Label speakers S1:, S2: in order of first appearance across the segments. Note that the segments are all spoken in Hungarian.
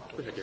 S1: Cosa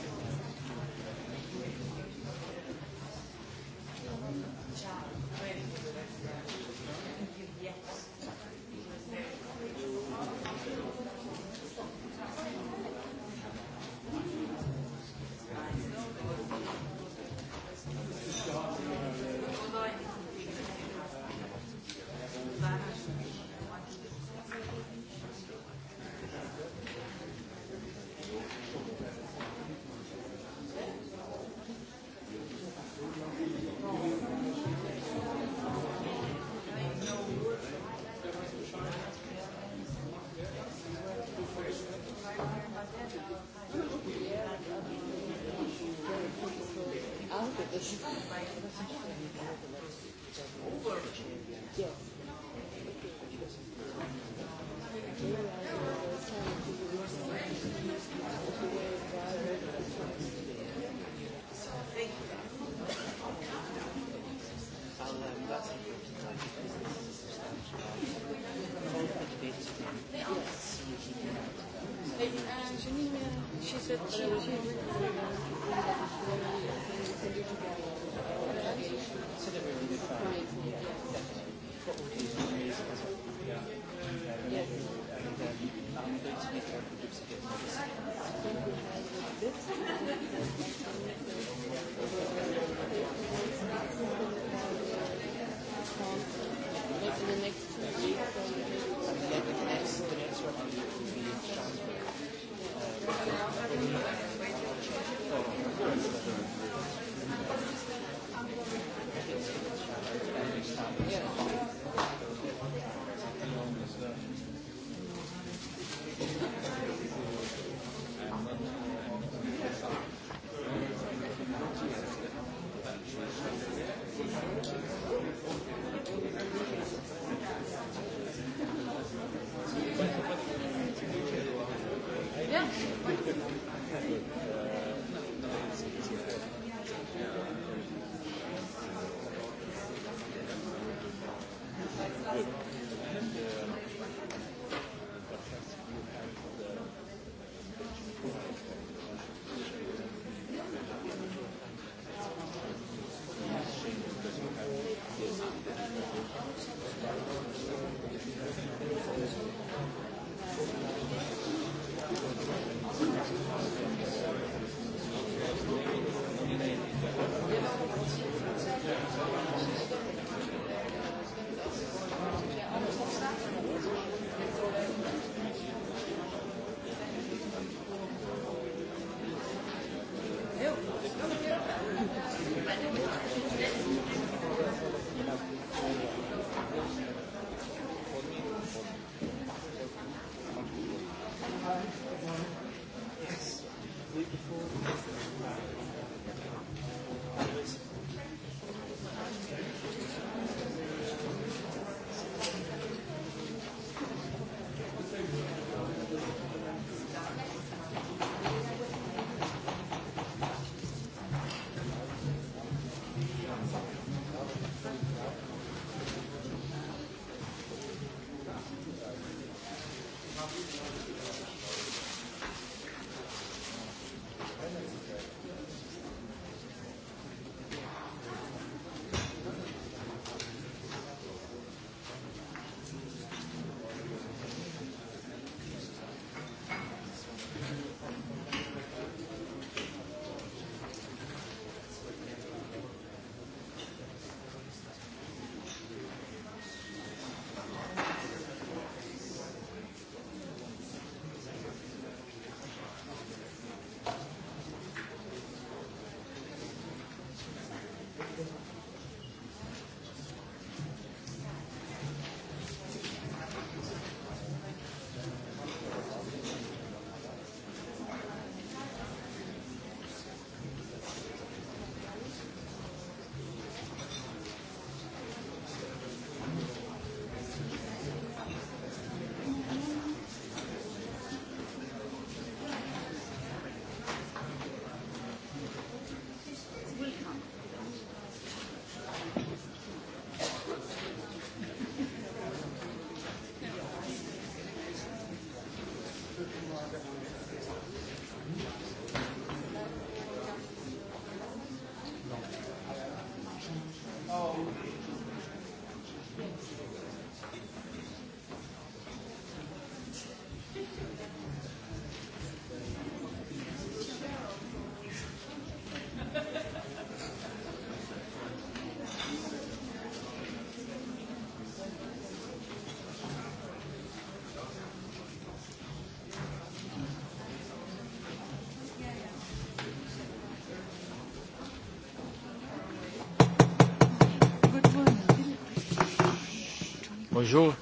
S1: Bonjour.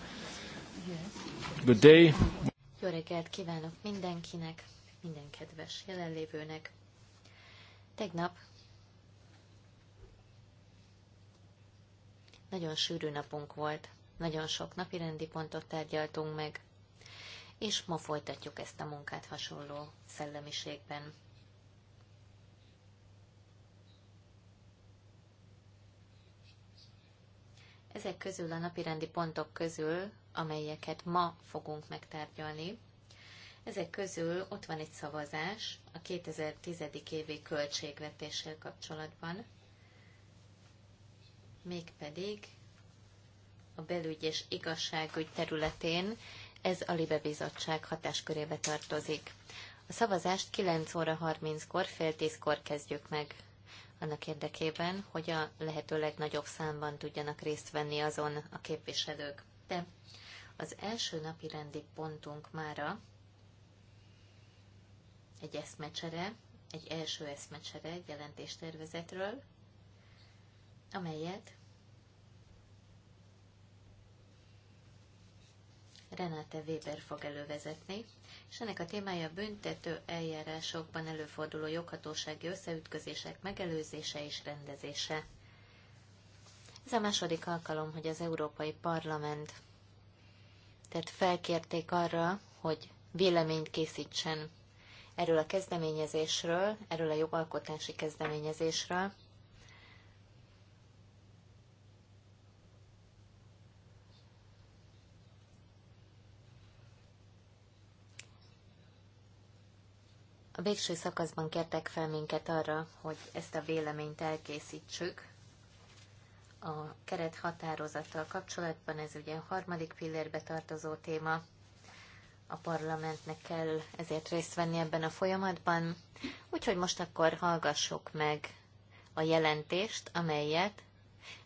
S1: Good day.
S2: Jó reggelt kívánok mindenkinek, minden kedves jelenlévőnek. Tegnap nagyon sűrű napunk volt, nagyon sok napi rendi pontot tárgyaltunk meg, és ma folytatjuk ezt a munkát hasonló szellemiségben. Ezek közül a napirendi pontok közül, amelyeket ma fogunk megtárgyalni, ezek közül ott van egy szavazás a 2010. évi költségvetéssel kapcsolatban, mégpedig a belügy és igazságügy területén ez a Libe Bizottság hatáskörébe tartozik. A szavazást 9 óra 30-kor, fél 10-kor kezdjük meg annak érdekében, hogy a lehető legnagyobb számban tudjanak részt venni azon a képviselők. De az első napi rendi pontunk mára egy eszmecsere, egy első eszmecsere egy jelentéstervezetről, amelyet Renate Weber fog elővezetni, és ennek a témája a büntető eljárásokban előforduló joghatósági összeütközések megelőzése és rendezése. Ez a második alkalom, hogy az Európai Parlament tehát felkérték arra, hogy véleményt készítsen erről a kezdeményezésről, erről a jogalkotási kezdeményezésről, A végső szakaszban kértek fel minket arra, hogy ezt a véleményt elkészítsük. A keret határozattal kapcsolatban ez ugye a harmadik pillérbe tartozó téma. A parlamentnek kell ezért részt venni ebben a folyamatban. Úgyhogy most akkor hallgassuk meg a jelentést, amelyet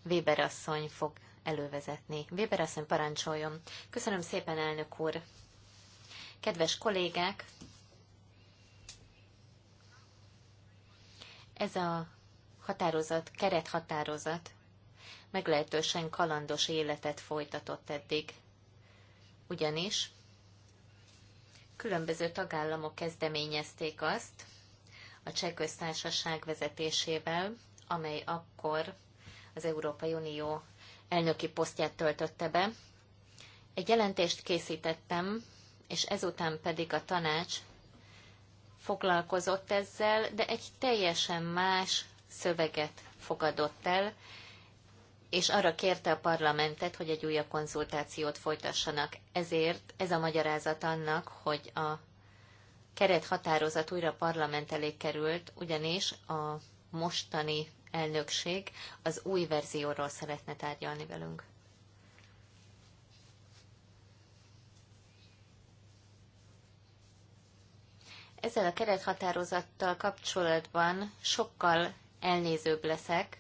S2: Weber asszony fog elővezetni. Weber asszony parancsoljon. Köszönöm szépen, elnök úr! Kedves kollégák, ez a határozat, kerethatározat meglehetősen kalandos életet folytatott eddig. Ugyanis különböző tagállamok kezdeményezték azt a cseh köztársaság vezetésével, amely akkor az Európai Unió elnöki posztját töltötte be. Egy jelentést készítettem, és ezután pedig a tanács foglalkozott ezzel, de egy teljesen más szöveget fogadott el, és arra kérte a parlamentet, hogy egy újabb konzultációt folytassanak. Ezért ez a magyarázat annak, hogy a kerethatározat újra a parlament elé került, ugyanis a mostani elnökség az új verzióról szeretne tárgyalni velünk. Ezzel a kerethatározattal kapcsolatban sokkal elnézőbb leszek,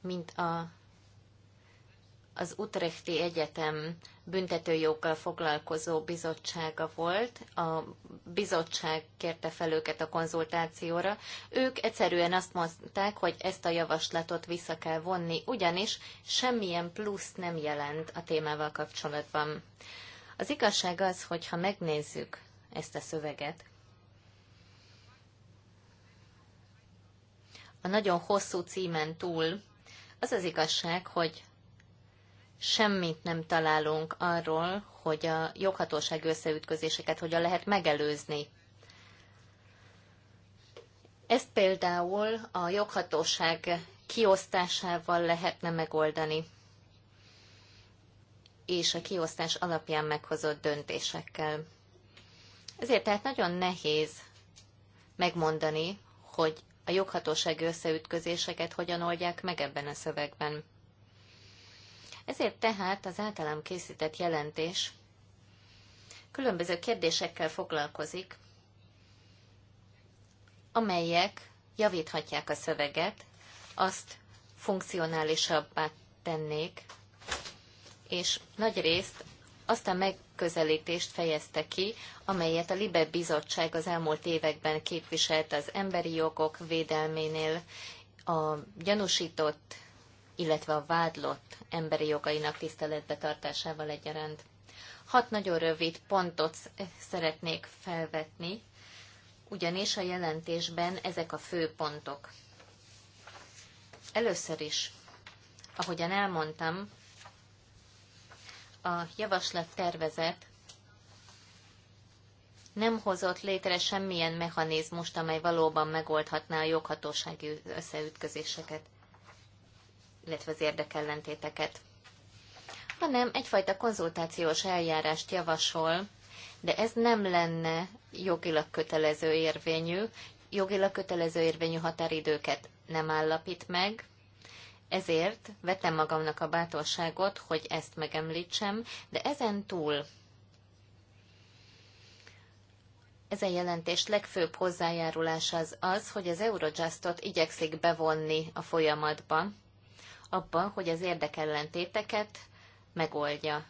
S2: mint a, az Utrechti Egyetem büntetőjoggal foglalkozó bizottsága volt. A bizottság kérte fel őket a konzultációra. Ők egyszerűen azt mondták, hogy ezt a javaslatot vissza kell vonni, ugyanis semmilyen plusz nem jelent a témával kapcsolatban. Az igazság az, hogy ha megnézzük ezt a szöveget, a nagyon hosszú címen túl, az az igazság, hogy semmit nem találunk arról, hogy a joghatóság összeütközéseket hogyan lehet megelőzni. Ezt például a joghatóság kiosztásával lehetne megoldani és a kiosztás alapján meghozott döntésekkel. Ezért tehát nagyon nehéz megmondani, hogy a joghatósági összeütközéseket hogyan oldják meg ebben a szövegben. Ezért tehát az általam készített jelentés különböző kérdésekkel foglalkozik, amelyek javíthatják a szöveget, azt funkcionálisabbá tennék, és nagy részt azt a megközelítést fejezte ki, amelyet a Libe Bizottság az elmúlt években képviselt az emberi jogok védelménél, a gyanúsított, illetve a vádlott emberi jogainak tiszteletbe tartásával egyaránt. Hat nagyon rövid pontot szeretnék felvetni, ugyanis a jelentésben ezek a fő pontok. Először is, ahogyan elmondtam, a javaslat tervezet nem hozott létre semmilyen mechanizmust, amely valóban megoldhatná a joghatósági összeütközéseket, illetve az érdekellentéteket, hanem egyfajta konzultációs eljárást javasol, de ez nem lenne jogilag kötelező érvényű, jogilag kötelező érvényű határidőket nem állapít meg, ezért vettem magamnak a bátorságot, hogy ezt megemlítsem, de ezen túl ezen jelentés legfőbb hozzájárulása az az, hogy az Eurojustot igyekszik bevonni a folyamatba, abban, hogy az érdekellentéteket megoldja.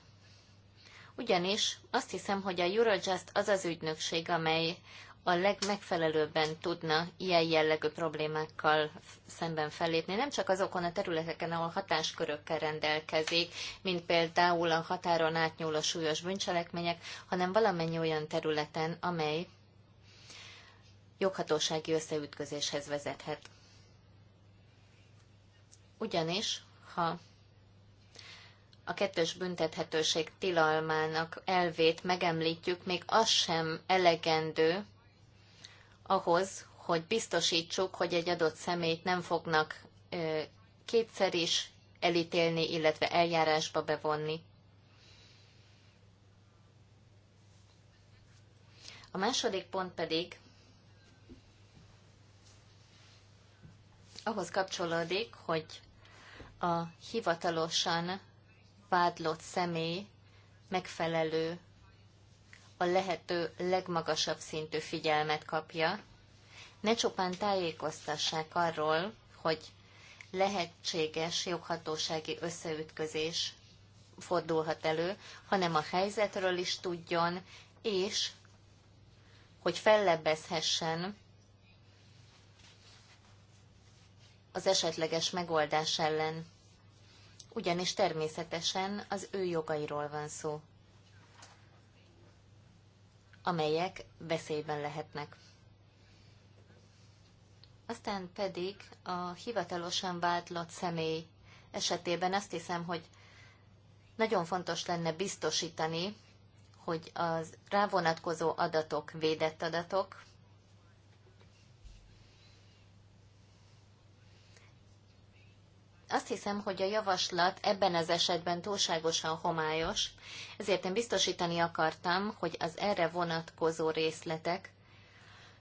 S2: Ugyanis azt hiszem, hogy a Eurojust az az ügynökség, amely a legmegfelelőbben tudna ilyen jellegű problémákkal szemben fellépni, nem csak azokon a területeken, ahol hatáskörökkel rendelkezik, mint például a határon átnyúló súlyos bűncselekmények, hanem valamennyi olyan területen, amely joghatósági összeütközéshez vezethet. Ugyanis, ha a kettős büntethetőség tilalmának elvét megemlítjük, még az sem elegendő, ahhoz, hogy biztosítsuk, hogy egy adott személyt nem fognak kétszer is elítélni, illetve eljárásba bevonni. A második pont pedig ahhoz kapcsolódik, hogy a hivatalosan vádlott személy megfelelő a lehető legmagasabb szintű figyelmet kapja. Ne csupán tájékoztassák arról, hogy lehetséges joghatósági összeütközés fordulhat elő, hanem a helyzetről is tudjon, és hogy fellebbezhessen az esetleges megoldás ellen. Ugyanis természetesen az ő jogairól van szó amelyek veszélyben lehetnek. Aztán pedig a hivatalosan vádlott személy esetében azt hiszem, hogy nagyon fontos lenne biztosítani, hogy az rávonatkozó adatok védett adatok, azt hiszem, hogy a javaslat ebben az esetben túlságosan homályos, ezért én biztosítani akartam, hogy az erre vonatkozó részletek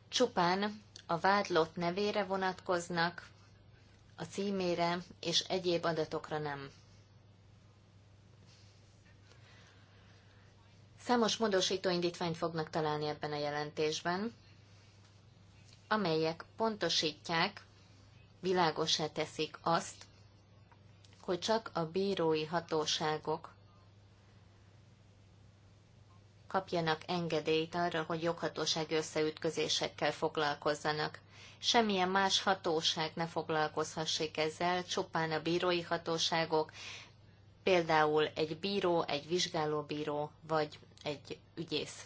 S2: csupán a vádlott nevére vonatkoznak, a címére és egyéb adatokra nem. Számos módosító indítványt fognak találni ebben a jelentésben, amelyek pontosítják, világosá teszik azt, hogy csak a bírói hatóságok kapjanak engedélyt arra, hogy joghatósági összeütközésekkel foglalkozzanak. Semmilyen más hatóság ne foglalkozhassék ezzel, csupán a bírói hatóságok, például egy bíró, egy vizsgálóbíró vagy egy ügyész.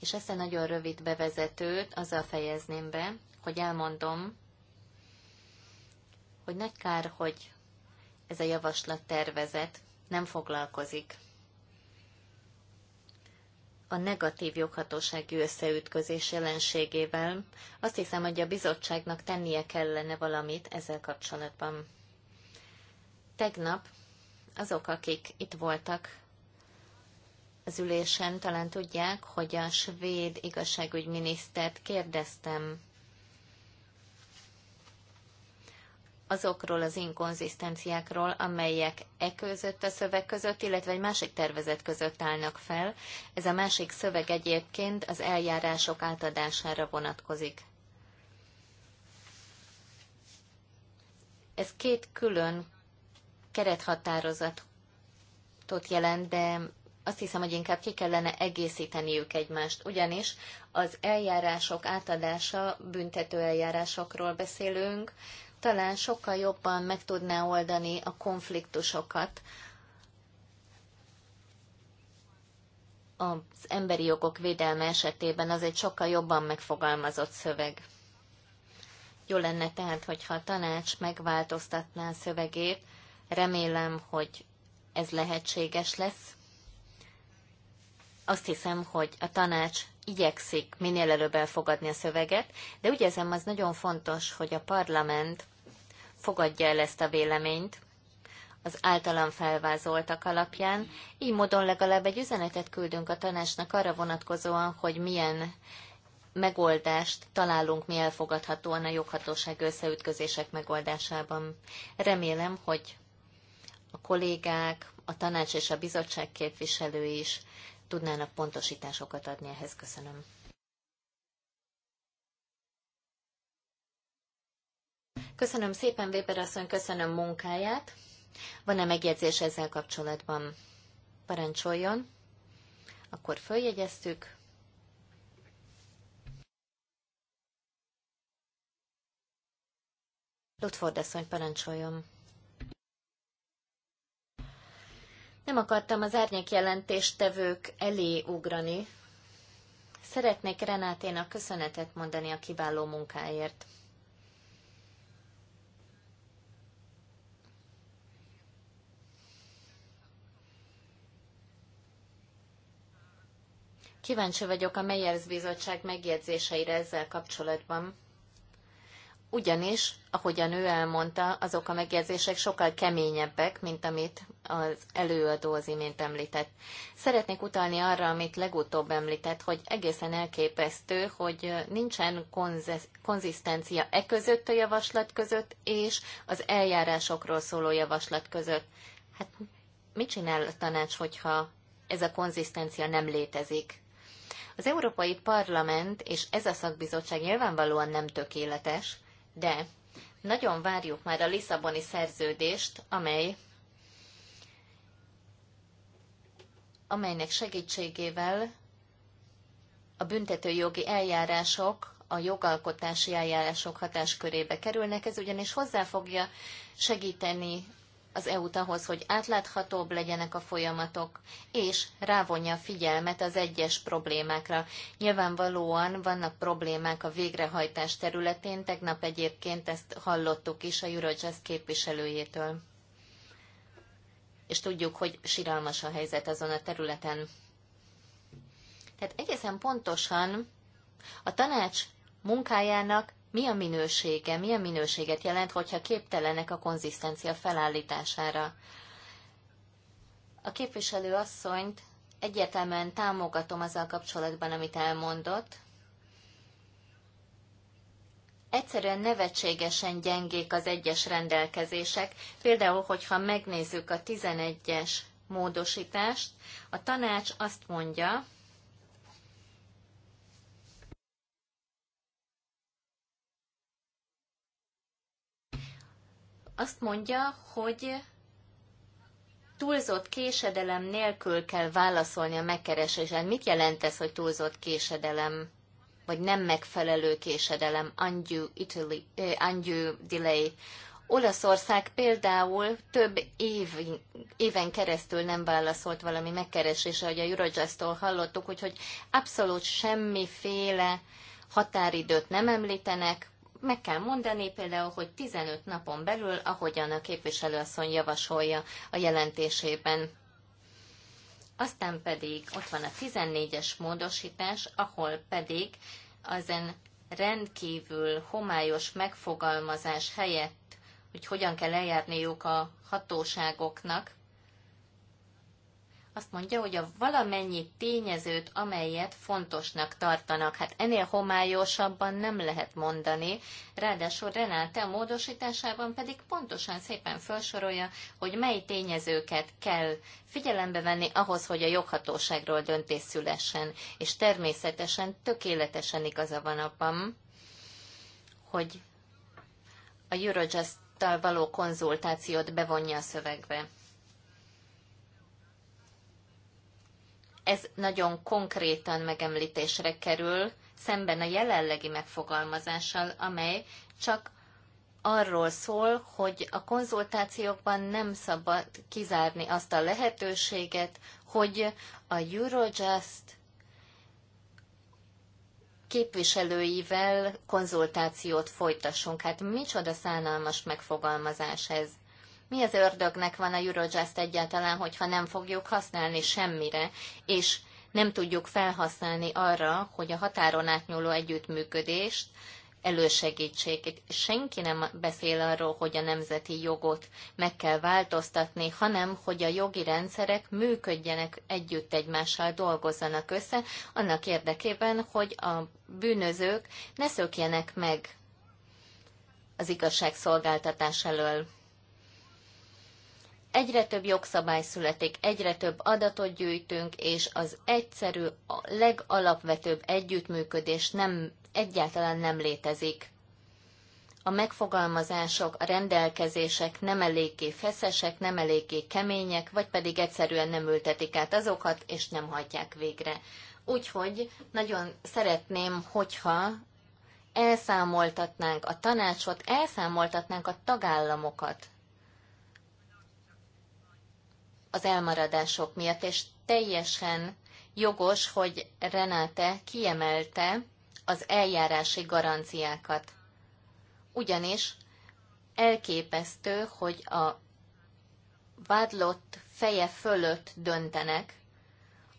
S2: És ezt a nagyon rövid bevezetőt azzal fejezném be, hogy elmondom, hogy nagy kár, hogy ez a javaslat tervezet nem foglalkozik a negatív joghatósági összeütközés jelenségével. Azt hiszem, hogy a bizottságnak tennie kellene valamit ezzel kapcsolatban. Tegnap azok, akik itt voltak az ülésen, talán tudják, hogy a svéd igazságügyminisztert kérdeztem azokról az inkonzisztenciákról, amelyek e között a szöveg között, illetve egy másik tervezet között állnak fel. Ez a másik szöveg egyébként az eljárások átadására vonatkozik. Ez két külön kerethatározatot jelent, de azt hiszem, hogy inkább ki kellene egészíteniük egymást, ugyanis az eljárások átadása, büntető eljárásokról beszélünk, talán sokkal jobban meg tudná oldani a konfliktusokat az emberi jogok védelme esetében, az egy sokkal jobban megfogalmazott szöveg. Jó lenne tehát, hogyha a tanács megváltoztatná a szövegét, remélem, hogy ez lehetséges lesz. Azt hiszem, hogy a tanács igyekszik minél előbb elfogadni a szöveget, de úgy érzem, az nagyon fontos, hogy a parlament fogadja el ezt a véleményt az általam felvázoltak alapján. Így módon legalább egy üzenetet küldünk a tanácsnak arra vonatkozóan, hogy milyen megoldást találunk mi elfogadhatóan a joghatóság összeütközések megoldásában. Remélem, hogy a kollégák, a tanács és a bizottság képviselői is tudnának pontosításokat adni ehhez. Köszönöm. Köszönöm szépen, Weber asszony, köszönöm munkáját. Van-e megjegyzés ezzel kapcsolatban? Parancsoljon. Akkor följegyeztük. Lutford asszony, parancsoljon. Nem akartam az árnyék jelentéstevők elé ugrani. Szeretnék Renáténak köszönetet mondani a kiváló munkáért. Kíváncsi vagyok a Meyers Bizottság megjegyzéseire ezzel kapcsolatban. Ugyanis, ahogyan ő elmondta, azok a megjegyzések sokkal keményebbek, mint amit az előadó az imént említett. Szeretnék utalni arra, amit legutóbb említett, hogy egészen elképesztő, hogy nincsen konzisztencia e között a javaslat között, és az eljárásokról szóló javaslat között. Hát mit csinál a tanács, hogyha ez a konzisztencia nem létezik? Az Európai Parlament és ez a szakbizottság nyilvánvalóan nem tökéletes, de nagyon várjuk már a Lisszaboni szerződést, amely amelynek segítségével a büntetőjogi eljárások a jogalkotási eljárások hatáskörébe kerülnek, ez ugyanis hozzá fogja segíteni az EU-t ahhoz, hogy átláthatóbb legyenek a folyamatok, és rávonja a figyelmet az egyes problémákra. Nyilvánvalóan vannak problémák a végrehajtás területén, tegnap egyébként ezt hallottuk is a Eurojust képviselőjétől. És tudjuk, hogy siralmas a helyzet azon a területen. Tehát egészen pontosan a tanács munkájának mi a minősége, milyen minőséget jelent, hogyha képtelenek a konzisztencia felállítására. A képviselő asszonyt egyetemen támogatom azzal kapcsolatban, amit elmondott. Egyszerűen nevetségesen gyengék az egyes rendelkezések, például, hogyha megnézzük a 11-es módosítást, a tanács azt mondja, azt mondja, hogy túlzott késedelem nélkül kell válaszolni a megkeresésen. Mit jelent ez, hogy túlzott késedelem, vagy nem megfelelő késedelem, undue, Italy, uh, eh, undue delay? Olaszország például több év, éven keresztül nem válaszolt valami megkeresése, hogy a Eurojust-tól hallottuk, úgyhogy abszolút semmiféle határidőt nem említenek, meg kell mondani például, hogy 15 napon belül, ahogyan a képviselőasszony javasolja a jelentésében. Aztán pedig ott van a 14-es módosítás, ahol pedig azen rendkívül homályos megfogalmazás helyett, hogy hogyan kell eljárniuk a hatóságoknak, azt mondja, hogy a valamennyi tényezőt, amelyet fontosnak tartanak. Hát ennél homályosabban nem lehet mondani. Ráadásul Renáte a módosításában pedig pontosan szépen felsorolja, hogy mely tényezőket kell figyelembe venni ahhoz, hogy a joghatóságról döntés szülessen. És természetesen tökéletesen igaza van abban, hogy a Eurojust való konzultációt bevonja a szövegbe. ez nagyon konkrétan megemlítésre kerül, szemben a jelenlegi megfogalmazással, amely csak arról szól, hogy a konzultációkban nem szabad kizárni azt a lehetőséget, hogy a Eurojust képviselőivel konzultációt folytassunk. Hát micsoda szánalmas megfogalmazás ez. Mi az ördögnek van a Eurojust egyáltalán, hogyha nem fogjuk használni semmire, és nem tudjuk felhasználni arra, hogy a határon átnyúló együttműködést elősegítsék. Senki nem beszél arról, hogy a nemzeti jogot meg kell változtatni, hanem hogy a jogi rendszerek működjenek együtt egymással, dolgozzanak össze, annak érdekében, hogy a bűnözők ne szökjenek meg az igazságszolgáltatás elől egyre több jogszabály születik, egyre több adatot gyűjtünk, és az egyszerű, a legalapvetőbb együttműködés nem, egyáltalán nem létezik. A megfogalmazások, a rendelkezések nem eléggé feszesek, nem eléggé kemények, vagy pedig egyszerűen nem ültetik át azokat, és nem hajtják végre. Úgyhogy nagyon szeretném, hogyha elszámoltatnánk a tanácsot, elszámoltatnánk a tagállamokat az elmaradások miatt, és teljesen jogos, hogy Renate kiemelte az eljárási garanciákat. Ugyanis elképesztő, hogy a vádlott feje fölött döntenek,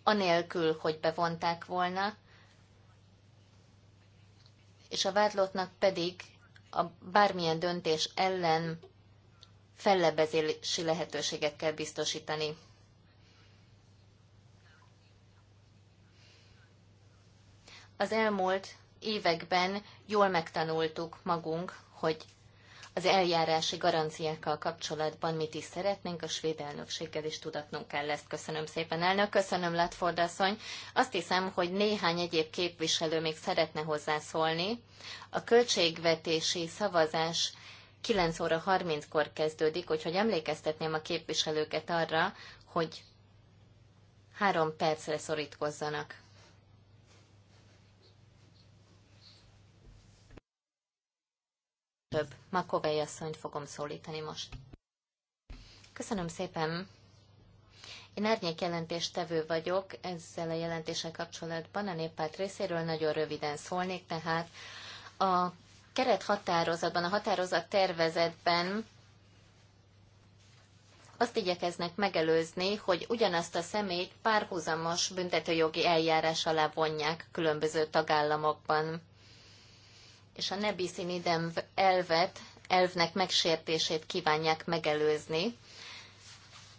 S2: anélkül, hogy bevonták volna, és a vádlottnak pedig a bármilyen döntés ellen fellebezési lehetőséget kell biztosítani. Az elmúlt években jól megtanultuk magunk, hogy az eljárási garanciákkal kapcsolatban mit is szeretnénk, a svéd elnökséggel is tudatnunk kell ezt. Köszönöm szépen, elnök. Köszönöm, Latford asszony. Azt hiszem, hogy néhány egyéb képviselő még szeretne hozzászólni. A költségvetési szavazás 9 óra 30-kor kezdődik, úgyhogy emlékeztetném a képviselőket arra, hogy három percre szorítkozzanak. Több. Makovei asszonyt fogom szólítani most. Köszönöm szépen. Én árnyék jelentéstevő vagyok ezzel a jelentéssel kapcsolatban. A néppárt részéről nagyon röviden szólnék, tehát a kerethatározatban, a határozat tervezetben azt igyekeznek megelőzni, hogy ugyanazt a személyt párhuzamos büntetőjogi eljárás alá vonják különböző tagállamokban. És a nebiszin idem elvet, elvnek megsértését kívánják megelőzni,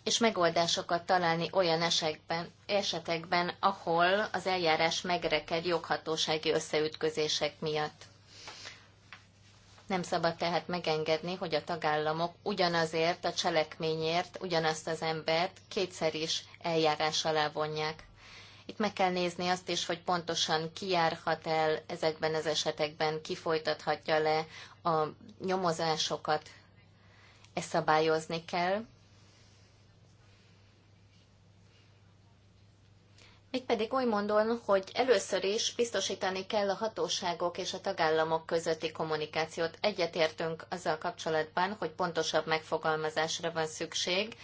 S2: és megoldásokat találni olyan esekben, esetekben, ahol az eljárás megreked joghatósági összeütközések miatt. Nem szabad tehát megengedni, hogy a tagállamok ugyanazért a cselekményért ugyanazt az embert kétszer is eljárás alá vonják. Itt meg kell nézni azt is, hogy pontosan ki járhat el ezekben az esetekben, ki folytathatja le a nyomozásokat. Ezt szabályozni kell, Mégpedig úgy mondom, hogy először is biztosítani kell a hatóságok és a tagállamok közötti kommunikációt. Egyetértünk azzal kapcsolatban, hogy pontosabb megfogalmazásra van szükség,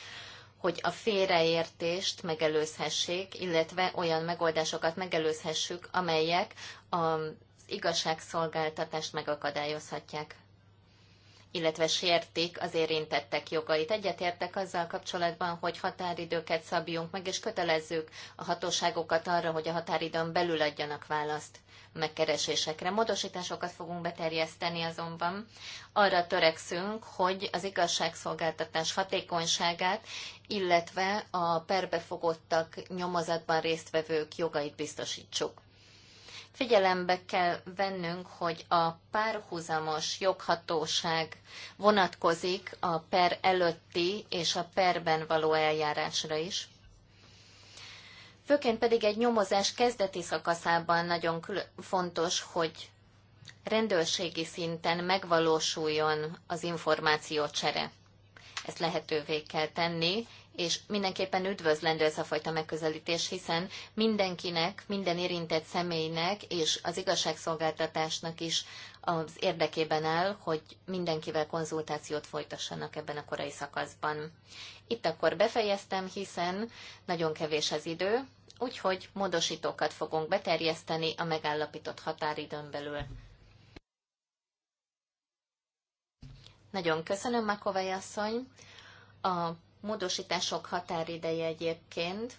S2: hogy a félreértést megelőzhessék, illetve olyan megoldásokat megelőzhessük, amelyek az igazságszolgáltatást megakadályozhatják illetve sértik az érintettek jogait. Egyetértek azzal kapcsolatban, hogy határidőket szabjunk meg, és kötelezzük a hatóságokat arra, hogy a határidőn belül adjanak választ megkeresésekre. Módosításokat fogunk beterjeszteni azonban. Arra törekszünk, hogy az igazságszolgáltatás hatékonyságát, illetve a perbefogottak nyomozatban résztvevők jogait biztosítsuk. Figyelembe kell vennünk, hogy a párhuzamos joghatóság vonatkozik a per előtti és a perben való eljárásra is. Főként pedig egy nyomozás kezdeti szakaszában nagyon fontos, hogy rendőrségi szinten megvalósuljon az információcsere. Ezt lehetővé kell tenni, és mindenképpen üdvözlendő ez a fajta megközelítés, hiszen mindenkinek, minden érintett személynek és az igazságszolgáltatásnak is az érdekében áll, hogy mindenkivel konzultációt folytassanak ebben a korai szakaszban. Itt akkor befejeztem, hiszen nagyon kevés az idő, úgyhogy módosítókat fogunk beterjeszteni a megállapított határidőn belül. Nagyon köszönöm, Makovai asszony! A Módosítások határideje egyébként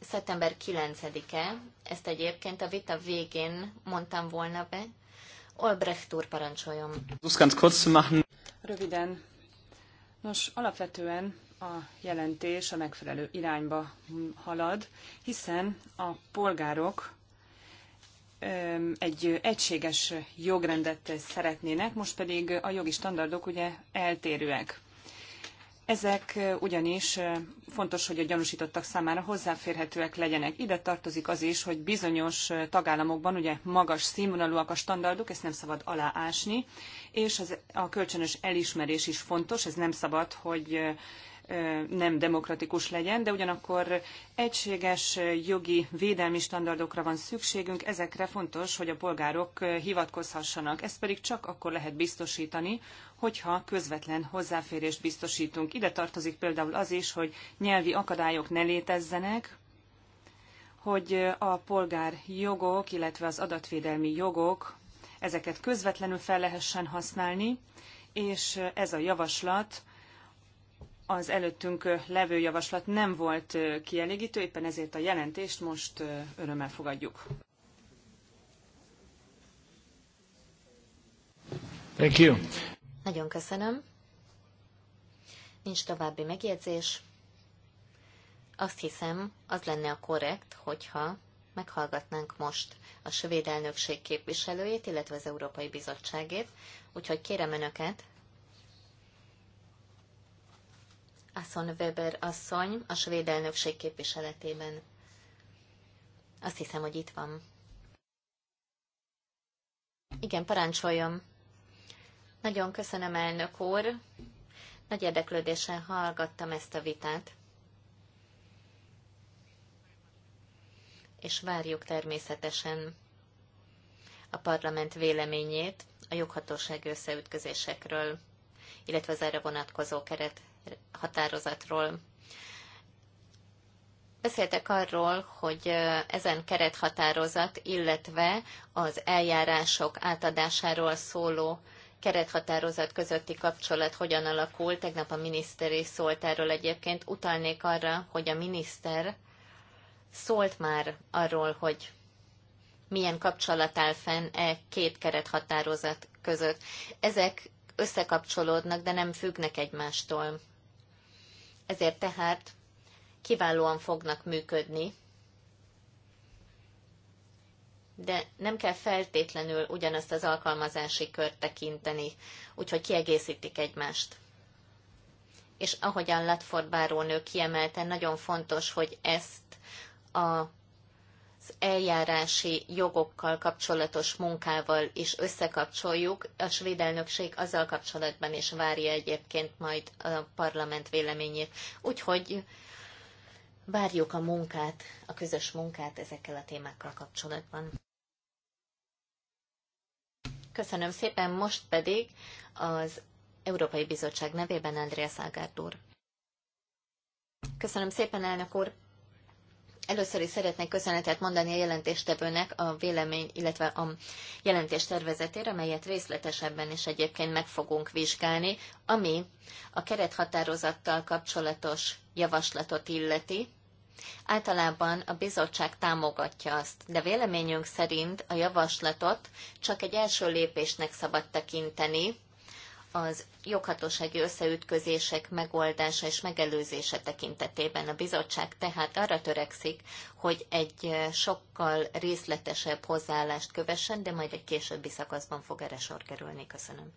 S2: szeptember 9-e, ezt egyébként a vita végén mondtam volna be. Olbrecht úr parancsoljon. Röviden. Nos, alapvetően a
S3: jelentés a megfelelő irányba halad, hiszen a polgárok egy egységes jogrendet szeretnének, most pedig a jogi standardok ugye eltérőek. Ezek ugyanis eh, fontos, hogy a gyanúsítottak számára hozzáférhetőek legyenek. Ide tartozik az is, hogy bizonyos eh, tagállamokban ugye magas színvonalúak a standardok, ezt nem szabad aláásni, és az, a kölcsönös elismerés is fontos, ez nem szabad, hogy eh, nem demokratikus legyen, de ugyanakkor egységes jogi védelmi standardokra van szükségünk, ezekre fontos, hogy a polgárok hivatkozhassanak. Ezt pedig csak akkor lehet biztosítani, hogyha közvetlen hozzáférést biztosítunk. Ide tartozik például az is, hogy nyelvi akadályok ne létezzenek, hogy a polgár jogok, illetve az adatvédelmi jogok, ezeket közvetlenül fel lehessen használni, és ez a javaslat az előttünk levő javaslat nem volt kielégítő, éppen ezért a jelentést most örömmel fogadjuk.
S2: Thank you. Nagyon köszönöm. Nincs további megjegyzés. Azt hiszem, az lenne a korrekt, hogyha meghallgatnánk most a svéd elnökség képviselőjét, illetve az Európai Bizottságét. Úgyhogy kérem Önöket, Asson Weber asszony a svéd elnökség képviseletében. Azt hiszem, hogy itt van. Igen, parancsoljon. Nagyon köszönöm, elnök úr. Nagy érdeklődéssel hallgattam ezt a vitát. És várjuk természetesen a parlament véleményét a joghatóság összeütközésekről, illetve az erre vonatkozó keret határozatról. Beszéltek arról, hogy ezen kerethatározat, illetve az eljárások átadásáról szóló kerethatározat közötti kapcsolat hogyan alakul. Tegnap a miniszter is szólt erről egyébként. Utalnék arra, hogy a miniszter szólt már arról, hogy milyen kapcsolat áll fenn e két kerethatározat között. Ezek összekapcsolódnak, de nem függnek egymástól. Ezért tehát kiválóan fognak működni, de nem kell feltétlenül ugyanazt az alkalmazási kört tekinteni, úgyhogy kiegészítik egymást. És ahogyan Latford bárónő kiemelte, nagyon fontos, hogy ezt a eljárási jogokkal kapcsolatos munkával is összekapcsoljuk. A svéd elnökség azzal kapcsolatban is várja egyébként majd a parlament véleményét. Úgyhogy várjuk a munkát, a közös munkát ezekkel a témákkal kapcsolatban. Köszönöm szépen, most pedig az Európai Bizottság nevében Andreas Ágárd úr. Köszönöm szépen, elnök úr! Először is szeretnék köszönetet mondani a jelentéstevőnek a vélemény, illetve a jelentés tervezetére, amelyet részletesebben is egyébként meg fogunk vizsgálni, ami a kerethatározattal kapcsolatos javaslatot illeti. Általában a bizottság támogatja azt, de véleményünk szerint a javaslatot csak egy első lépésnek szabad tekinteni, az joghatósági összeütközések megoldása és megelőzése tekintetében. A bizottság tehát arra törekszik, hogy egy eh, sokkal részletesebb hozzáállást kövessen, de majd egy későbbi szakaszban fog erre sor kerülni. Köszönöm.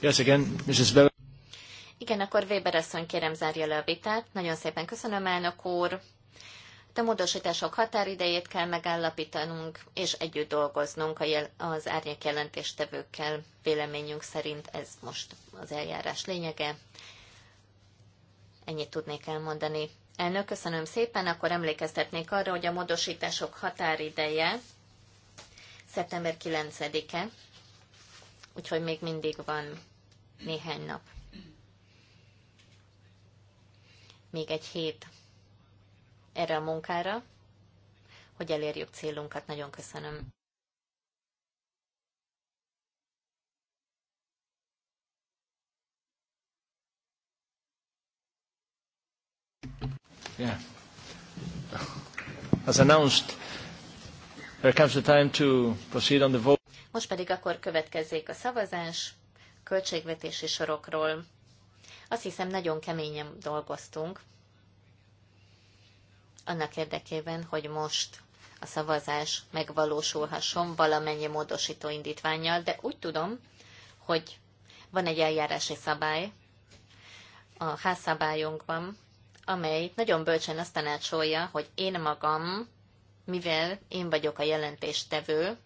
S1: Yes, again, Mrs. Bell.
S2: Igen, akkor Weber asszony kérem zárja le a vitát. Nagyon szépen köszönöm, elnök úr. A módosítások határidejét kell megállapítanunk, és együtt dolgoznunk az árnyék jelentéstevőkkel. Véleményünk szerint ez most az eljárás lényege. Ennyit tudnék elmondani. Elnök, köszönöm szépen, akkor emlékeztetnék arra, hogy a módosítások határideje szeptember 9-e, úgyhogy még mindig van néhány nap. még egy hét erre a munkára, hogy elérjük célunkat. Nagyon köszönöm.
S1: Yeah. As announced, there comes the time to proceed on the vote.
S2: Most pedig akkor következzék a szavazás költségvetési sorokról. Azt hiszem, nagyon keményen dolgoztunk annak érdekében, hogy most a szavazás megvalósulhasson valamennyi módosító indítványjal, de úgy tudom, hogy van egy eljárási szabály a házszabályunkban, amely nagyon bölcsen azt tanácsolja, hogy én magam, mivel én vagyok a jelentéstevő,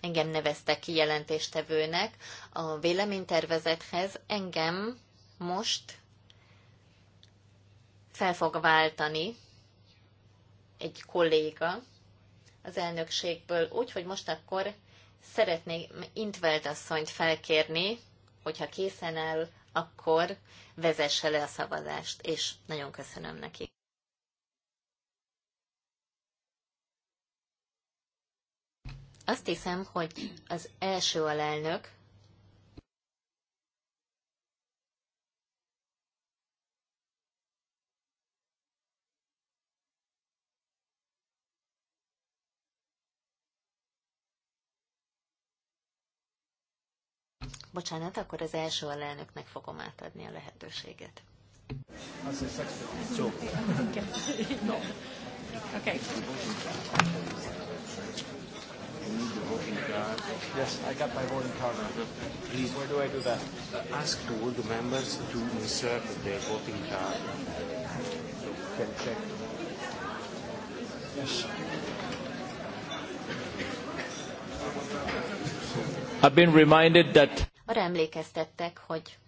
S2: engem neveztek ki jelentéstevőnek, a véleménytervezethez engem most fel fog váltani egy kolléga az elnökségből, úgyhogy most akkor szeretném Intveld asszonyt felkérni, hogyha készen áll, akkor vezesse le a szavazást, és nagyon köszönöm neki. Azt hiszem, hogy az első alelnök Bocsánat, akkor az első alelnöknek fogom átadni a lehetőséget.
S1: Yes, I got my voting card. Please, where do I do that? Ask all the members to insert their voting card. Can
S2: check. Yes.
S1: I've been reminded that
S2: arra emlékeztettek, hogy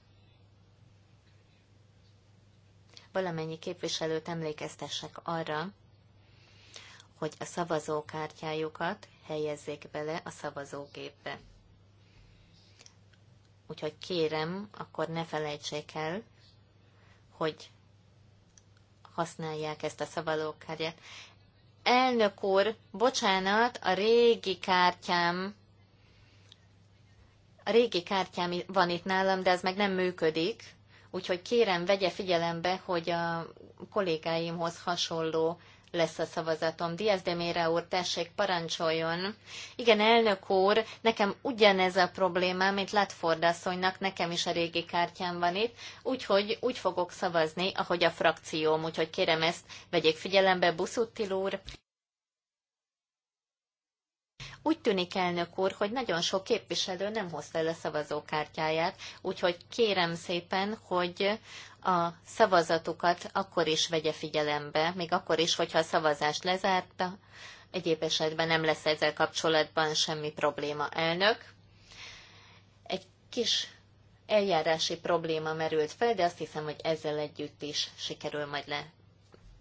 S2: valamennyi képviselőt emlékeztessek arra, hogy a szavazókártyájukat helyezzék bele a szavazógépbe. Úgyhogy kérem, akkor ne felejtsék el, hogy használják ezt a szavazókártyát. Elnök úr, bocsánat, a régi kártyám a régi kártyám van itt nálam, de ez meg nem működik, úgyhogy kérem, vegye figyelembe, hogy a kollégáimhoz hasonló lesz a szavazatom. Diaz de Mére úr, tessék, parancsoljon. Igen, elnök úr, nekem ugyanez a problémám, mint Latford asszonynak, nekem is a régi kártyám van itt, úgyhogy úgy fogok szavazni, ahogy a frakcióm, úgyhogy kérem ezt, vegyék figyelembe, Buszuttil úr. Úgy tűnik, elnök úr, hogy nagyon sok képviselő nem hozta el a szavazókártyáját, úgyhogy kérem szépen, hogy a szavazatukat akkor is vegye figyelembe, még akkor is, hogyha a szavazást lezárta, egyéb esetben nem lesz ezzel kapcsolatban semmi probléma. Elnök, egy kis eljárási probléma merült fel, de azt hiszem, hogy ezzel együtt is sikerül majd le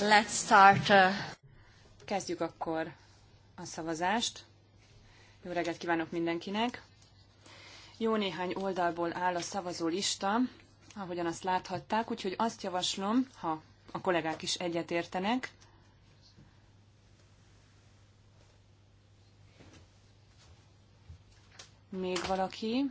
S3: Let's start. Uh, Kezdjük akkor a szavazást. Jó reggelt kívánok mindenkinek! Jó néhány oldalból áll a szavazó lista, ahogyan azt láthatták, úgyhogy azt javaslom, ha a kollégák is egyetértenek, még valaki,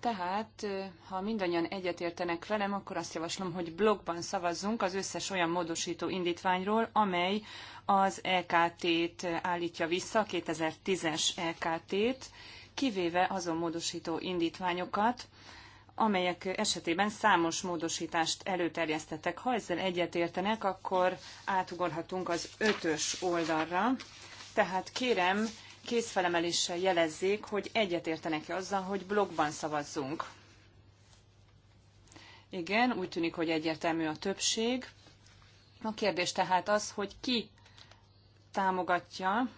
S3: Tehát, ha mindannyian egyetértenek velem, akkor azt javaslom, hogy blogban szavazzunk az összes olyan módosító indítványról, amely az EKT-t állítja vissza, 2010-es EKT-t, kivéve azon módosító indítványokat, amelyek esetében számos módosítást előterjesztettek. Ha ezzel egyetértenek, akkor átugorhatunk az ötös oldalra. Tehát kérem, kézfelemeléssel jelezzék, hogy egyetértenek-e azzal, hogy blogban szavazzunk. Igen, úgy tűnik, hogy egyértelmű a többség. A kérdés tehát az, hogy ki támogatja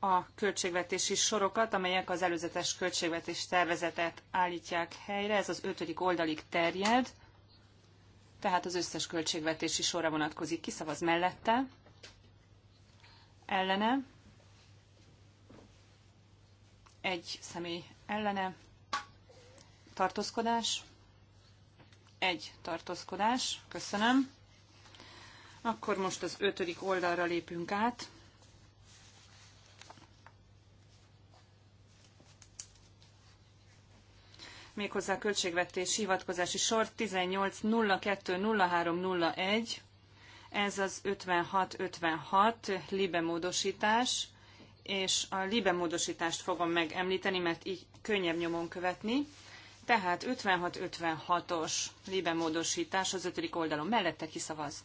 S3: a költségvetési sorokat, amelyek az előzetes költségvetés tervezetet állítják helyre. Ez az ötödik oldalig terjed, tehát az összes költségvetési sorra vonatkozik. Ki szavaz mellette? Ellene? egy személy ellene, tartózkodás, egy tartózkodás, köszönöm. Akkor most az ötödik oldalra lépünk át. Méghozzá költségvetés hivatkozási sor 18.02.03.01. Ez az 56.56 libemódosítás. módosítás és a libe módosítást fogom megemlíteni, mert így könnyebb nyomon követni. Tehát 56-56-os libe módosítás az ötödik oldalon mellette kiszavaz.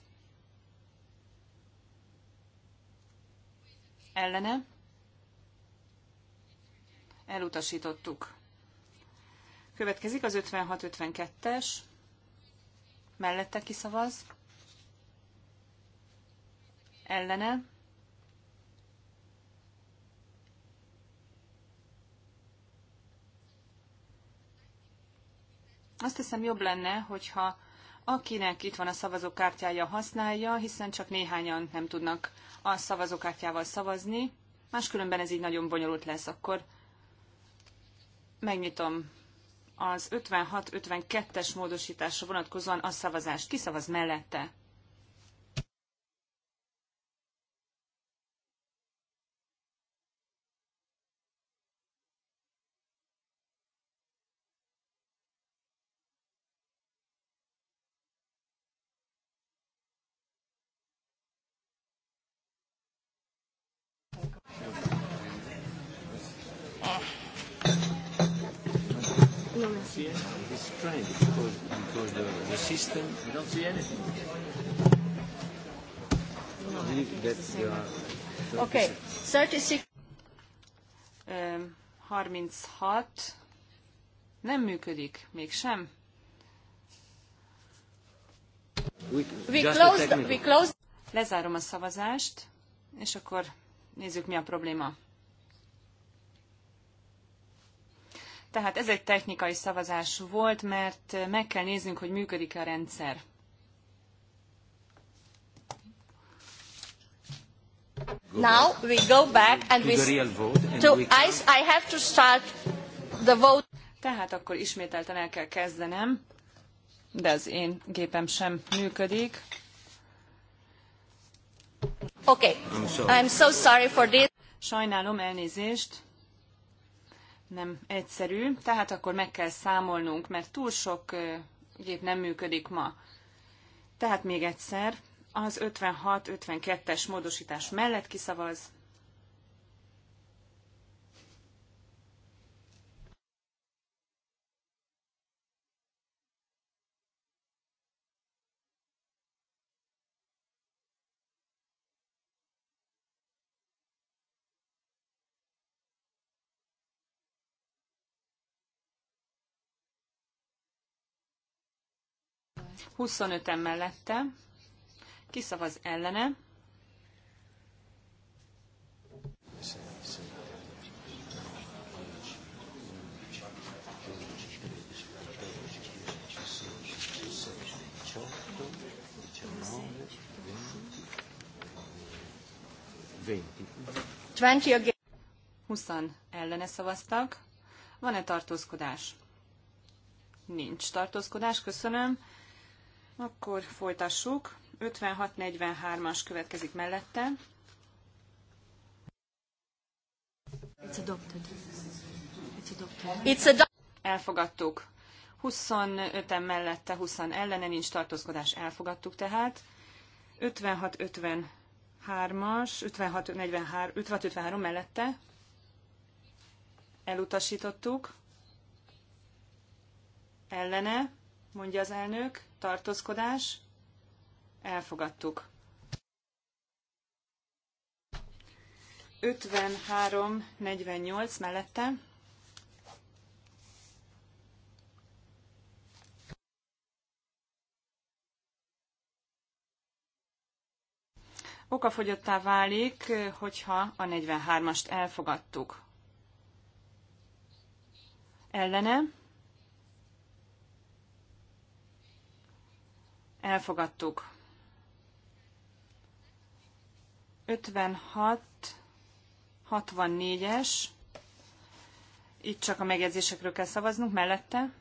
S3: Ellene? Elutasítottuk. Következik az 56-52-es. Mellette kiszavaz. Ellene? Azt hiszem jobb lenne, hogyha akinek itt van a szavazókártyája használja, hiszen csak néhányan nem tudnak a szavazókártyával szavazni. Máskülönben ez így nagyon bonyolult lesz, akkor megnyitom az 56-52-es módosításra vonatkozóan a szavazást. Ki szavaz mellette?
S1: see anything. It's strange because, because the, the system. don't see anything. No, the Okay, 36.
S3: Um, 36. Nem működik, mégsem. We, we close, we close. Lezárom a szavazást, és akkor nézzük, mi a probléma. Tehát ez egy technikai szavazás volt, mert meg kell néznünk, hogy működik-e a rendszer. Now we go back and we to I, I have to start the vote. Tehát akkor ismételten el kell kezdenem, de az én gépem sem működik. Okay. I'm so sorry for this. Sajnálom elnézést nem egyszerű, tehát akkor meg kell számolnunk, mert túl sok gép nem működik ma. Tehát még egyszer, az 56-52-es módosítás mellett kiszavaz, 25-en mellette, kiszavaz ellene, Huszan ellene szavaztak. Van-e tartózkodás? Nincs tartózkodás, köszönöm. Akkor folytassuk. 56-43-as következik mellette.
S1: It's adopted. It's adopted. It's ado-
S3: Elfogadtuk. 25-en mellette, 20 ellene nincs tartózkodás, elfogadtuk tehát. 56-53-as, 56-53 mellette elutasítottuk. Ellene, mondja az elnök tartózkodás, elfogadtuk. 53-48 mellette. Okafogyottá válik, hogyha a 43-ast elfogadtuk. Ellene Elfogadtuk. 56, 64-es. Itt csak a megjegyzésekről kell szavaznunk mellette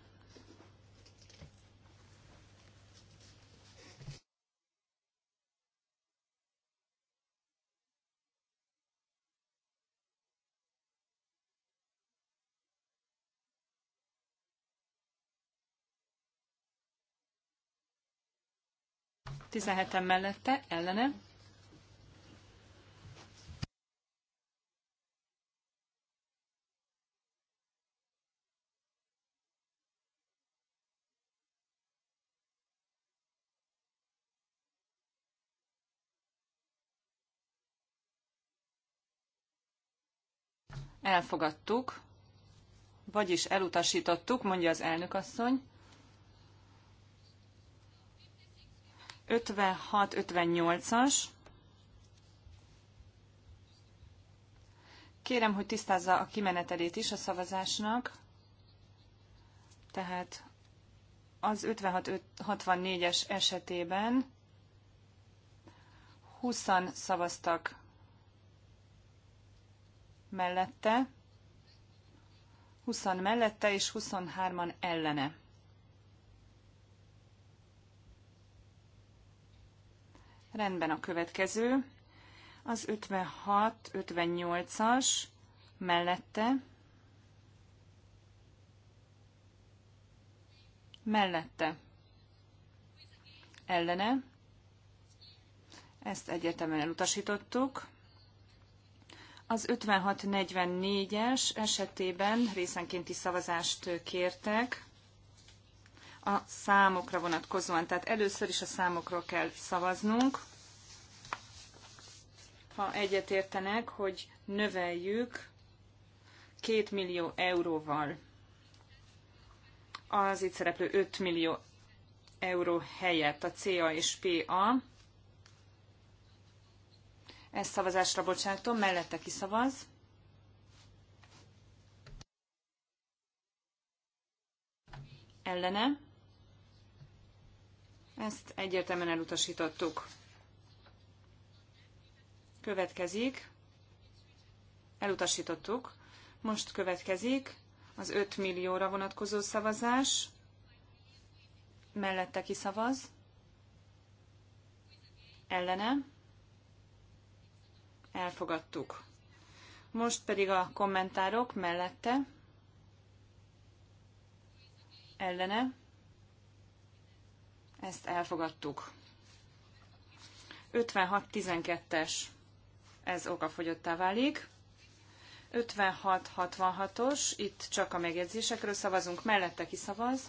S3: 17-en mellette, ellene. Elfogadtuk, vagyis elutasítottuk, mondja az elnökasszony. 56-58-as. Kérem, hogy tisztázza a kimenetelét is a szavazásnak. Tehát az 56-64-es esetében 20 szavaztak mellette, 20 mellette és 23-an ellene. Rendben a következő. Az 56-58-as mellette. Mellette. Ellene. Ezt egyértelműen elutasítottuk. Az 56-44-es esetében részenkénti szavazást kértek a számokra vonatkozóan. Tehát először is a számokról kell szavaznunk. Ha egyetértenek, hogy növeljük 2 millió euróval az itt szereplő 5 millió euró helyett a CA és PA. Ezt szavazásra bocsátom, mellette kiszavaz. Ellene. Ezt egyértelműen elutasítottuk. Következik. Elutasítottuk. Most következik az 5 millióra vonatkozó szavazás. Mellette ki szavaz? Ellene? Elfogadtuk. Most pedig a kommentárok mellette. Ellene? Ezt elfogadtuk. 56-12-es, ez okafogyottá válik. 56-66-os, itt csak a megjegyzésekről szavazunk, mellette kiszavaz.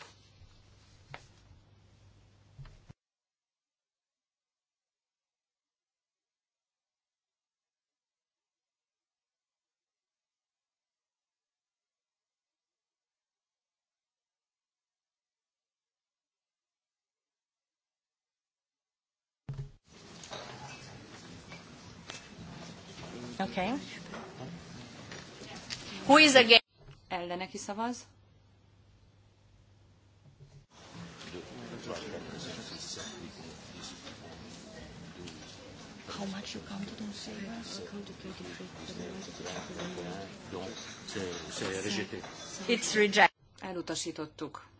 S1: Okay. Who
S3: is against? Ellene ki szavaz?
S1: How much you counted on favors?
S3: I It's rejected. Elutasítottuk.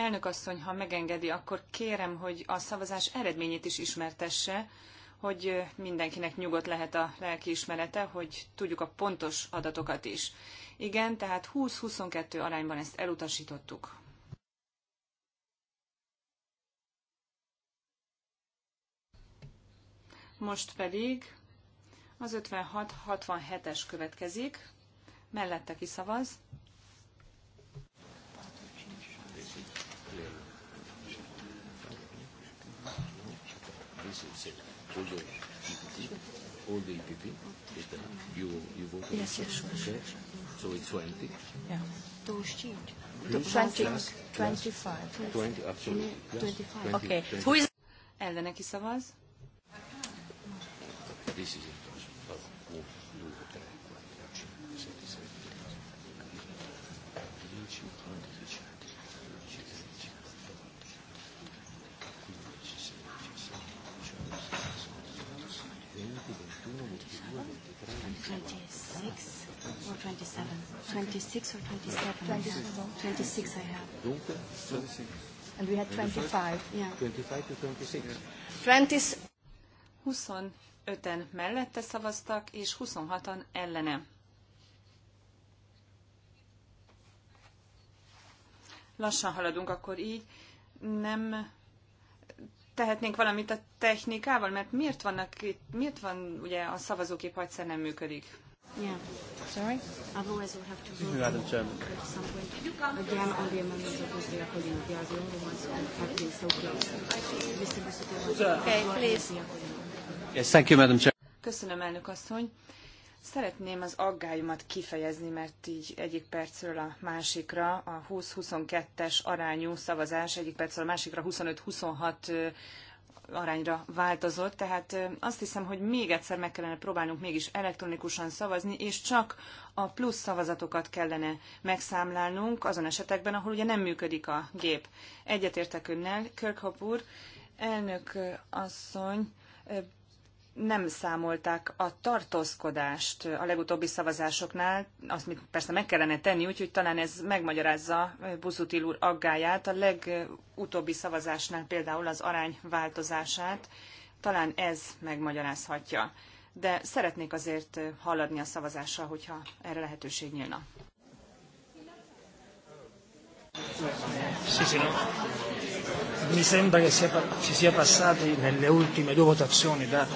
S3: Elnök asszony, ha megengedi, akkor kérem, hogy a szavazás eredményét is ismertesse, hogy mindenkinek nyugodt lehet a lelki ismerete, hogy tudjuk a pontos adatokat is. Igen, tehát 20-22 arányban ezt elutasítottuk. Most pedig az 56-67-es következik. Mellette kiszavaz.
S1: this is it. All e the EPP, all the EPP is there. You, you vote yes, yes, sure. okay. So it's 20. Yeah. Those change. 20, 25. 20, absolutely. Yes. 25. Okay. Who
S3: is ellene ki szavaz? This is
S1: it. 26 27. 26 27. 26 I have. 26. And we 25. Yeah. 25 to 26.
S4: 20.
S3: 25-en mellette szavaztak, és 26-an ellene. Lassan haladunk akkor így. Nem tehetnénk valamit a technikával, mert miért vannak itt, miért van ugye a szavazókép egyszer nem működik? Yeah. Sorry?
S1: Otherwise we'll have to vote have Yes, thank you, Madam Chair.
S3: Köszönöm, elnök asszony. Szeretném az aggályomat kifejezni, mert így egyik percről a másikra a 20-22-es arányú szavazás egyik percről a másikra 25-26 arányra változott, tehát azt hiszem, hogy még egyszer meg kellene próbálnunk mégis elektronikusan szavazni, és csak a plusz szavazatokat kellene megszámlálnunk azon esetekben, ahol ugye nem működik a gép. Egyetértek önnel, Kirkhope úr, elnök asszony, nem számolták a tartózkodást a legutóbbi szavazásoknál, azt mit persze meg kellene tenni, úgyhogy talán ez megmagyarázza eh, Buzutil úr aggáját, a legutóbbi szavazásnál például az arány változását, talán ez megmagyarázhatja. De szeretnék azért eh, haladni a szavazással, hogyha erre lehetőség
S1: nyílna. Sì, sì, no? Mi sembra che sia, ci sia passati nelle ultime due votazioni da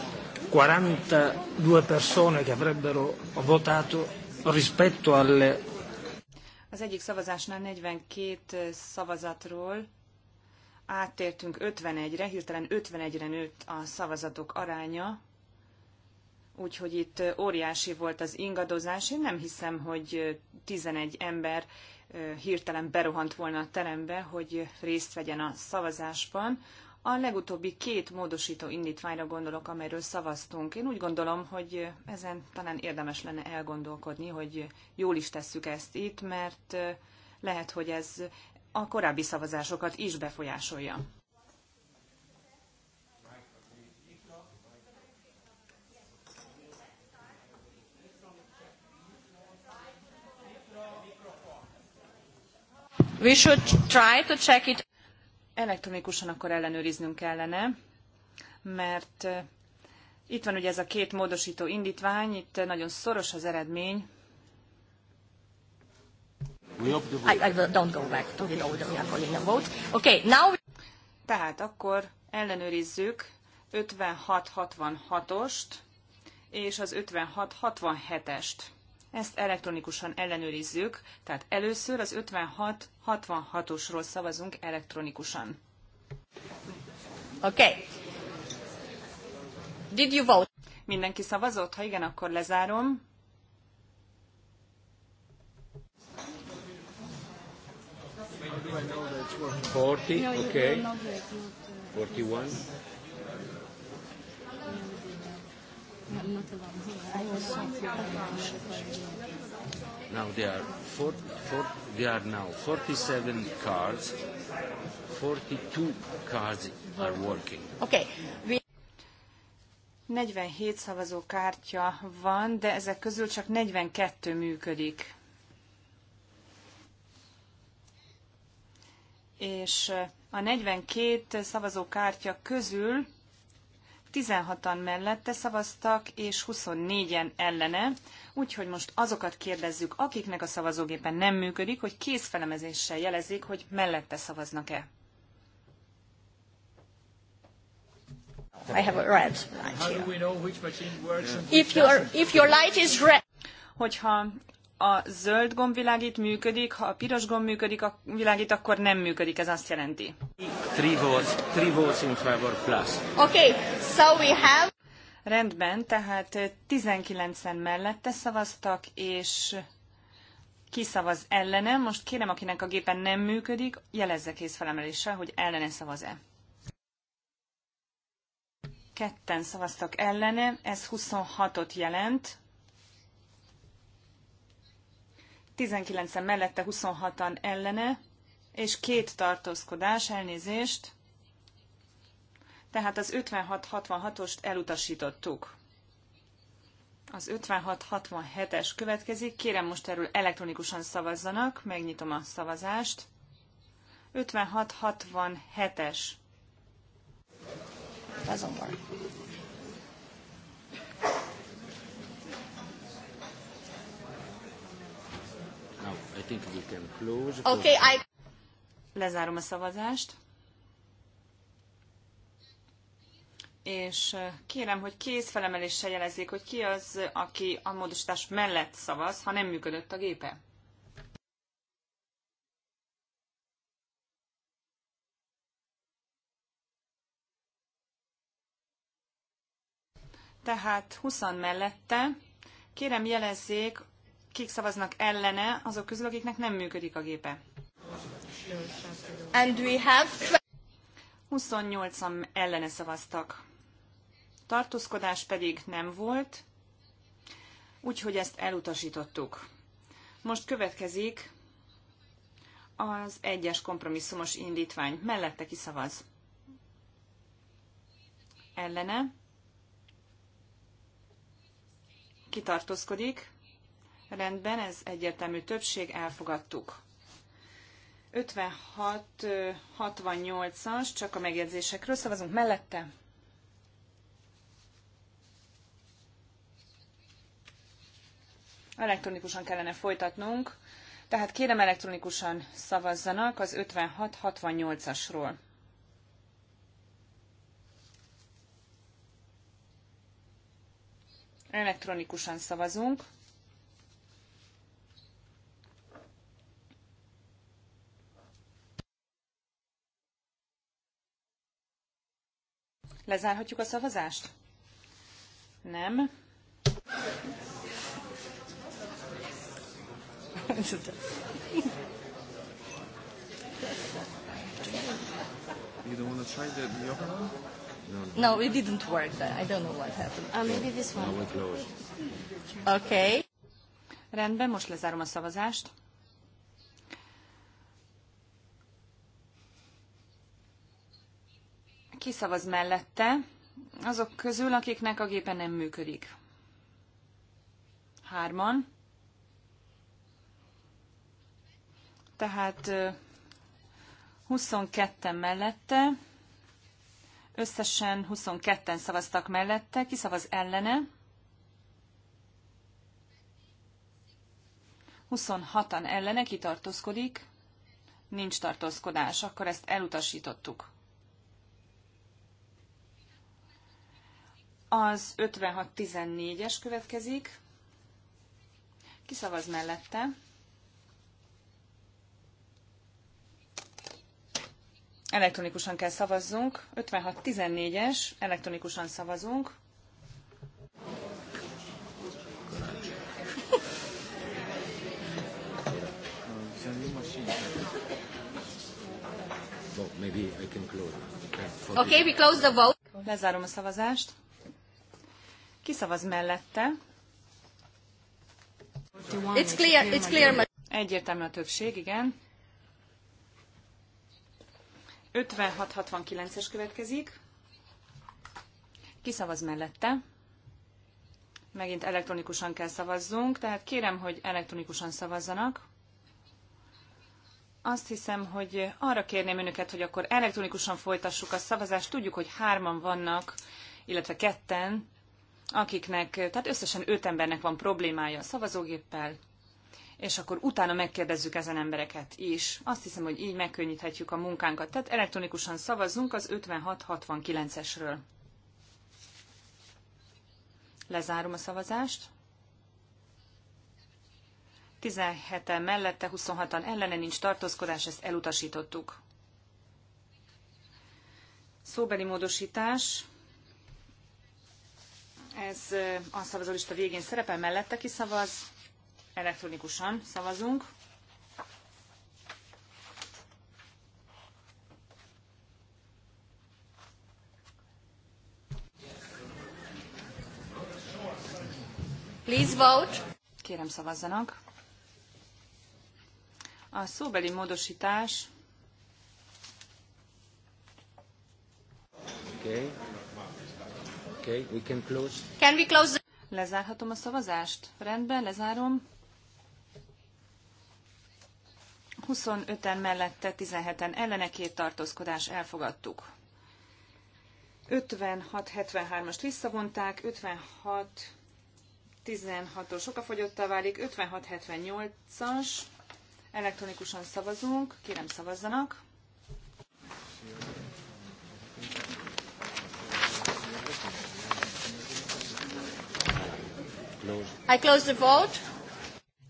S1: 42 persone che avrebbero votato rispetto alle...
S3: Az egyik szavazásnál 42 szavazatról áttértünk 51-re, hirtelen 51-re nőtt a szavazatok aránya, úgyhogy itt óriási volt az ingadozás. Én nem hiszem, hogy 11 ember hirtelen berohant volna a terembe, hogy részt vegyen a szavazásban. A legutóbbi két módosító indítványra gondolok, amelyről szavaztunk. Én úgy gondolom, hogy ezen talán érdemes lenne elgondolkodni, hogy jól is tesszük ezt itt, mert lehet, hogy ez a korábbi szavazásokat is befolyásolja.
S1: We should try to check it
S3: elektronikusan akkor ellenőriznünk kellene, mert itt van ugye ez a két módosító indítvány, itt nagyon szoros az eredmény. Tehát akkor ellenőrizzük 56 ost és az 56-67-est. Ezt elektronikusan ellenőrizzük, tehát először az 56-66-osról szavazunk elektronikusan. Oké. Okay. Did you vote? Mindenki szavazott? Ha igen, akkor lezárom.
S1: Forty, okay. Forty-one. Now there are four, four, there are now 47 cards. 42 cards are working. Okay. We
S3: 47 szavazókártya van, de ezek közül csak 42 működik. És eh, a 42 szavazókártya közül 16-an mellette szavaztak, és 24-en ellene, úgyhogy most azokat kérdezzük, akiknek a szavazógépen nem működik, hogy kézfelemezéssel jelezik, hogy mellette szavaznak-e. I have a red light
S1: here.
S3: If your, if your light is red. Hogyha a zöld gomb világít, működik, ha a piros gomb működik, a világít, akkor nem működik, ez azt jelenti.
S1: Three votes, three votes in favor plus.
S3: Okay, so we have... Rendben, tehát 19-en mellette szavaztak, és kiszavaz ellene. Most kérem, akinek a gépen nem működik, jelezze kész felemeléssel, hogy ellene szavaz-e. Ketten szavaztak ellene, ez 26-ot jelent, 19-en mellette, 26-an ellene, és két tartózkodás, elnézést. Tehát az 56-66-ost elutasítottuk. Az 56-67-es következik. Kérem most erről elektronikusan szavazzanak. Megnyitom a szavazást. 56-67-es. Doesn't work.
S1: Oké, Okay,
S3: I... Lezárom a szavazást. és kérem, hogy kézfelemeléssel jelezzék, hogy ki az, aki a módosítás mellett szavaz, ha nem működött a gépe. Tehát 20 mellette. Kérem jelezzék, kik szavaznak ellene, azok közül, akiknek nem működik a gépe. And we have 28-an ellene szavaztak. Tartózkodás pedig nem volt, úgyhogy ezt elutasítottuk. Most következik az egyes kompromisszumos indítvány. Mellette ki szavaz? Ellene? Kitartózkodik? Rendben, ez egyértelmű többség, elfogadtuk. 56-68-as, csak a megjegyzésekről szavazunk mellette. Elektronikusan kellene folytatnunk, tehát kérem elektronikusan szavazzanak az 56-68-asról. Elektronikusan szavazunk. Lezárhatjuk a szavazást? Nem.
S1: You don't want to try the No,
S2: it didn't work. I don't know what
S3: happened. Uh, maybe this one. Okay. Rendben, most lezárom a szavazást. kiszavaz mellette, azok közül, akiknek a gépe nem működik. Hárman. Tehát 22-en mellette, összesen 22-en szavaztak mellette, kiszavaz ellene, 26-an ellene kitartózkodik, nincs tartózkodás, akkor ezt elutasítottuk. Az 56-14-es következik. Ki szavaz mellette? Elektronikusan kell szavazzunk. 56-14-es, elektronikusan szavazunk.
S1: Okay, we close the vote.
S3: Lezárom a szavazást. Kiszavaz mellette.
S1: It's clear, it's clear.
S3: Egyértelmű a többség, igen. 56-69-es következik. Kiszavaz mellette. Megint elektronikusan kell szavazzunk, tehát kérem, hogy elektronikusan szavazzanak. Azt hiszem, hogy arra kérném önöket, hogy akkor elektronikusan folytassuk a szavazást. Tudjuk, hogy hárman vannak, illetve ketten, akiknek, tehát összesen öt embernek van problémája a szavazógéppel, és akkor utána megkérdezzük ezen embereket is. Azt hiszem, hogy így megkönnyíthetjük a munkánkat. Tehát elektronikusan szavazzunk az 56-69-esről. Lezárom a szavazást. 17-en mellette, 26-an ellene nincs tartózkodás, ezt elutasítottuk. Szóbeli módosítás ez a szavazólista végén szerepel, mellette ki szavaz, elektronikusan szavazunk. Please vote. Kérem szavazzanak. A szóbeli módosítás.
S1: Okay. Okay, we can close.
S3: Can we close the... Lezárhatom a szavazást? Rendben, lezárom. 25-en mellette, 17-en ellene két tartózkodás elfogadtuk. 56-73-ast visszavonták, 56 16-os sokafogyottá válik, 56-78-as, elektronikusan szavazunk, kérem szavazzanak.
S1: I close the vote.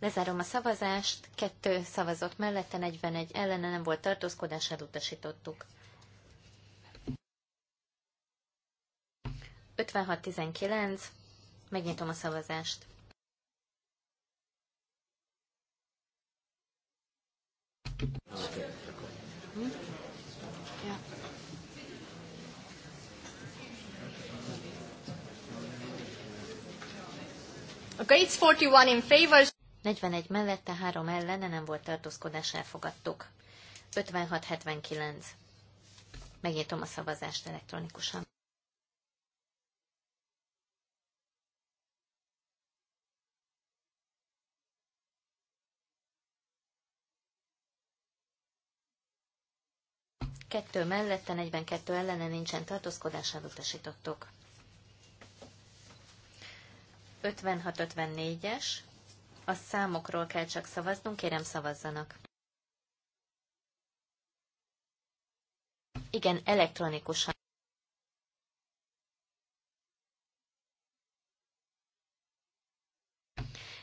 S2: Lezárom a szavazást, kettő szavazott mellette, 41 ellene nem volt tartózkodás, elutasítottuk. 56-19, megnyitom a szavazást. Hm? 41 41 mellette, 3 ellene nem volt tartózkodás, elfogadtuk. 56-79. Megnyitom a szavazást elektronikusan. Kettő mellette, 42 ellene nincsen tartózkodás, elutasítottuk. 56-54-es, a számokról kell csak szavaznunk, kérem szavazzanak. Igen, elektronikusan.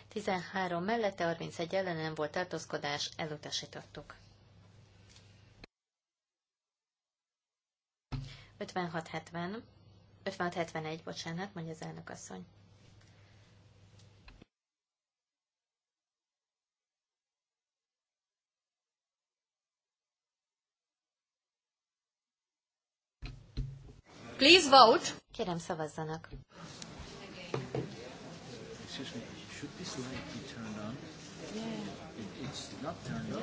S2: Tizenhárom mellette 31 ellenem volt tartózkodás, elutasítottuk. 56-70, 56-71, bocsánat, mondja az elnök asszony. Please vote. Kérem szavazzanak.
S1: Excuse me, should this light be turned on? it's not turned on.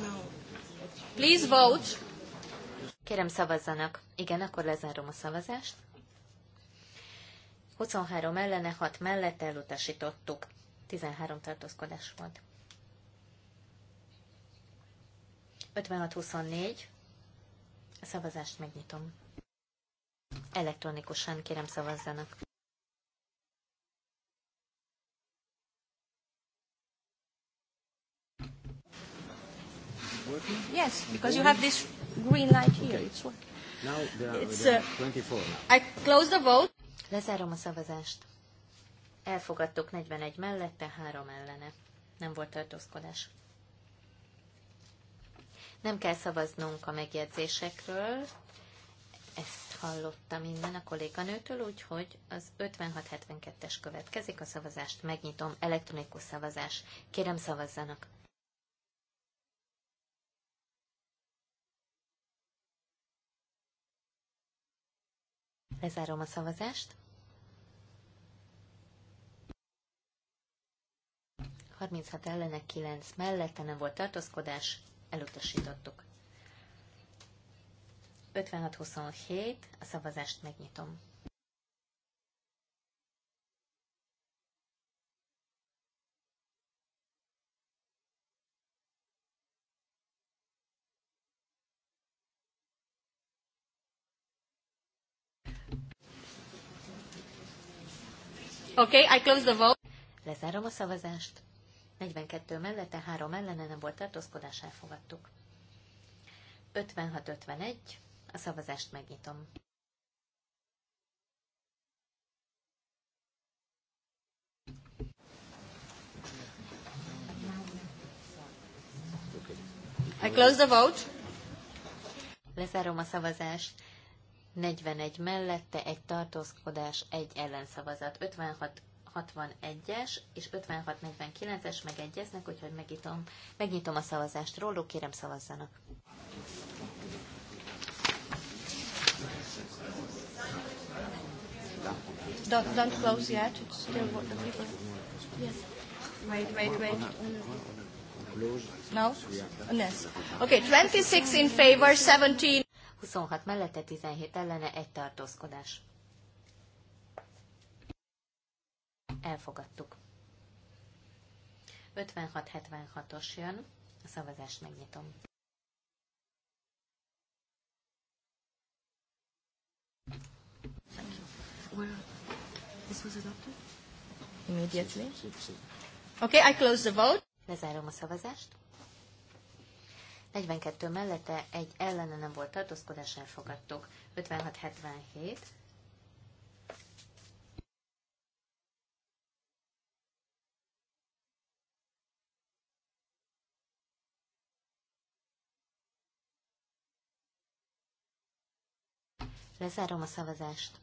S1: No.
S2: Please vote. Kérem szavazzanak. Igen, akkor lezárom a szavazást. 23 ellene, 6 mellett elutasítottuk. 13 tartózkodás volt. 56-24. A szavazást megnyitom. Elektronikusan kérem szavazzanak.
S1: Yes, because you have this
S2: green light here. Okay. It's
S1: working. Now there are, It's, uh, 24 now. I
S2: close the vote. Lezárom a szavazást. Elfogadtuk 41 mellette, 3 ellene. Nem volt tartózkodás. Nem kell szavaznunk a megjegyzésekről, ezt hallottam innen a kolléganőtől, úgyhogy az 5672-es következik, a szavazást megnyitom, elektronikus szavazás. Kérem szavazzanak! Lezárom a szavazást. 36 ellenek, 9 mellette nem volt tartózkodás, elutasítottuk. 56-27, a szavazást megnyitom. Okay, I close the vote. Lezárom a szavazást. 42 mellette, 3 ellene nem volt tartózkodás, elfogadtuk. 56-51, a szavazást megnyitom.
S1: I close the vote.
S2: Lezárom a szavazást. 41 mellette, egy tartózkodás, egy ellenszavazat. 56 56-61-es és 56-49-es megegyeznek, úgyhogy megnyitom, megnyitom a szavazást róluk, kérem szavazzanak.
S1: Don't, don't close yet. It's still what the people. Yes. Wait, wait, wait. No? Yes. Okay, 26 in favor,
S2: 17. 26 mellette, 17 ellene, egy tartózkodás. Elfogadtuk. 56-76-os jön. A szavazást megnyitom. This was adopted? Immediately. Okay, I close the vote. Lezárom a szavazást. 42 mellette egy ellene nem volt tartózkodás, elfogadtuk. 56-77. Lezárom a szavazást.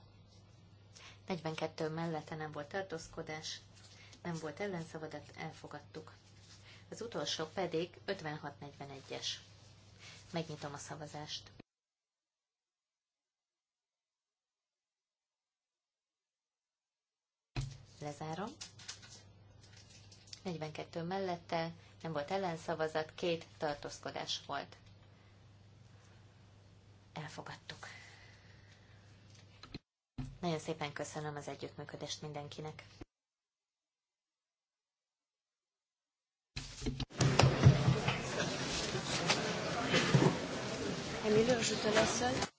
S2: 42 mellette nem volt tartózkodás, nem volt ellenszavadat, elfogadtuk. Az utolsó pedig 56-41-es. Megnyitom a szavazást. Lezárom. 42 mellette nem volt ellenszavazat, két tartózkodás volt. Elfogadtuk. Nagyon szépen köszönöm az együttműködést mindenkinek.
S3: Emilio,
S1: je te laisse seule.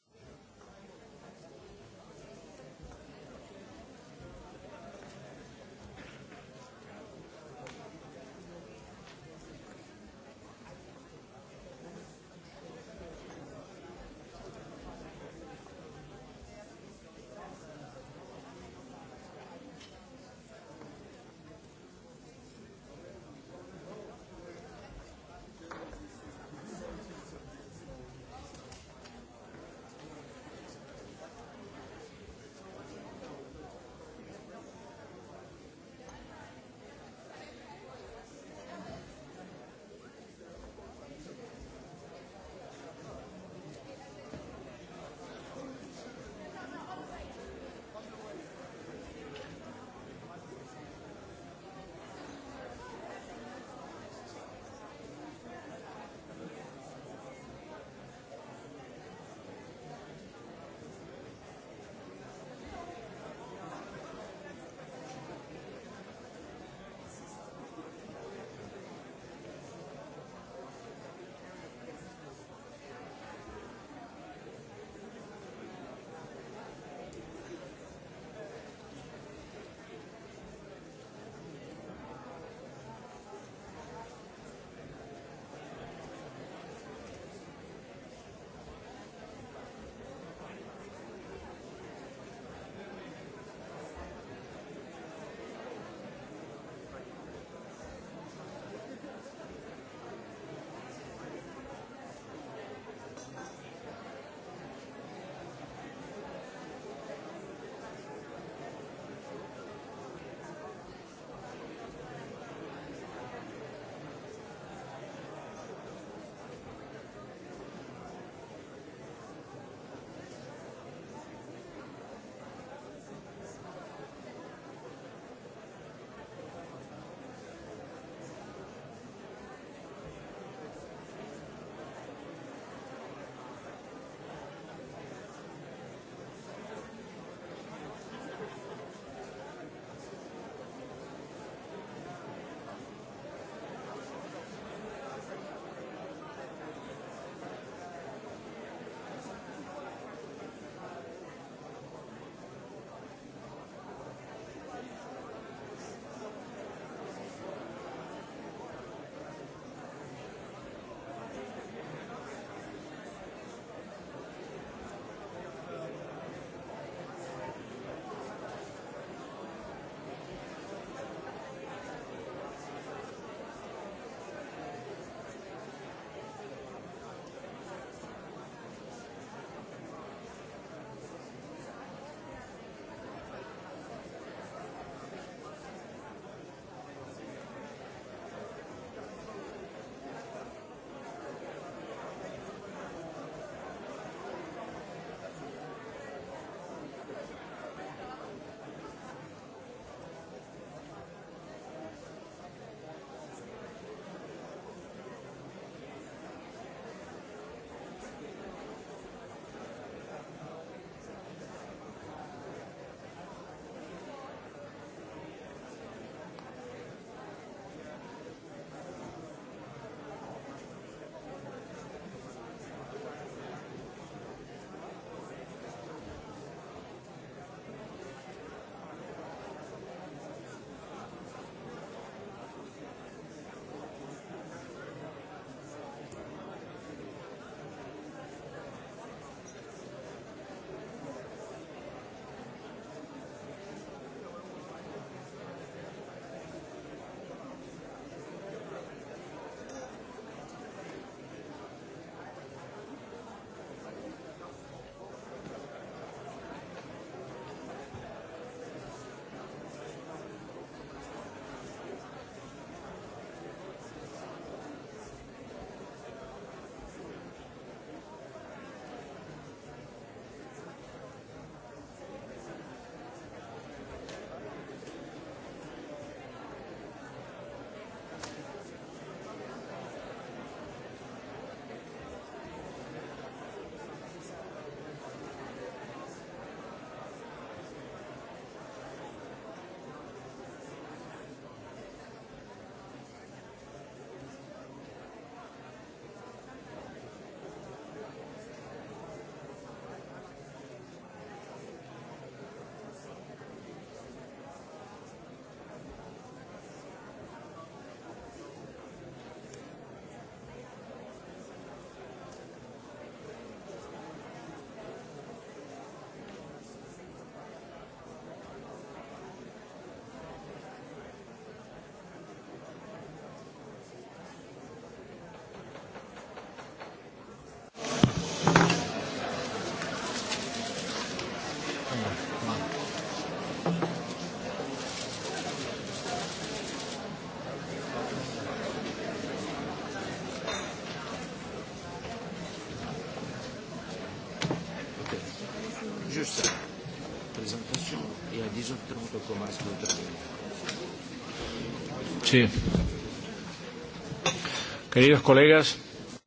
S1: Queridos colegas.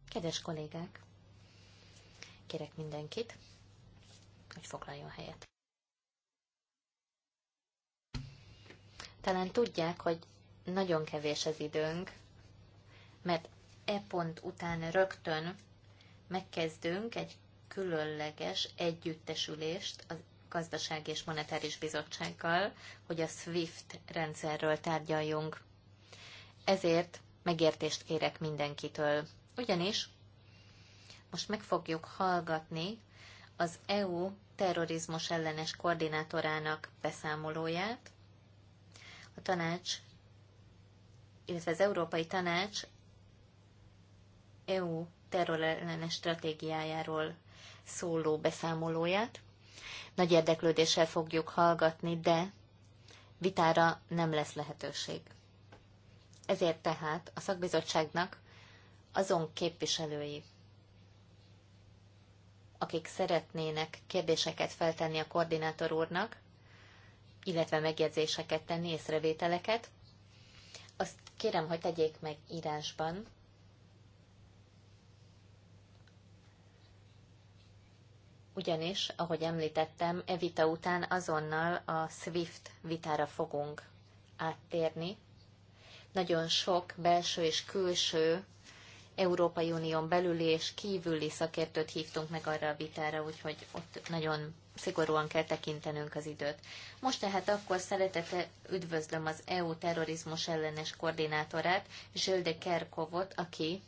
S2: Kedves kollégák, kérek mindenkit, hogy foglaljon helyet. Talán tudják, hogy nagyon kevés az időnk, mert e pont után rögtön megkezdünk egy különleges együttesülést az gazdaság és Monetáris Bizottsággal, hogy a SWIFT rendszerről tárgyaljunk. Ezért megértést kérek mindenkitől, ugyanis most meg fogjuk hallgatni az EU terrorizmus ellenes koordinátorának beszámolóját. A tanács, illetve az Európai Tanács EU terrorellenes stratégiájáról szóló beszámolóját nagy érdeklődéssel fogjuk hallgatni, de vitára nem lesz lehetőség. Ezért tehát a szakbizottságnak azon képviselői, akik szeretnének kérdéseket feltenni a koordinátor úrnak, illetve megjegyzéseket tenni, észrevételeket, azt kérem, hogy tegyék meg írásban, ugyanis, ahogy említettem, e vita után azonnal a SWIFT vitára fogunk áttérni. Nagyon sok belső és külső Európai Unión belüli és kívüli szakértőt hívtunk meg arra a vitára, úgyhogy ott nagyon szigorúan kell tekintenünk az időt. Most tehát akkor szeretete üdvözlöm az EU terrorizmus ellenes koordinátorát, Zsölde Kerkovot, aki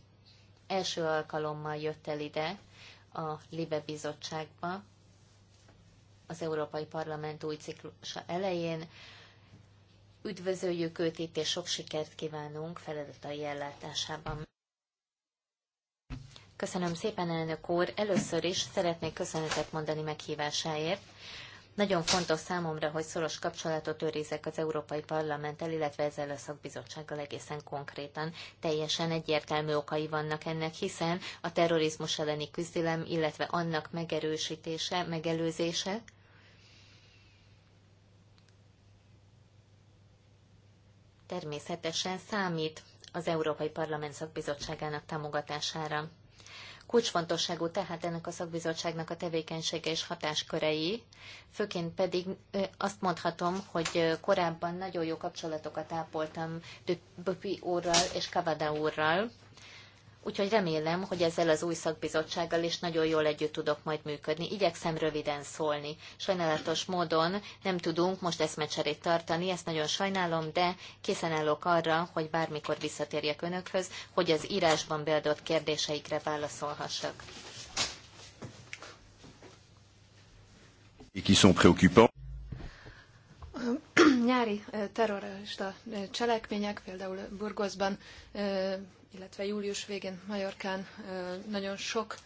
S2: első alkalommal jött el ide, a Libe Bizottságba az Európai Parlament új ciklusa elején. Üdvözöljük őt itt, és sok sikert kívánunk feladatai ellátásában. Köszönöm szépen, elnök úr! Először is szeretnék köszönetet mondani meghívásáért. Nagyon fontos számomra, hogy szoros kapcsolatot őrizek az Európai Parlamenttel, illetve ezzel a szakbizottsággal egészen konkrétan. Teljesen egyértelmű okai vannak ennek, hiszen a terrorizmus elleni küzdelem, illetve annak megerősítése, megelőzése, természetesen számít az Európai Parlament szakbizottságának támogatására. Kulcsfontosságú tehát ennek a szakbizottságnak a tevékenysége és hatáskörei, főként pedig azt mondhatom, hogy korábban nagyon jó kapcsolatokat ápoltam Böpi úrral és Kavada úrral, Úgyhogy remélem, hogy ezzel az új szakbizottsággal is nagyon jól együtt tudok majd működni. Igyekszem röviden szólni. Sajnálatos módon nem tudunk most eszmecserét tartani, ezt nagyon sajnálom, de készen állok arra, hogy bármikor visszatérjek önökhöz, hogy az írásban beadott kérdéseikre válaszolhassak. nyári
S4: terrorista cselekmények, például Burgoszban illetve július végén Majorkán nagyon sok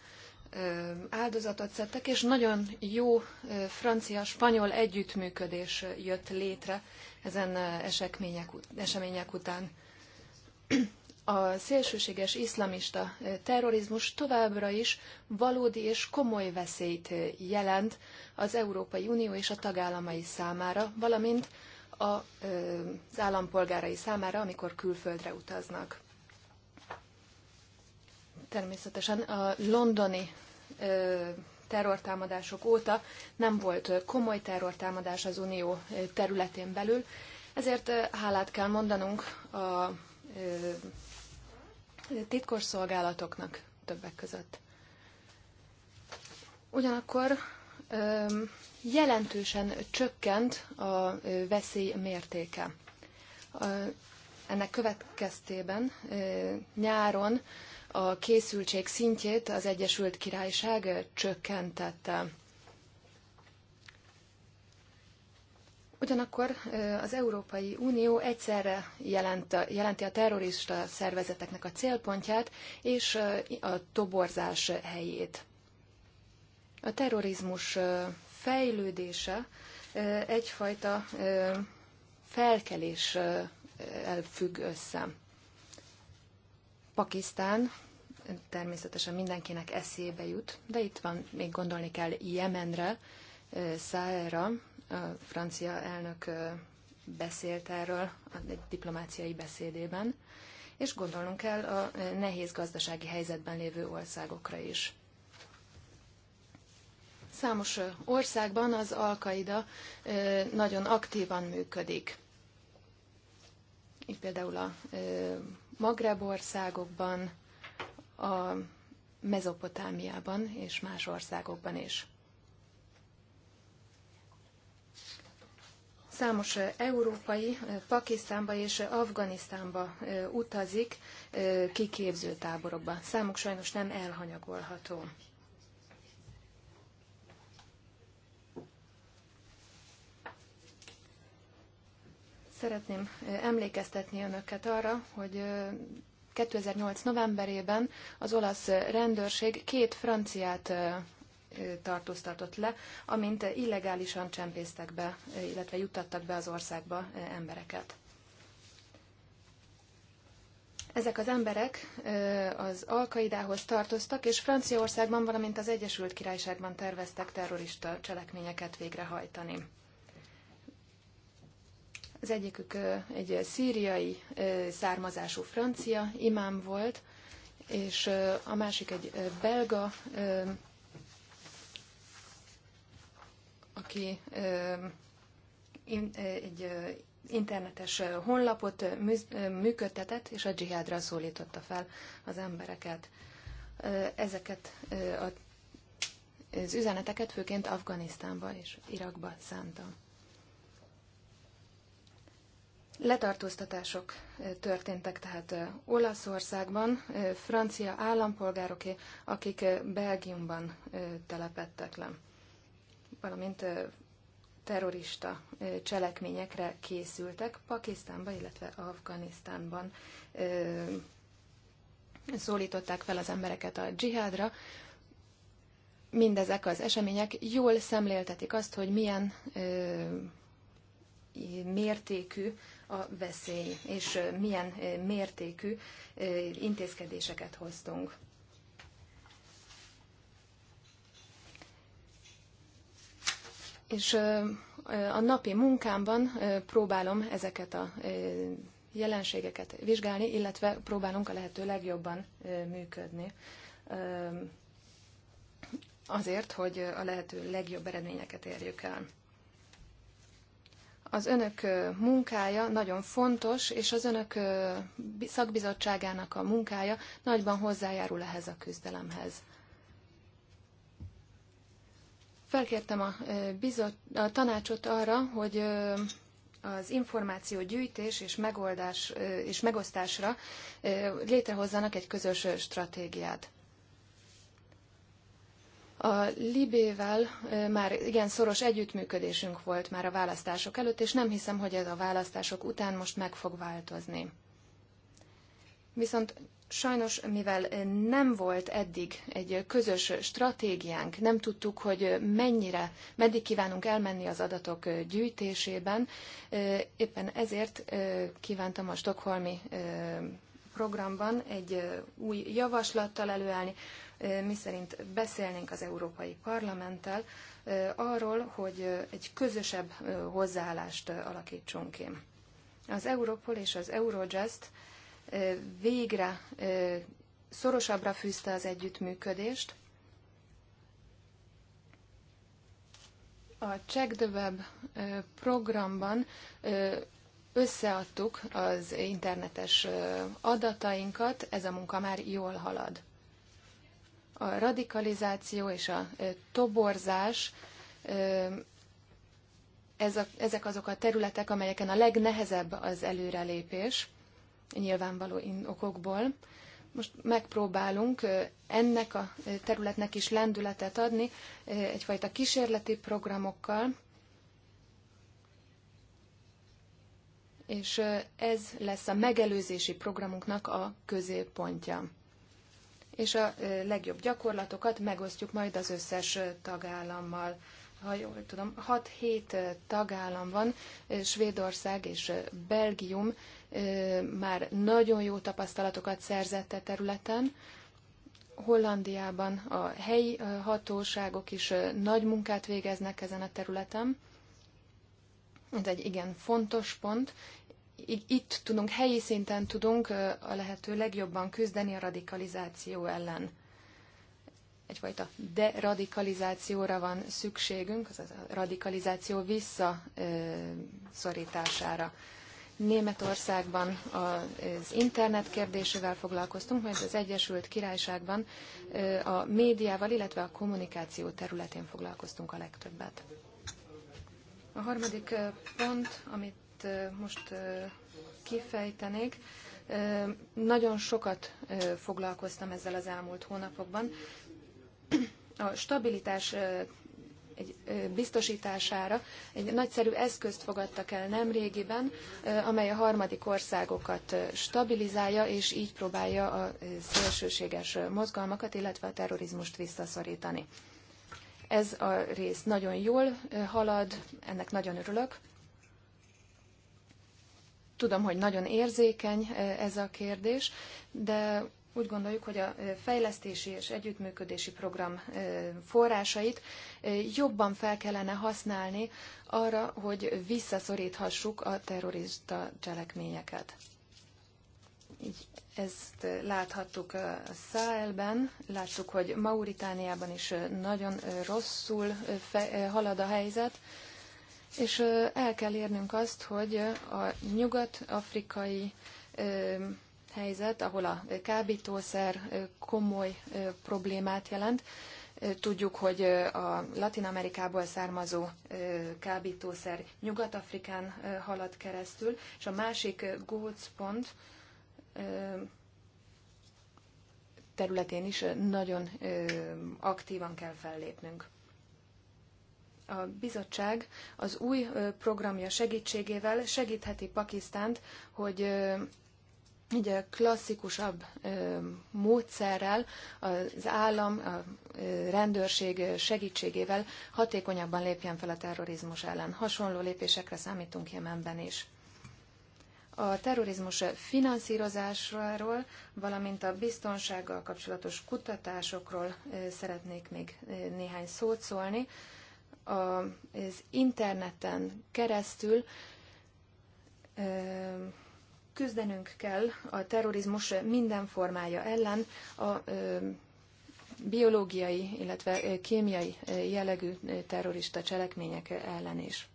S4: áldozatot szedtek, és nagyon jó francia-spanyol együttműködés jött létre ezen események, események után. A szélsőséges iszlamista terrorizmus továbbra is valódi és komoly veszélyt jelent az Európai Unió és a tagállamai számára, valamint az állampolgárai számára, amikor külföldre utaznak. Természetesen a londoni terrortámadások óta nem volt komoly terrortámadás az Unió területén belül, ezért hálát kell mondanunk a titkos szolgálatoknak többek között. Ugyanakkor jelentősen csökkent a veszély mértéke. Ennek következtében nyáron a készültség szintjét az Egyesült Királyság csökkentette. Ugyanakkor az Európai Unió egyszerre jelent, jelenti a terrorista szervezeteknek a célpontját és a toborzás helyét. A terrorizmus fejlődése egyfajta felkelés függ össze. Pakisztán természetesen mindenkinek eszébe jut, de itt van, még gondolni kell Jemenre, Szára, a francia elnök beszélt erről egy diplomáciai beszédében, és gondolnunk kell a nehéz gazdasági helyzetben lévő országokra is. Számos országban az alkaida nagyon aktívan működik. Így például a Magreb országokban, a Mezopotámiában és más országokban is. Számos európai Pakisztánba és Afganisztánba utazik kiképző táborokba. Számuk sajnos nem elhanyagolható. Szeretném emlékeztetni önöket arra, hogy 2008. novemberében az olasz rendőrség két franciát tartóztatott le, amint illegálisan csempésztek be, illetve juttattak be az országba embereket. Ezek az emberek az Alkaidához tartoztak, és Franciaországban, valamint az Egyesült Királyságban terveztek terrorista cselekményeket végrehajtani. Az egyikük egy szíriai származású francia imám volt, és a másik egy belga, aki egy internetes honlapot működtetett, és a dzsihádra szólította fel az embereket. Ezeket az üzeneteket főként Afganisztánba és Irakba szántam. Letartóztatások történtek tehát Olaszországban, francia állampolgároké, akik Belgiumban telepettek le, valamint terrorista cselekményekre készültek Pakisztánba, illetve Afganisztánban szólították fel az embereket a dzsihádra. Mindezek az események jól szemléltetik azt, hogy milyen mértékű a veszély, és milyen mértékű intézkedéseket hoztunk. És a napi munkámban próbálom ezeket a jelenségeket vizsgálni, illetve próbálunk a lehető legjobban működni. Azért, hogy a lehető legjobb eredményeket érjük el az önök munkája nagyon fontos, és az önök szakbizottságának a munkája nagyban hozzájárul ehhez a küzdelemhez. Felkértem a, bizot, a tanácsot arra, hogy az információ gyűjtés és, megoldás, és megosztásra létrehozzanak egy közös stratégiát. A Libével már igen szoros együttműködésünk volt már a választások előtt, és nem hiszem, hogy ez a választások után most meg fog változni. Viszont sajnos, mivel nem volt eddig egy közös stratégiánk, nem tudtuk, hogy mennyire, meddig kívánunk elmenni az adatok gyűjtésében, éppen ezért kívántam a Stockholmi programban egy új javaslattal előállni, miszerint beszélnénk az Európai Parlamenttel arról, hogy egy közösebb hozzáállást alakítsunk ki. Az Europol és az Eurojust végre szorosabbra fűzte az együttműködést. A Check the Web programban összeadtuk az internetes adatainkat, ez a munka már jól halad a radikalizáció és a toborzás, ez a, ezek azok a területek, amelyeken a legnehezebb az előrelépés, nyilvánvaló okokból. Most megpróbálunk ennek a területnek is lendületet adni egyfajta kísérleti programokkal, és ez lesz a megelőzési programunknak a középpontja és a legjobb gyakorlatokat megosztjuk majd az összes tagállammal. Ha jól tudom, 6-7 tagállam van, Svédország és Belgium már nagyon jó tapasztalatokat szerzett a e területen. Hollandiában a helyi hatóságok is nagy munkát végeznek ezen a területen. Ez egy igen fontos pont, itt tudunk, helyi szinten tudunk a lehető legjobban küzdeni a radikalizáció ellen. Egyfajta deradikalizációra van szükségünk, azaz a radikalizáció visszaszorítására. Németországban az internet kérdésével foglalkoztunk, majd az Egyesült Királyságban a médiával, illetve a kommunikáció területén foglalkoztunk a legtöbbet. A harmadik pont, amit most kifejtenék. Nagyon sokat foglalkoztam ezzel az elmúlt hónapokban. A stabilitás egy biztosítására egy nagyszerű eszközt fogadtak el nemrégiben, amely a harmadik országokat stabilizálja, és így próbálja a szélsőséges mozgalmakat, illetve a terrorizmust visszaszorítani. Ez a rész nagyon jól halad, ennek nagyon örülök. Tudom, hogy nagyon érzékeny e, ez a kérdés, de úgy gondoljuk, hogy a e, fejlesztési és együttműködési program e, forrásait jobban fel kellene használni arra, hogy visszaszoríthassuk a terrorista cselekményeket. Így ezt láthattuk a Száelben, láttuk, hogy Mauritániában is nagyon rosszul halad a helyzet, és el kell érnünk azt, hogy a nyugat-afrikai helyzet, ahol a kábítószer komoly problémát jelent, Tudjuk, hogy a Latin Amerikából származó kábítószer Nyugat-Afrikán halad keresztül, és a másik gócpont területén is nagyon aktívan kell fellépnünk a bizottság az új programja segítségével segítheti Pakisztánt, hogy egy klasszikusabb módszerrel az állam, a rendőrség segítségével hatékonyabban lépjen fel a terrorizmus ellen. Hasonló lépésekre számítunk Jemenben is. A terrorizmus finanszírozásáról, valamint a biztonsággal kapcsolatos kutatásokról szeretnék még néhány szót szólni az interneten keresztül küzdenünk kell a terrorizmus minden formája ellen, a biológiai, illetve kémiai jellegű terrorista cselekmények ellen is.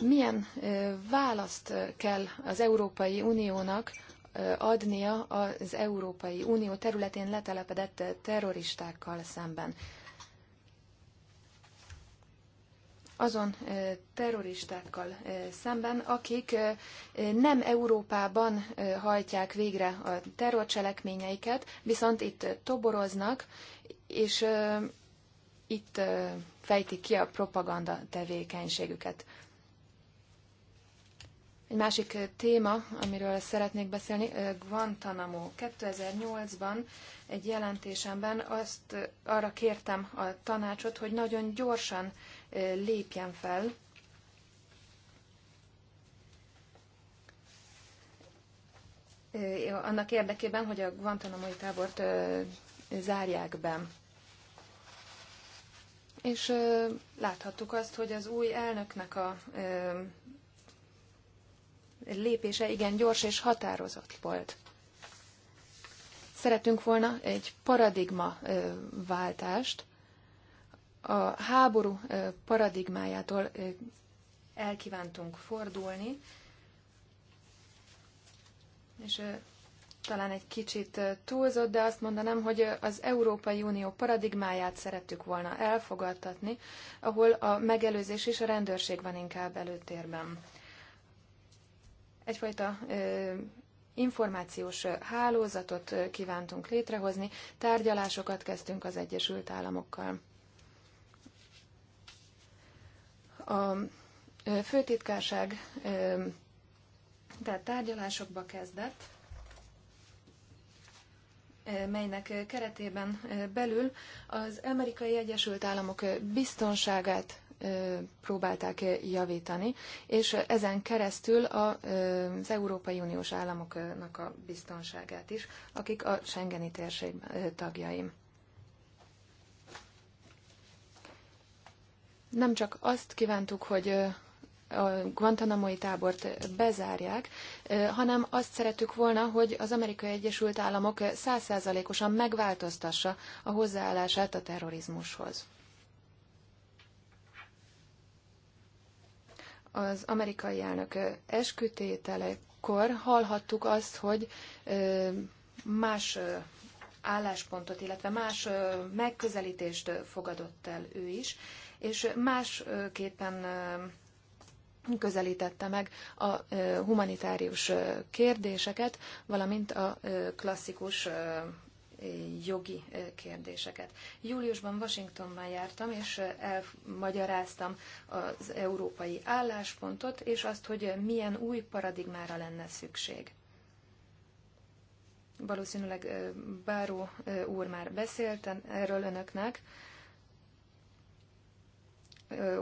S4: Milyen választ kell az Európai Uniónak adnia az Európai Unió területén letelepedett terroristákkal szemben. azon terroristákkal szemben, akik nem Európában hajtják végre a terrorcselekményeiket, viszont itt toboroznak, és itt fejtik ki a propaganda tevékenységüket. Egy másik eh, téma, amiről szeretnék beszélni, eh, Guantanamo. 2008-ban egy jelentésemben azt eh, arra kértem a tanácsot, hogy nagyon gyorsan lépjen fel, annak érdekében, hogy a Guantanamo-i tábort zárják be. És láthattuk azt, hogy az új elnöknek a lépése igen gyors és határozott volt. Szeretünk volna egy paradigma váltást, a háború paradigmájától elkívántunk fordulni, és talán egy kicsit túlzott, de azt mondanám, hogy az Európai Unió paradigmáját szerettük volna elfogadtatni, ahol a megelőzés és a rendőrség van inkább előtérben egyfajta információs hálózatot kívántunk létrehozni, tárgyalásokat kezdtünk az Egyesült Államokkal. A főtitkárság tehát tárgyalásokba kezdett, melynek keretében belül az Amerikai Egyesült Államok biztonságát próbálták javítani, és ezen keresztül az Európai Uniós államoknak a biztonságát is, akik a Schengeni térség tagjaim. Nem csak azt kívántuk, hogy a Guantanamo-i tábort bezárják, hanem azt szerettük volna, hogy az Amerikai Egyesült Államok százszázalékosan megváltoztassa a hozzáállását a terrorizmushoz. az amerikai elnök eskütételekor hallhattuk azt, hogy más álláspontot, illetve más megközelítést fogadott el ő is, és másképpen közelítette meg a humanitárius kérdéseket, valamint a klasszikus jogi kérdéseket. Júliusban Washingtonban jártam, és elmagyaráztam az európai álláspontot, és azt, hogy milyen új paradigmára lenne szükség. Valószínűleg Báró úr már beszélt erről önöknek,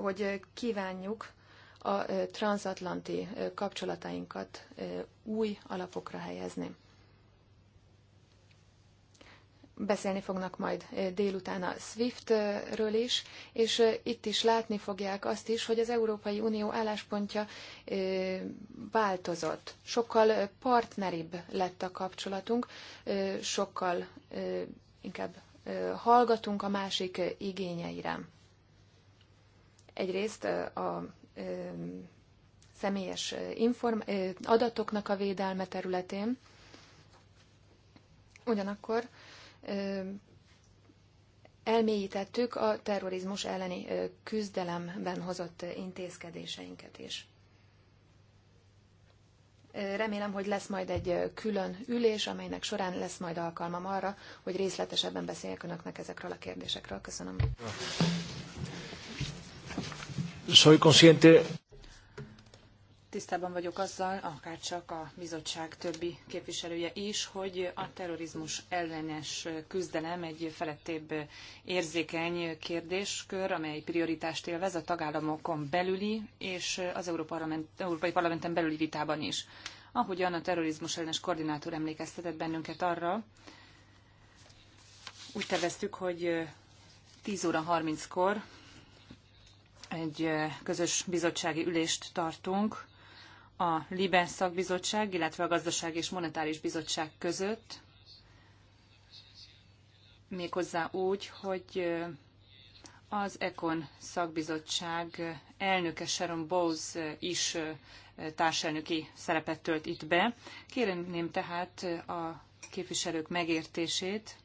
S4: hogy kívánjuk a transatlanti kapcsolatainkat új alapokra helyezni beszélni fognak majd délután a SWIFT-ről is, és itt is látni fogják azt is, hogy az Európai Unió álláspontja változott. Sokkal partneribb lett a kapcsolatunk, sokkal inkább hallgatunk a másik igényeire. Egyrészt a személyes inform- adatoknak a védelme területén, ugyanakkor elmélyítettük a terrorizmus elleni küzdelemben hozott intézkedéseinket is. Remélem, hogy lesz majd egy külön ülés, amelynek során lesz majd alkalmam arra, hogy részletesebben beszéljek önöknek ezekről a kérdésekről. Köszönöm.
S1: Soy consciente
S3: tisztában vagyok azzal, akár csak a bizottság többi képviselője is, hogy a terrorizmus ellenes küzdelem egy felettébb érzékeny kérdéskör, amely prioritást élvez a tagállamokon belüli és az Európai Parlamenten belüli vitában is. Ahogyan a terrorizmus ellenes koordinátor emlékeztetett bennünket arra, úgy terveztük, hogy 10 óra 30-kor egy közös bizottsági ülést tartunk a Libe szakbizottság, illetve a Gazdaság és Monetáris Bizottság között, méghozzá úgy, hogy az Econ szakbizottság elnöke Sharon Bowes is társelnöki szerepet tölt itt be. Kérném tehát a képviselők megértését.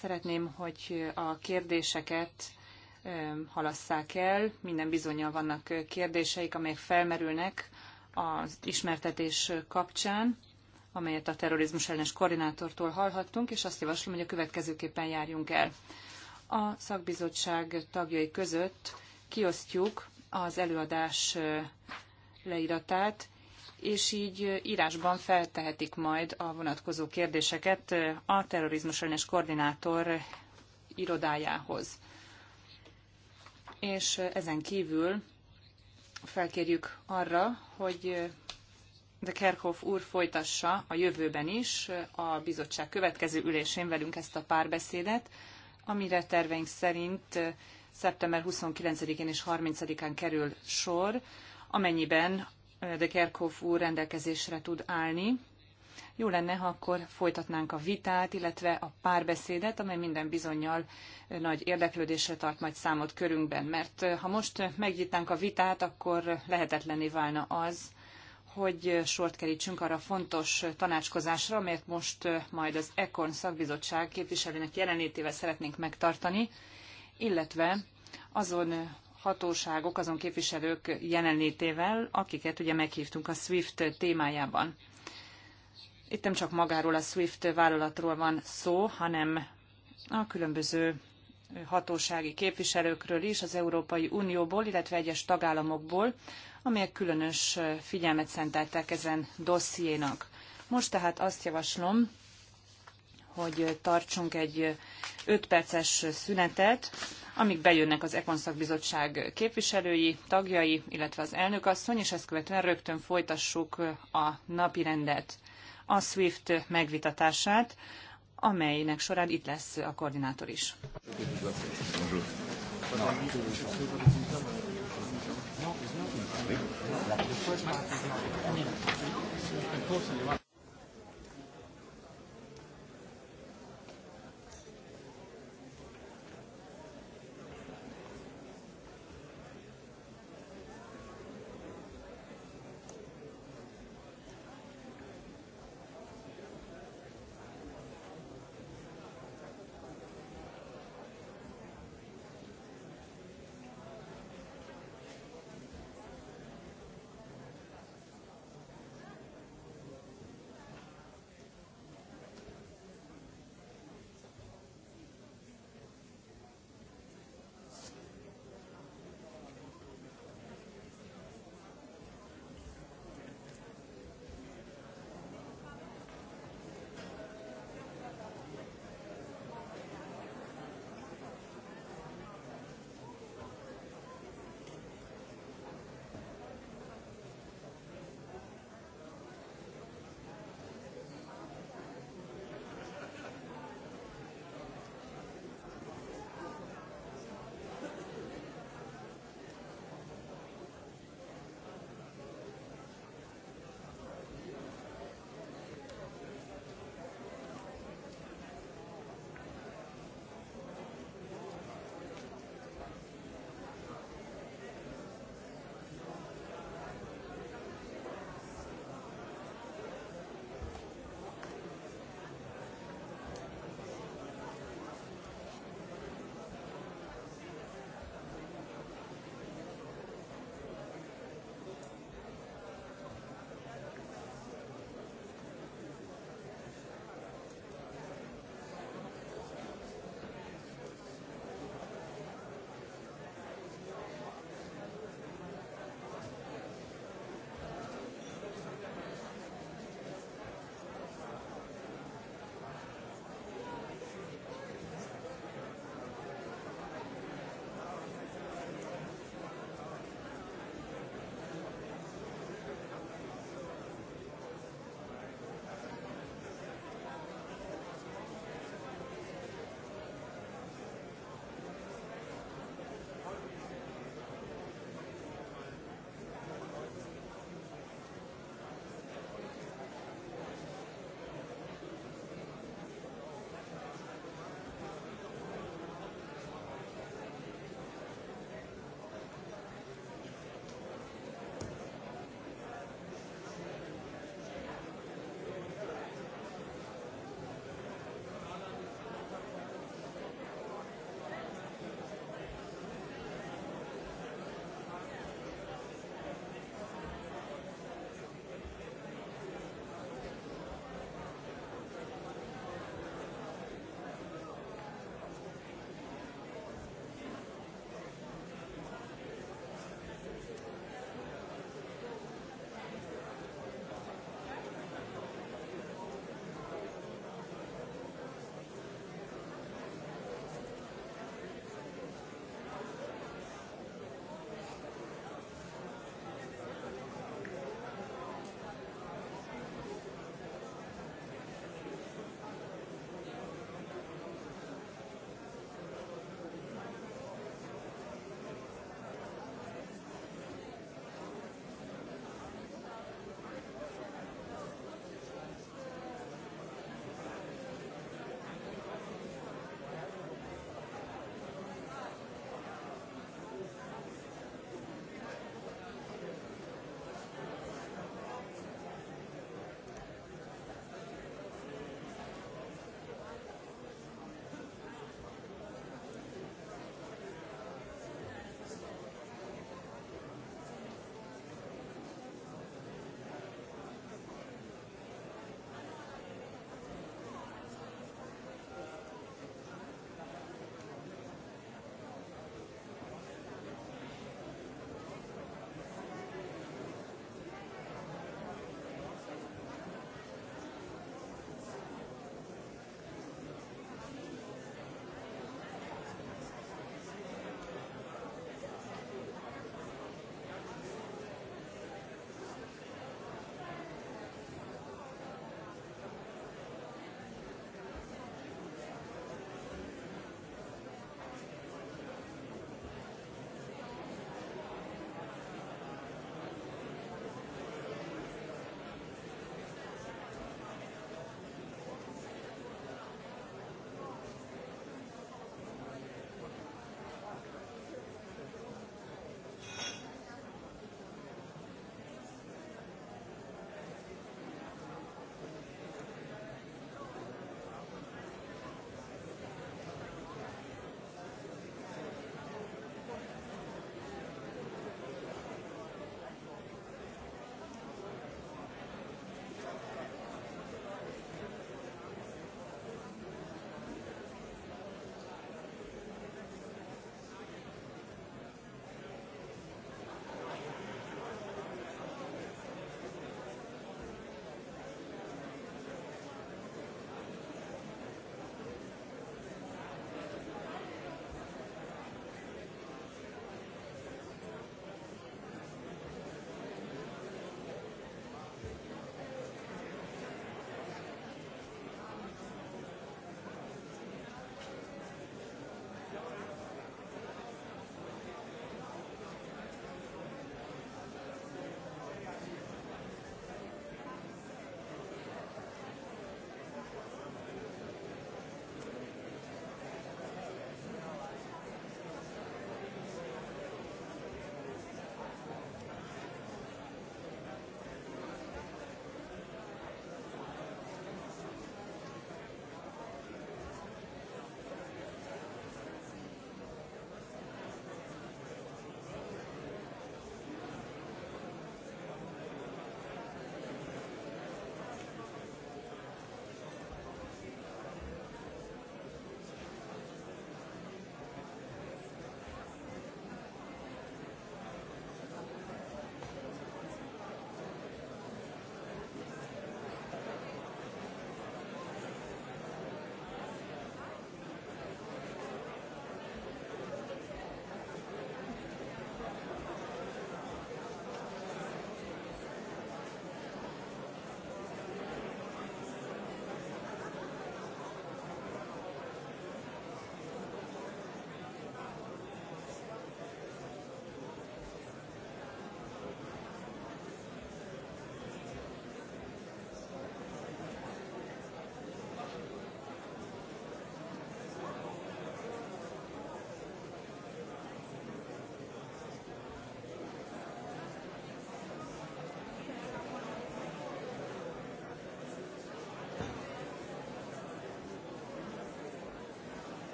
S3: Szeretném, hogy a kérdéseket halasszák el. Minden bizonyal vannak kérdéseik, amelyek felmerülnek az ismertetés kapcsán, amelyet a terrorizmus ellenes koordinátortól hallhattunk, és azt javaslom, hogy a következőképpen járjunk el. A szakbizottság tagjai között kiosztjuk az előadás leíratát, és így írásban feltehetik majd a vonatkozó kérdéseket a terrorizmus ellenes koordinátor irodájához és ezen kívül felkérjük arra, hogy de Kerkhoff úr folytassa a jövőben is a bizottság következő ülésén velünk ezt a párbeszédet, amire terveink szerint szeptember 29-én és 30-án kerül sor, amennyiben de Kerkhoff úr rendelkezésre tud állni jó lenne, ha akkor folytatnánk a vitát, illetve a párbeszédet, amely minden bizonyal nagy érdeklődésre tart majd számot körünkben. Mert ha most megnyitnánk a vitát, akkor lehetetlené válna az, hogy sort kerítsünk arra fontos tanácskozásra, amelyet most majd az ECON szakbizottság képviselőnek jelenlétével szeretnénk megtartani, illetve azon hatóságok, azon képviselők jelenlétével, akiket ugye meghívtunk a SWIFT témájában. Itt nem csak magáról a SWIFT vállalatról van szó, hanem a különböző hatósági képviselőkről is az Európai Unióból, illetve egyes tagállamokból, amelyek különös figyelmet szenteltek ezen dossziénak. Most tehát azt javaslom, hogy tartsunk egy 5 perces szünetet, amíg bejönnek az Ekonszak Bizottság képviselői, tagjai, illetve az elnökasszony, és ezt követően rögtön folytassuk a napi rendet a SWIFT megvitatását, amelynek során itt lesz a koordinátor is.
S1: Köszönöm.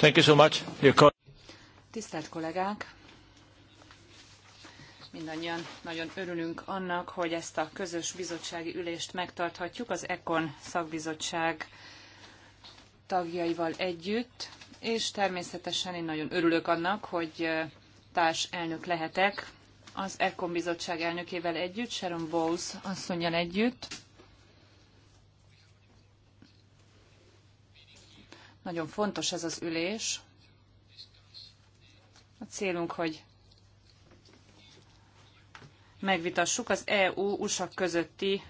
S1: Thank you so much.
S3: Tisztelt kollégák! Mindannyian nagyon örülünk annak, hogy ezt a közös bizottsági ülést megtarthatjuk az ECON szakbizottság tagjaival együtt, és természetesen én nagyon örülök annak, hogy társ elnök lehetek az ECON bizottság elnökével együtt, Sharon Bowles asszonyjal együtt, Nagyon fontos ez az ülés. A célunk, hogy megvitassuk az EU-USA közötti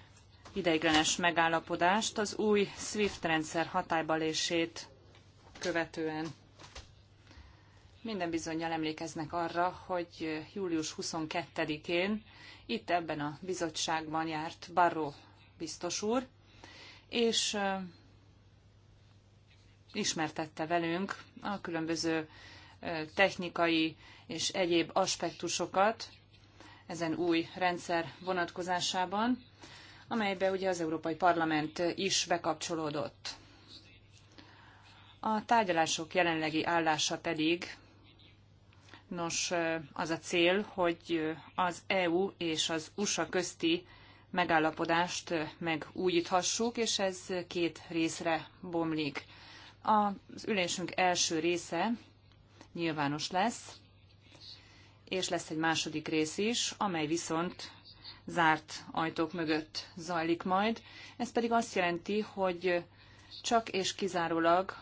S3: ideiglenes megállapodást az új SWIFT rendszer hatálybalését követően. Minden bizonyal emlékeznek arra, hogy július 22-én itt ebben a bizottságban járt Barró biztos úr, és ismertette velünk a különböző technikai és egyéb aspektusokat ezen új rendszer vonatkozásában, amelybe ugye az Európai Parlament is bekapcsolódott. A tárgyalások jelenlegi állása pedig, nos, az a cél, hogy az EU és az USA közti megállapodást megújíthassuk, és ez két részre bomlik. Az ülésünk első része nyilvános lesz, és lesz egy második rész is, amely viszont zárt ajtók mögött zajlik majd. Ez pedig azt jelenti, hogy csak és kizárólag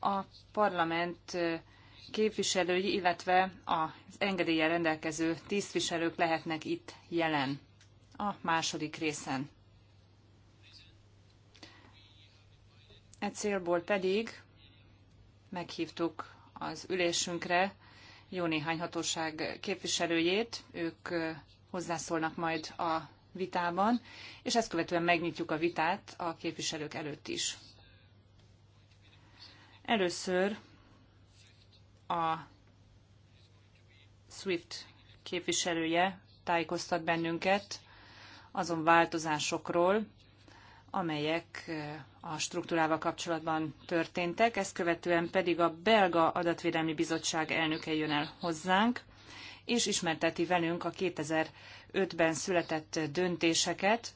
S3: a parlament képviselői, illetve az engedélye rendelkező tisztviselők lehetnek itt jelen a második részen. E célból pedig meghívtuk az ülésünkre jó néhány hatóság képviselőjét, ők hozzászólnak majd a vitában, és ezt követően megnyitjuk a vitát a képviselők előtt is. Először a SWIFT képviselője tájékoztat bennünket azon változásokról, amelyek eh, a struktúrával kapcsolatban történtek, ezt követően pedig a Belga Adatvédelmi Bizottság elnöke jön el hozzánk, és ismerteti velünk a 2005-ben született döntéseket,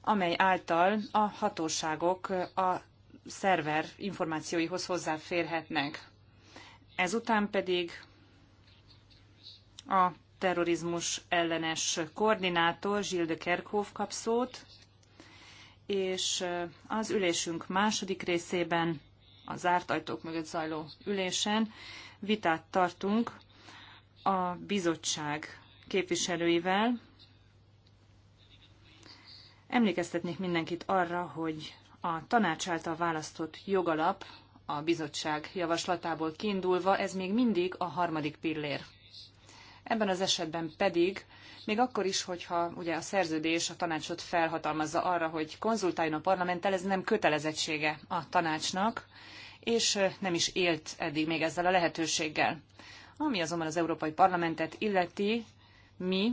S3: amely által a hatóságok a szerver információihoz hozzáférhetnek. Ezután pedig a terrorizmus ellenes koordinátor Gilles de Kerkhoff kap szót, és az ülésünk második részében, a zárt ajtók mögött zajló ülésen vitát tartunk a bizottság képviselőivel. Emlékeztetnék mindenkit arra, hogy a tanács által választott jogalap a bizottság javaslatából kiindulva, ez még mindig a harmadik pillér. Ebben az esetben pedig még akkor is, hogyha ugye a szerződés a tanácsot felhatalmazza arra, hogy konzultáljon a parlamenttel, ez nem kötelezettsége a tanácsnak, és nem is élt eddig még ezzel a lehetőséggel. Ami azonban az Európai Parlamentet illeti, mi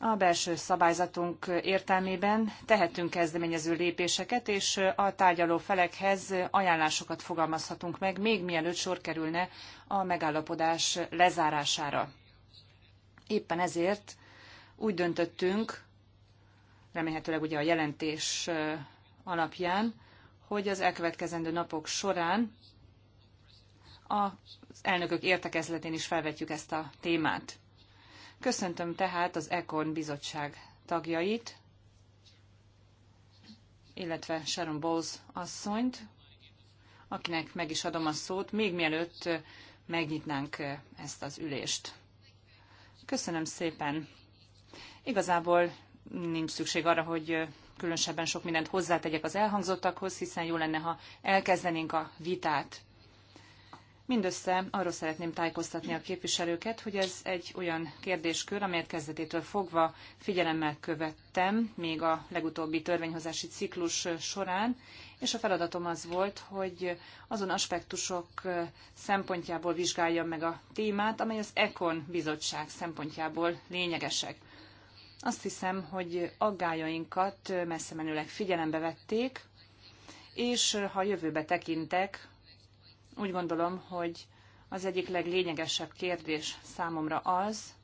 S3: a belső szabályzatunk értelmében tehetünk kezdeményező lépéseket, és a tárgyaló felekhez ajánlásokat fogalmazhatunk meg, még mielőtt sor kerülne a megállapodás lezárására. Éppen ezért úgy döntöttünk, remélhetőleg ugye a jelentés alapján, hogy az elkövetkezendő napok során az elnökök értekezletén is felvetjük ezt a témát. Köszöntöm tehát az ECON bizottság tagjait, illetve Sharon Bowles asszonyt, akinek meg is adom a szót, még mielőtt megnyitnánk ezt az ülést. Köszönöm szépen. Igazából nincs szükség arra, hogy különösebben sok mindent hozzátegyek az elhangzottakhoz, hiszen jó lenne, ha elkezdenénk a vitát. Mindössze arról szeretném tájékoztatni a képviselőket, hogy ez egy olyan kérdéskör, amelyet kezdetétől fogva figyelemmel követtem, még a legutóbbi törvényhozási ciklus során, és a feladatom az volt, hogy azon aspektusok szempontjából vizsgáljam meg a témát, amely az ECON bizottság szempontjából lényegesek. Azt hiszem, hogy aggájainkat messze menőleg figyelembe vették, és ha jövőbe tekintek, úgy gondolom, hogy az egyik leglényegesebb kérdés számomra az,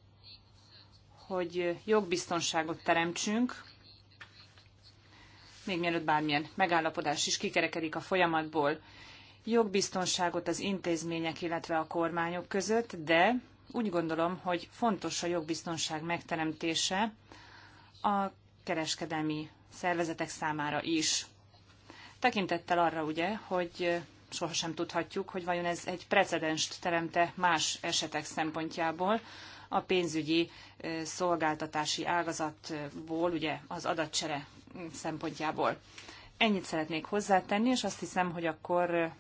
S3: hogy jogbiztonságot teremtsünk még mielőtt bármilyen megállapodás is kikerekedik a folyamatból. Jogbiztonságot az intézmények, illetve a kormányok között, de úgy gondolom, hogy fontos a jogbiztonság megteremtése a kereskedelmi szervezetek számára is. Tekintettel arra ugye, hogy sohasem tudhatjuk, hogy vajon ez egy precedenst teremte más esetek szempontjából, a pénzügyi szolgáltatási ágazatból, ugye az adatcsere szempontjából. Ennyit szeretnék hozzátenni, és azt hiszem, hogy akkor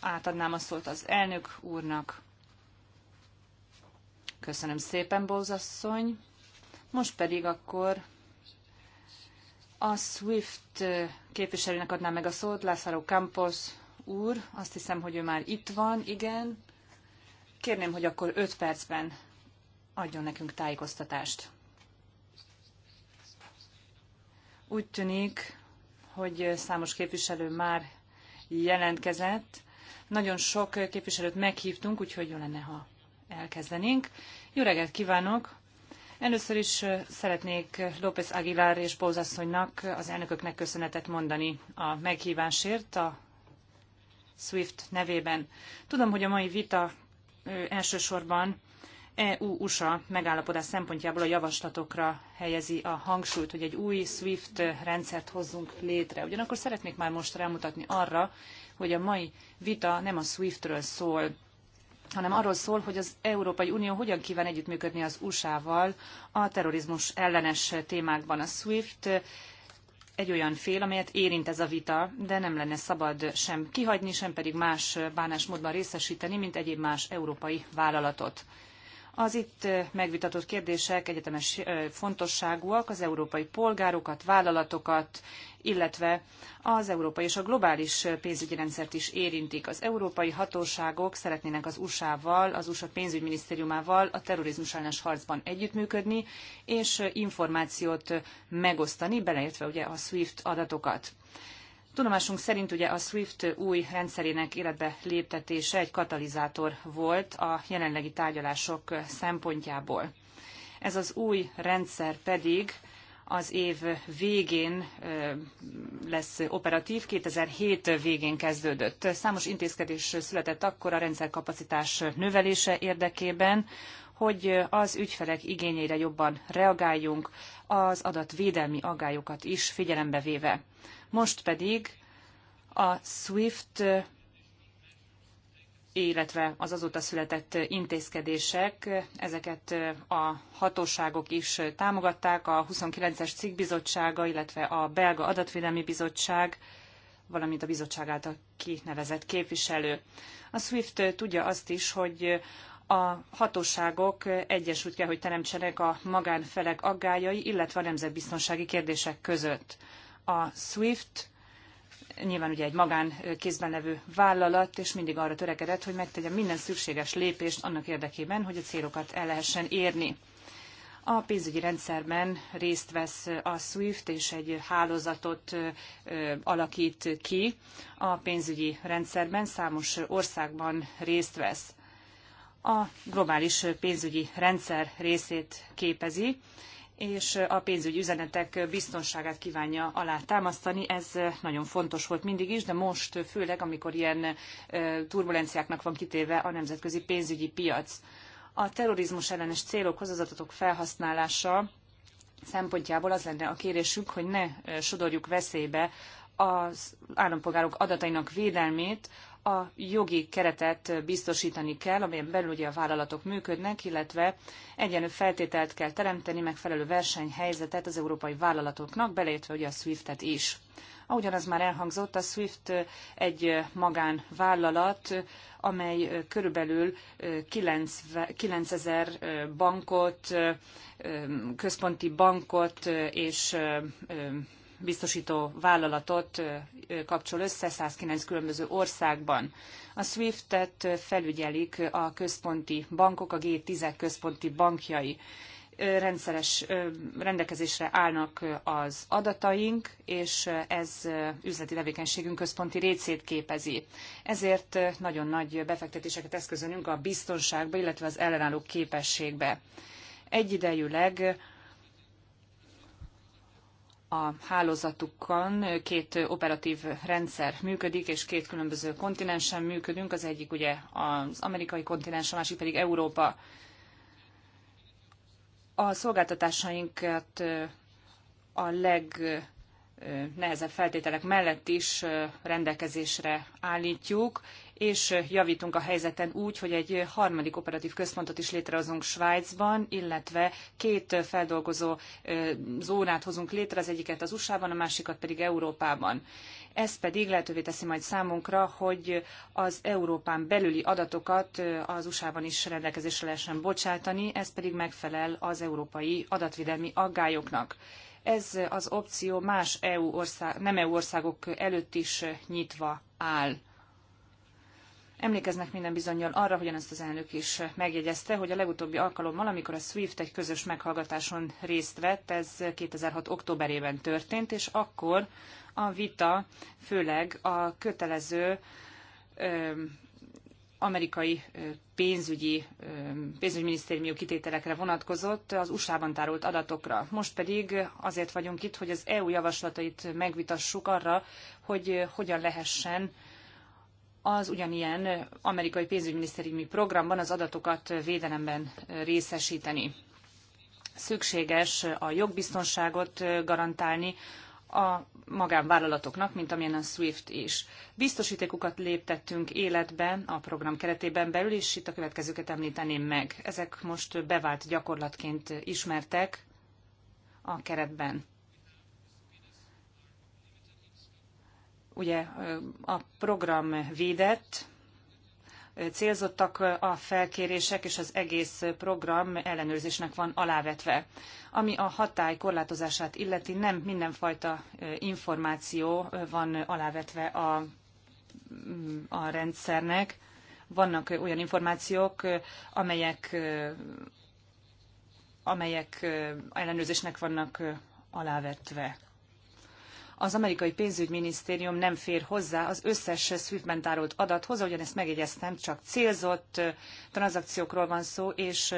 S3: átadnám a szót az elnök úrnak. Köszönöm szépen, Bózasszony. Most pedig akkor a SWIFT képviselőnek adnám meg a szót, Lázaro Campos úr. Azt hiszem, hogy ő már itt van, igen. Kérném, hogy akkor 5 percben adjon nekünk tájékoztatást. Úgy tűnik, hogy számos képviselő már jelentkezett. Nagyon sok képviselőt meghívtunk, úgyhogy jó lenne, ha elkezdenénk. Jó reggelt kívánok! Először is szeretnék López Aguilar és Bózasszonynak, az elnököknek köszönetet mondani a meghívásért a SWIFT nevében. Tudom, hogy a mai vita elsősorban EU-USA megállapodás szempontjából a javaslatokra helyezi a hangsúlyt, hogy egy új SWIFT rendszert hozzunk létre. Ugyanakkor szeretnék már most rámutatni arra, hogy a mai vita nem a SWIFT-ről szól, hanem arról szól, hogy az Európai Unió hogyan kíván együttműködni az USA-val a terrorizmus ellenes témákban. A SWIFT egy olyan fél, amelyet érint ez a vita, de nem lenne szabad sem kihagyni, sem pedig más bánásmódban részesíteni, mint egyéb más európai vállalatot. Az itt megvitatott kérdések egyetemes fontosságúak az európai polgárokat, vállalatokat, illetve az európai és a globális pénzügyi rendszert is érintik. Az európai hatóságok szeretnének az USA-val, az USA pénzügyminisztériumával a terrorizmus ellenes harcban együttműködni, és információt megosztani, beleértve ugye a SWIFT adatokat. Tudomásunk szerint ugye a SWIFT új rendszerének életbe léptetése egy katalizátor volt a jelenlegi tárgyalások szempontjából. Ez az új rendszer pedig az év végén lesz operatív, 2007 végén kezdődött. Számos intézkedés született akkor a rendszerkapacitás növelése érdekében, hogy az ügyfelek igényeire jobban reagáljunk, az adatvédelmi agályokat is figyelembe véve. Most pedig a SWIFT, illetve az azóta született intézkedések, ezeket a hatóságok is támogatták, a 29-es cikk bizottsága, illetve a belga adatvédelmi bizottság, valamint a bizottság által kinevezett képviselő. A SWIFT tudja azt is, hogy a hatóságok egyesült kell, hogy teremtsenek a magánfelek aggályai, illetve a nemzetbiztonsági kérdések között a SWIFT, nyilván ugye egy magán kézben levő vállalat, és mindig arra törekedett, hogy megtegye minden szükséges lépést annak érdekében, hogy a célokat el lehessen érni. A pénzügyi rendszerben részt vesz a SWIFT, és egy hálózatot alakít ki. A pénzügyi rendszerben számos országban részt vesz. A globális pénzügyi rendszer részét képezi, és a pénzügyi üzenetek biztonságát kívánja alátámasztani. Ez nagyon fontos volt mindig is, de most főleg, amikor ilyen turbulenciáknak van kitéve a nemzetközi pénzügyi piac. A terrorizmus ellenes célokhoz az adatok felhasználása szempontjából az lenne a kérésünk, hogy ne sodorjuk veszélybe az állampolgárok adatainak védelmét, a jogi keretet biztosítani kell, amelyen belül ugye a vállalatok működnek, illetve egyenlő feltételt kell teremteni, megfelelő versenyhelyzetet az európai vállalatoknak, beleértve ugye a SWIFT-et is. Ahogyan az már elhangzott, a SWIFT egy magánvállalat, amely körülbelül 9000 bankot, központi bankot és biztosító vállalatot kapcsol össze 109 különböző országban. A SWIFT-et felügyelik a központi bankok, a G10 központi bankjai rendszeres rendelkezésre állnak az adataink, és ez üzleti tevékenységünk központi részét képezi. Ezért nagyon nagy befektetéseket eszközönünk a biztonságba, illetve az ellenálló képességbe. Egyidejűleg a hálózatukon két operatív rendszer működik, és két különböző kontinensen működünk, az egyik ugye az amerikai kontinens, a másik pedig Európa. A szolgáltatásainkat a legnehezebb feltételek mellett is rendelkezésre állítjuk, és javítunk a helyzeten úgy, hogy egy harmadik operatív központot is létrehozunk Svájcban, illetve két feldolgozó zónát hozunk létre, az egyiket az USA-ban, a másikat pedig Európában. Ez pedig lehetővé teszi majd számunkra, hogy az Európán belüli adatokat az USA-ban is rendelkezésre lehessen bocsátani, ez pedig megfelel az európai adatvédelmi aggályoknak ez az opció más EU ország, nem EU országok előtt is nyitva áll. Emlékeznek minden bizonyal arra, hogyan ezt az elnök is megjegyezte, hogy a legutóbbi alkalommal, amikor a SWIFT egy közös meghallgatáson részt vett, ez 2006. októberében történt, és akkor a vita főleg a kötelező amerikai pénzügyi, pénzügyminisztériumi kitételekre vonatkozott, az USA-ban tárolt adatokra. Most pedig azért vagyunk itt, hogy az EU javaslatait megvitassuk arra, hogy hogyan lehessen az ugyanilyen amerikai pénzügyminisztériumi programban az adatokat védelemben részesíteni. Szükséges a jogbiztonságot garantálni a magánvállalatoknak, mint amilyen a SWIFT is. Biztosítékokat léptettünk életbe a program keretében belül, és itt a következőket említeném meg. Ezek most bevált gyakorlatként ismertek a keretben. Ugye a program védett, célzottak a felkérések, és az egész program ellenőrzésnek van alávetve. Ami a hatály korlátozását illeti, nem mindenfajta információ van alávetve a, mm, a rendszernek. Vannak olyan információk, amelyek, amelyek ellenőrzésnek vannak alávetve az amerikai pénzügyminisztérium nem fér hozzá az összes SWIFT-ben tárolt adathoz, ahogyan ezt megjegyeztem, csak célzott tranzakciókról van szó, és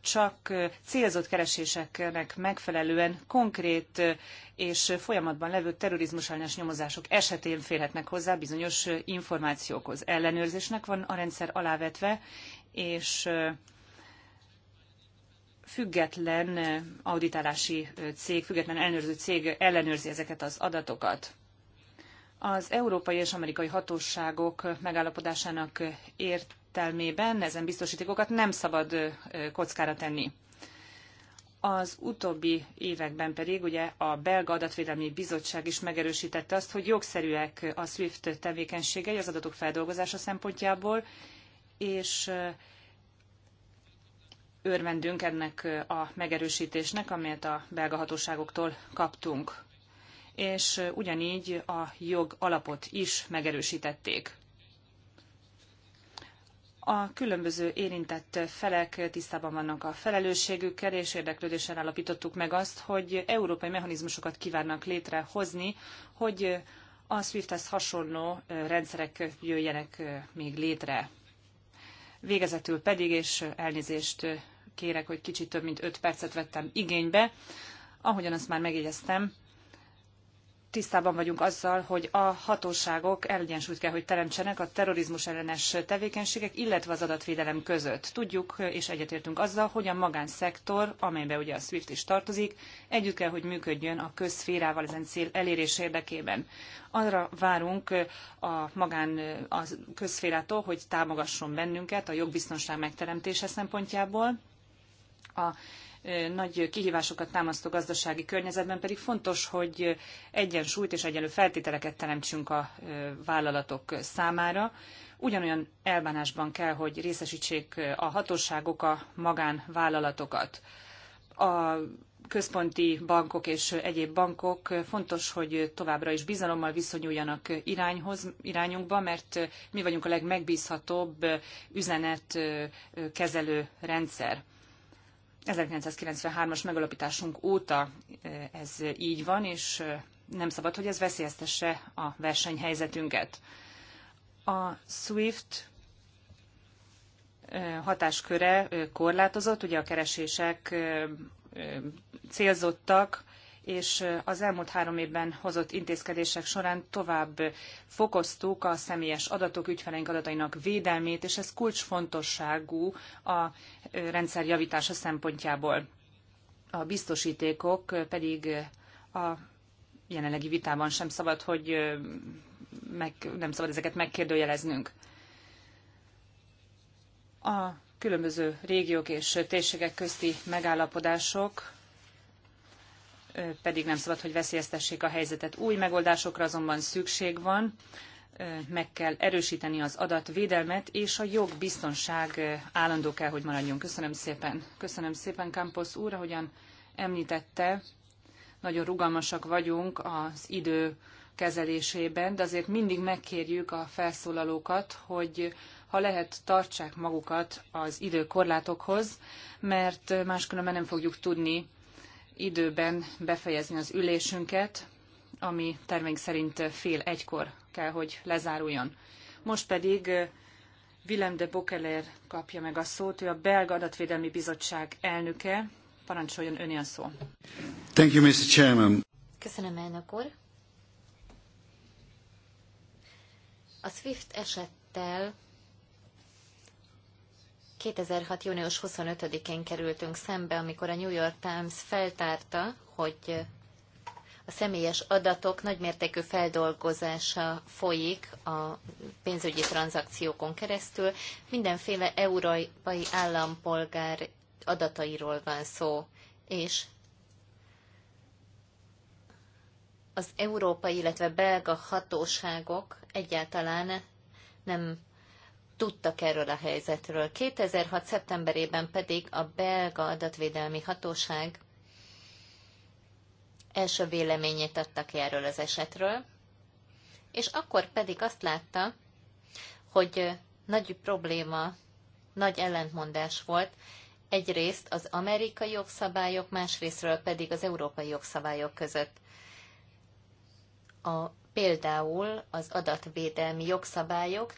S3: csak célzott kereséseknek megfelelően konkrét és folyamatban levő terrorizmus ellenes nyomozások esetén férhetnek hozzá bizonyos információkhoz. Ellenőrzésnek van a rendszer alávetve, és független eh, auditálási eh, cég, független ellenőrző cég ellenőrzi ezeket az adatokat. Az európai és amerikai hatóságok eh, megállapodásának értelmében ezen biztosítékokat nem szabad kockára tenni. Az utóbbi években pedig ugye a Belga Adatvédelmi Bizottság is megerősítette azt, hogy jogszerűek a SWIFT tevékenységei az adatok feldolgozása szempontjából, és örvendünk ennek a megerősítésnek, amelyet a belga hatóságoktól kaptunk. És ugyanígy a jog alapot is megerősítették. A különböző érintett felek tisztában vannak a felelősségükkel, és érdeklődéssel állapítottuk meg azt, hogy európai mechanizmusokat kívánnak létrehozni, hogy a SWIFT-hez hasonló rendszerek jöjjenek még létre. Végezetül pedig, és elnézést kérek, hogy kicsit több mint 5 percet vettem igénybe. Ahogyan azt már megjegyeztem, tisztában vagyunk azzal, hogy a hatóságok egyensúlyt kell, hogy teremtsenek a terrorizmus ellenes tevékenységek, illetve az adatvédelem között. Tudjuk és egyetértünk azzal, hogy a magánszektor, amelybe ugye a SWIFT is tartozik, együtt kell, hogy működjön a közszférával ezen cél elérés érdekében. Arra várunk a magán a közszférától, hogy támogasson bennünket a jogbiztonság megteremtése szempontjából, a e, nagy kihívásokat támasztó gazdasági környezetben pedig fontos, hogy egyensúlyt és egyenlő feltételeket teremtsünk a e, vállalatok számára. Ugyanolyan elbánásban kell, hogy részesítsék a hatóságok a magánvállalatokat. A központi bankok és egyéb bankok fontos, hogy továbbra is bizalommal viszonyuljanak irányhoz, irányunkba, mert mi vagyunk a legmegbízhatóbb üzenetkezelő e, rendszer. 1993-as megalapításunk óta ez így van, és nem szabad, hogy ez veszélyeztesse a versenyhelyzetünket. A SWIFT hatásköre korlátozott, ugye a keresések célzottak, és az elmúlt három évben hozott intézkedések során tovább fokoztuk a személyes adatok, ügyfeleink adatainak védelmét, és ez kulcsfontosságú a rendszer javítása szempontjából. A biztosítékok pedig a jelenlegi vitában sem szabad, hogy meg, nem szabad ezeket megkérdőjeleznünk. A különböző régiók és térségek közti megállapodások pedig nem szabad, hogy veszélyeztessék a helyzetet. Új megoldásokra azonban szükség van, meg kell erősíteni az adatvédelmet, és a jogbiztonság állandó kell, hogy maradjon. Köszönöm szépen. Köszönöm szépen, Campos úr, ahogyan említette, nagyon rugalmasak vagyunk az idő kezelésében, de azért mindig megkérjük a felszólalókat, hogy ha lehet, tartsák magukat az időkorlátokhoz, mert máskülönben nem fogjuk tudni időben befejezni az ülésünket, ami terveink szerint fél egykor kell, hogy lezáruljon. Most pedig eh, Willem de Bokeler kapja meg a szót, ő a Belga Adatvédelmi Bizottság elnöke. Parancsoljon öné a szó.
S1: Thank you, Mr. Chairman.
S2: Köszönöm, elnök úr. A SWIFT esettel 2006. június 25-én kerültünk szembe, amikor a New York Times feltárta, hogy a személyes adatok nagymértékű feldolgozása folyik a pénzügyi tranzakciókon keresztül. Mindenféle európai állampolgár adatairól van szó, és az európai, illetve belga hatóságok egyáltalán nem tudtak erről a helyzetről. 2006. szeptemberében pedig a belga adatvédelmi hatóság első véleményét adta ki erről az esetről, és akkor pedig azt látta, hogy nagy probléma, nagy ellentmondás volt, egyrészt az amerikai jogszabályok, másrésztről pedig az európai jogszabályok között. A, például az adatvédelmi jogszabályok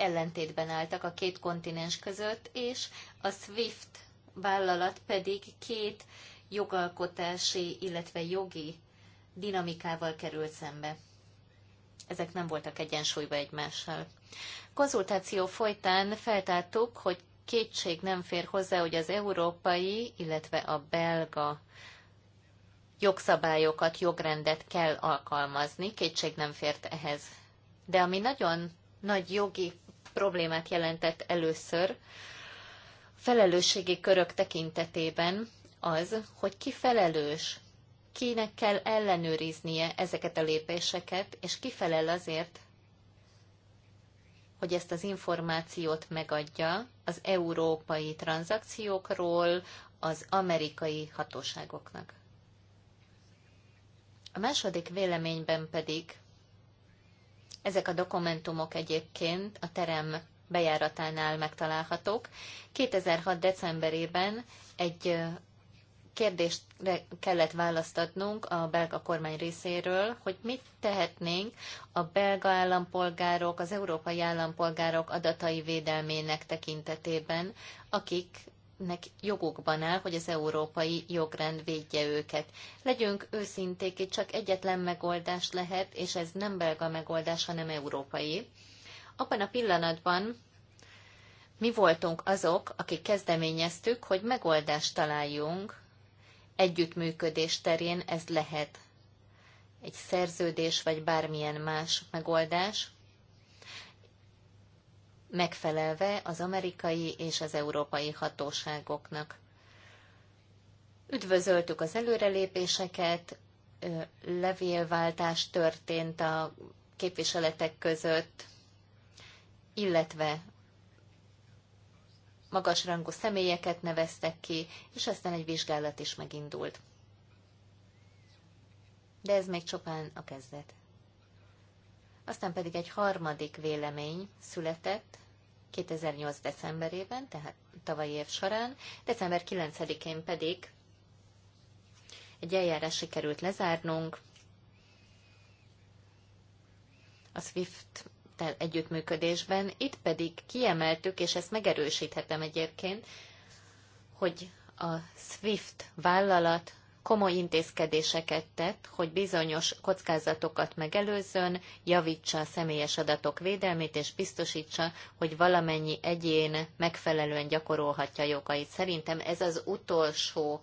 S2: ellentétben álltak a két kontinens között, és a SWIFT vállalat pedig két jogalkotási, illetve jogi dinamikával került szembe. Ezek nem voltak egyensúlyba egymással. Konzultáció folytán feltártuk, hogy kétség nem fér hozzá, hogy az európai, illetve a belga jogszabályokat, jogrendet kell alkalmazni, kétség nem fért ehhez. De ami nagyon nagy jogi problémát jelentett először felelősségi körök tekintetében az, hogy ki felelős, kinek kell ellenőriznie ezeket a lépéseket, és ki felel azért, hogy ezt az információt megadja az európai tranzakciókról az amerikai hatóságoknak. A második véleményben pedig ezek a dokumentumok egyébként a terem bejáratánál megtalálhatók. 2006. decemberében egy kérdést kellett választatnunk a belga kormány részéről, hogy mit tehetnénk a belga állampolgárok, az európai állampolgárok adatai védelmének tekintetében, akik nek jogukban áll, hogy az európai jogrend védje őket. Legyünk őszinték, itt csak egyetlen megoldás lehet, és ez nem belga megoldás, hanem európai. Abban a pillanatban mi voltunk azok, akik kezdeményeztük, hogy megoldást találjunk együttműködés terén, ez lehet egy szerződés vagy bármilyen más megoldás, megfelelve az amerikai és az európai hatóságoknak. Üdvözöltük az előrelépéseket, levélváltás történt a képviseletek között, illetve magasrangú személyeket neveztek ki, és aztán egy vizsgálat is megindult. De ez még csupán a kezdet. Aztán pedig egy harmadik vélemény született, 2008. decemberében, tehát tavalyi év során, december 9-én pedig egy eljárás sikerült lezárnunk, a SWIFT együttműködésben. Itt pedig kiemeltük, és ezt megerősíthetem egyébként, hogy a SWIFT vállalat komoly intézkedéseket tett, hogy bizonyos kockázatokat megelőzzön, javítsa a személyes adatok védelmét, és biztosítsa, hogy valamennyi egyén megfelelően gyakorolhatja jogait. Szerintem ez az utolsó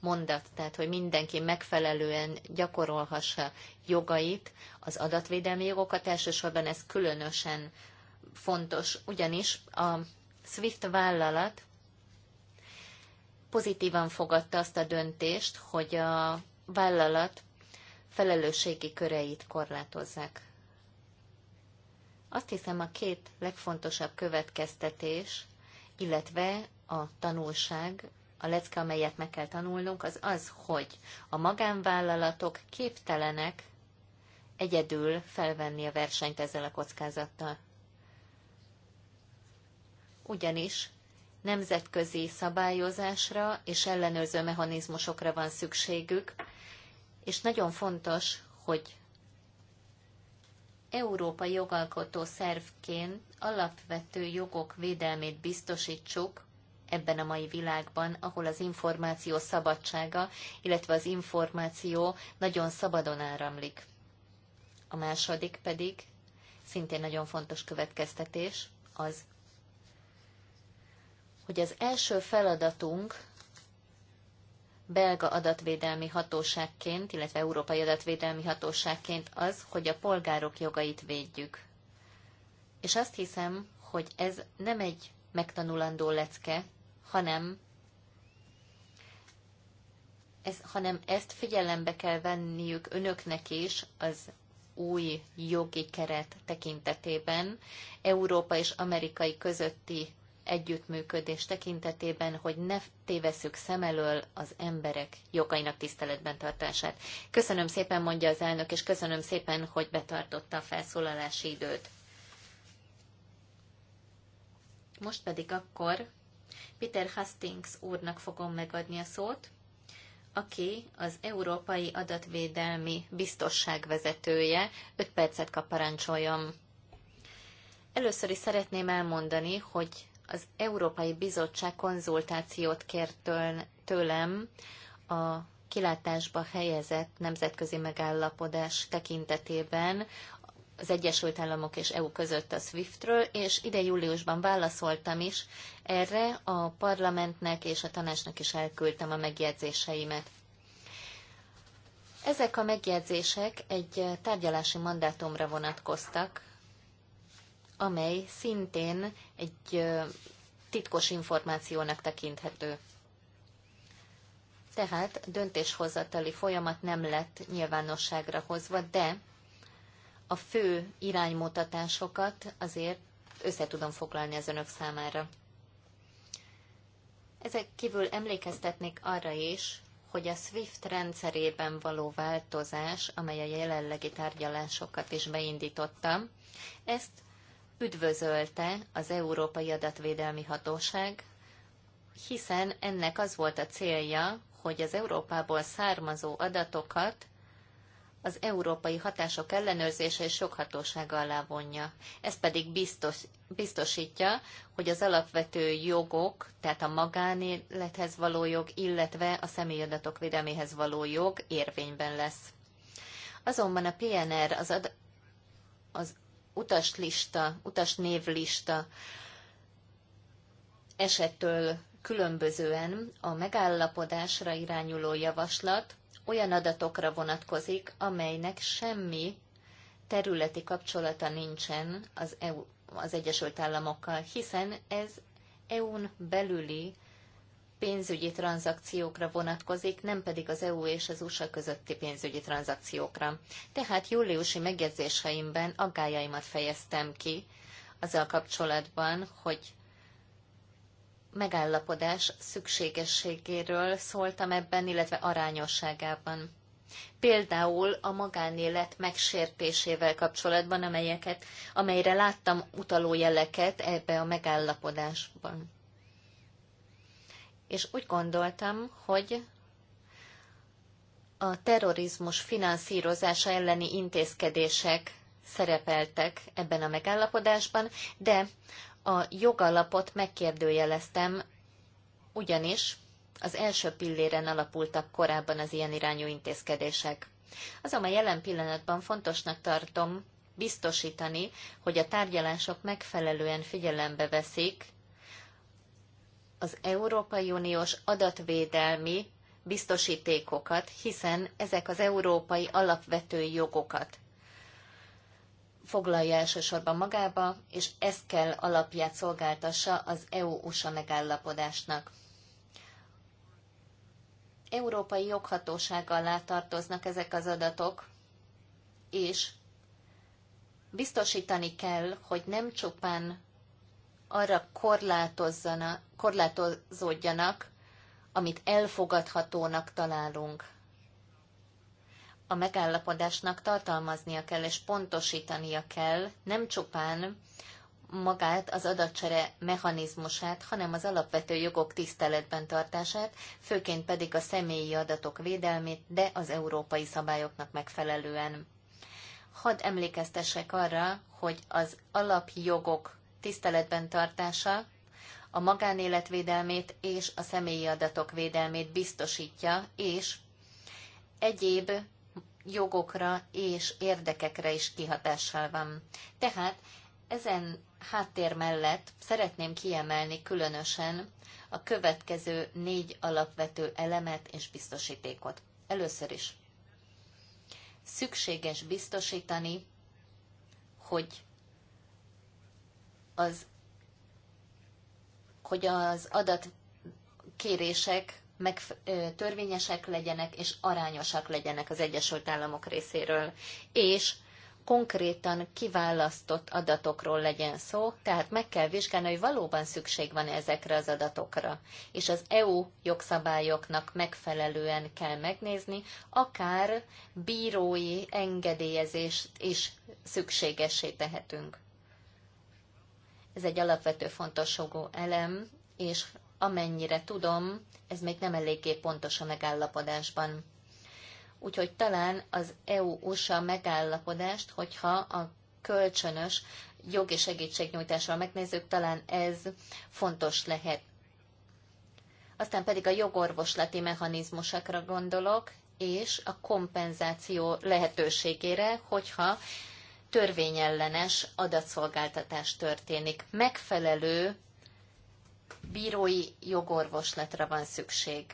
S2: mondat, tehát hogy mindenki megfelelően gyakorolhassa jogait, az adatvédelmi jogokat elsősorban ez különösen fontos, ugyanis a SWIFT vállalat pozitívan fogadta azt a döntést, hogy a vállalat felelősségi köreit korlátozzák. Azt hiszem a két legfontosabb következtetés, illetve a tanulság, a lecke, amelyet meg kell tanulnunk, az az, hogy a magánvállalatok képtelenek egyedül felvenni a versenyt ezzel a kockázattal. Ugyanis nemzetközi szabályozásra és ellenőrző mechanizmusokra van szükségük, és nagyon fontos, hogy Európa jogalkotó szervként alapvető jogok védelmét biztosítsuk ebben a mai világban, ahol az információ szabadsága, illetve az információ nagyon szabadon áramlik. A második pedig, szintén nagyon fontos következtetés, az, hogy az első feladatunk belga adatvédelmi hatóságként, illetve európai adatvédelmi hatóságként az, hogy a polgárok jogait védjük. És azt hiszem, hogy ez nem egy megtanulandó lecke, hanem ez, hanem ezt figyelembe kell venniük önöknek is az új jogi keret tekintetében, Európa és amerikai közötti együttműködés tekintetében, hogy ne tévesszük szem elől az emberek jogainak tiszteletben tartását. Köszönöm szépen, mondja az elnök, és köszönöm szépen, hogy betartotta a felszólalási időt. Most pedig akkor Peter Hastings úrnak fogom megadni a szót, aki az Európai Adatvédelmi Biztosság vezetője. 5 percet kap parancsoljon. Először is szeretném elmondani, hogy az Európai Bizottság konzultációt kért tőlem a kilátásba helyezett nemzetközi megállapodás tekintetében az Egyesült Államok és EU között a SWIFT-ről, és ide júliusban válaszoltam is erre, a parlamentnek és a tanácsnak is elküldtem a megjegyzéseimet. Ezek a megjegyzések egy tárgyalási mandátumra vonatkoztak, amely szintén egy titkos információnak tekinthető. Tehát döntéshozatali folyamat nem lett nyilvánosságra hozva, de a fő iránymutatásokat azért össze tudom foglalni az önök számára. Ezek kívül emlékeztetnék arra is, hogy a SWIFT rendszerében való változás, amely a jelenlegi tárgyalásokat is beindította, ezt üdvözölte az Európai Adatvédelmi Hatóság, hiszen ennek az volt a célja, hogy az Európából származó adatokat az európai hatások ellenőrzése és joghatósága alá vonja. Ez pedig biztos, biztosítja, hogy az alapvető jogok, tehát a magánélethez való jog, illetve a személyadatok védelméhez való jog érvényben lesz. Azonban a PNR az, ad, az utaslista, utasnévlista esettől különbözően a megállapodásra irányuló javaslat olyan adatokra vonatkozik, amelynek semmi területi kapcsolata nincsen az, EU, az Egyesült Államokkal, hiszen ez EU-n belüli pénzügyi tranzakciókra vonatkozik, nem pedig az EU és az USA közötti pénzügyi tranzakciókra. Tehát júliusi megjegyzéseimben aggájaimat fejeztem ki azzal kapcsolatban, hogy megállapodás szükségességéről szóltam ebben, illetve arányosságában. Például a magánélet megsértésével kapcsolatban, amelyeket, amelyre láttam utaló jeleket ebbe a megállapodásban és úgy gondoltam, hogy a terrorizmus finanszírozása elleni intézkedések szerepeltek ebben a megállapodásban, de a jogalapot megkérdőjeleztem, ugyanis az első pilléren alapultak korábban az ilyen irányú intézkedések. Azonban jelen pillanatban fontosnak tartom biztosítani, hogy a tárgyalások megfelelően figyelembe veszik az Európai Uniós adatvédelmi biztosítékokat, hiszen ezek az európai alapvető jogokat foglalja elsősorban magába, és ez kell alapját szolgáltassa az EU-USA megállapodásnak. Európai joghatóság alá tartoznak ezek az adatok, és biztosítani kell, hogy nem csupán arra korlátozzanak, korlátozódjanak, amit elfogadhatónak találunk. A megállapodásnak tartalmaznia kell és pontosítania kell nem csupán magát az adatcsere mechanizmusát, hanem az alapvető jogok tiszteletben tartását, főként pedig a személyi adatok védelmét, de az európai szabályoknak megfelelően. Hadd emlékeztessek arra, hogy az alapjogok tiszteletben tartása a magánélet védelmét és a személyi adatok védelmét biztosítja, és egyéb jogokra és érdekekre is kihatással van. Tehát ezen háttér mellett szeretném kiemelni különösen a következő négy alapvető elemet és biztosítékot. Először is szükséges biztosítani, hogy az, hogy az adatkérések meg törvényesek legyenek és arányosak legyenek az Egyesült Államok részéről, és konkrétan kiválasztott adatokról legyen szó, tehát meg kell vizsgálni, hogy valóban szükség van -e ezekre az adatokra, és az EU jogszabályoknak megfelelően kell megnézni, akár bírói engedélyezést is szükségessé tehetünk. Ez egy alapvető fontosságú elem, és amennyire tudom, ez még nem eléggé pontos a megállapodásban. Úgyhogy talán az EU-USA megállapodást, hogyha a kölcsönös jogi segítségnyújtással megnézzük, talán ez fontos lehet. Aztán pedig a jogorvoslati mechanizmusokra gondolok, és a kompenzáció lehetőségére, hogyha törvényellenes adatszolgáltatás történik. Megfelelő bírói jogorvoslatra van szükség.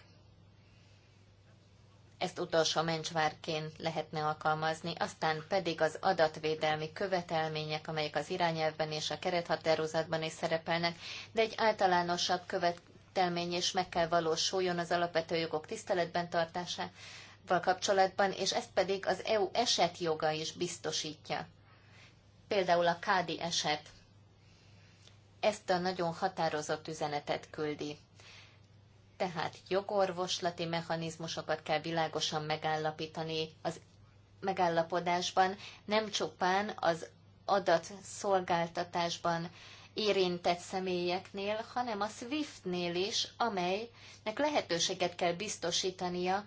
S2: Ezt utolsó mencsvárként lehetne alkalmazni, aztán pedig az adatvédelmi követelmények, amelyek az irányelvben és a kerethatározatban is szerepelnek, de egy általánosabb követelmény is meg kell valósuljon az alapvető jogok tiszteletben tartásával kapcsolatban, és ezt pedig az EU esetjoga is biztosítja például a Kádi eset ezt a nagyon határozott üzenetet küldi. Tehát jogorvoslati mechanizmusokat kell világosan megállapítani az megállapodásban, nem csupán az adatszolgáltatásban érintett személyeknél, hanem a SWIFT-nél is, amelynek lehetőséget kell biztosítania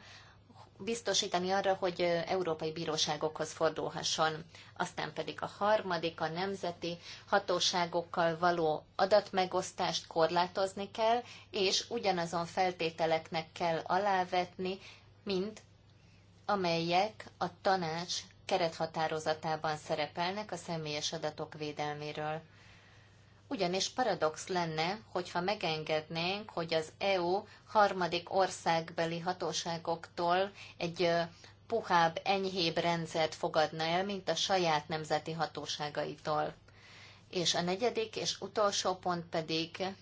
S2: biztosítani arra, hogy európai bíróságokhoz fordulhasson. Aztán pedig a harmadik, a nemzeti hatóságokkal való adatmegosztást korlátozni kell, és ugyanazon feltételeknek kell alávetni, mint amelyek a tanács kerethatározatában szerepelnek a személyes adatok védelméről. Ugyanis paradox lenne, hogyha megengednénk, hogy az EU harmadik országbeli hatóságoktól egy puhább, enyhébb rendszert fogadna el, mint a saját nemzeti hatóságaitól. És a negyedik és utolsó pont pedig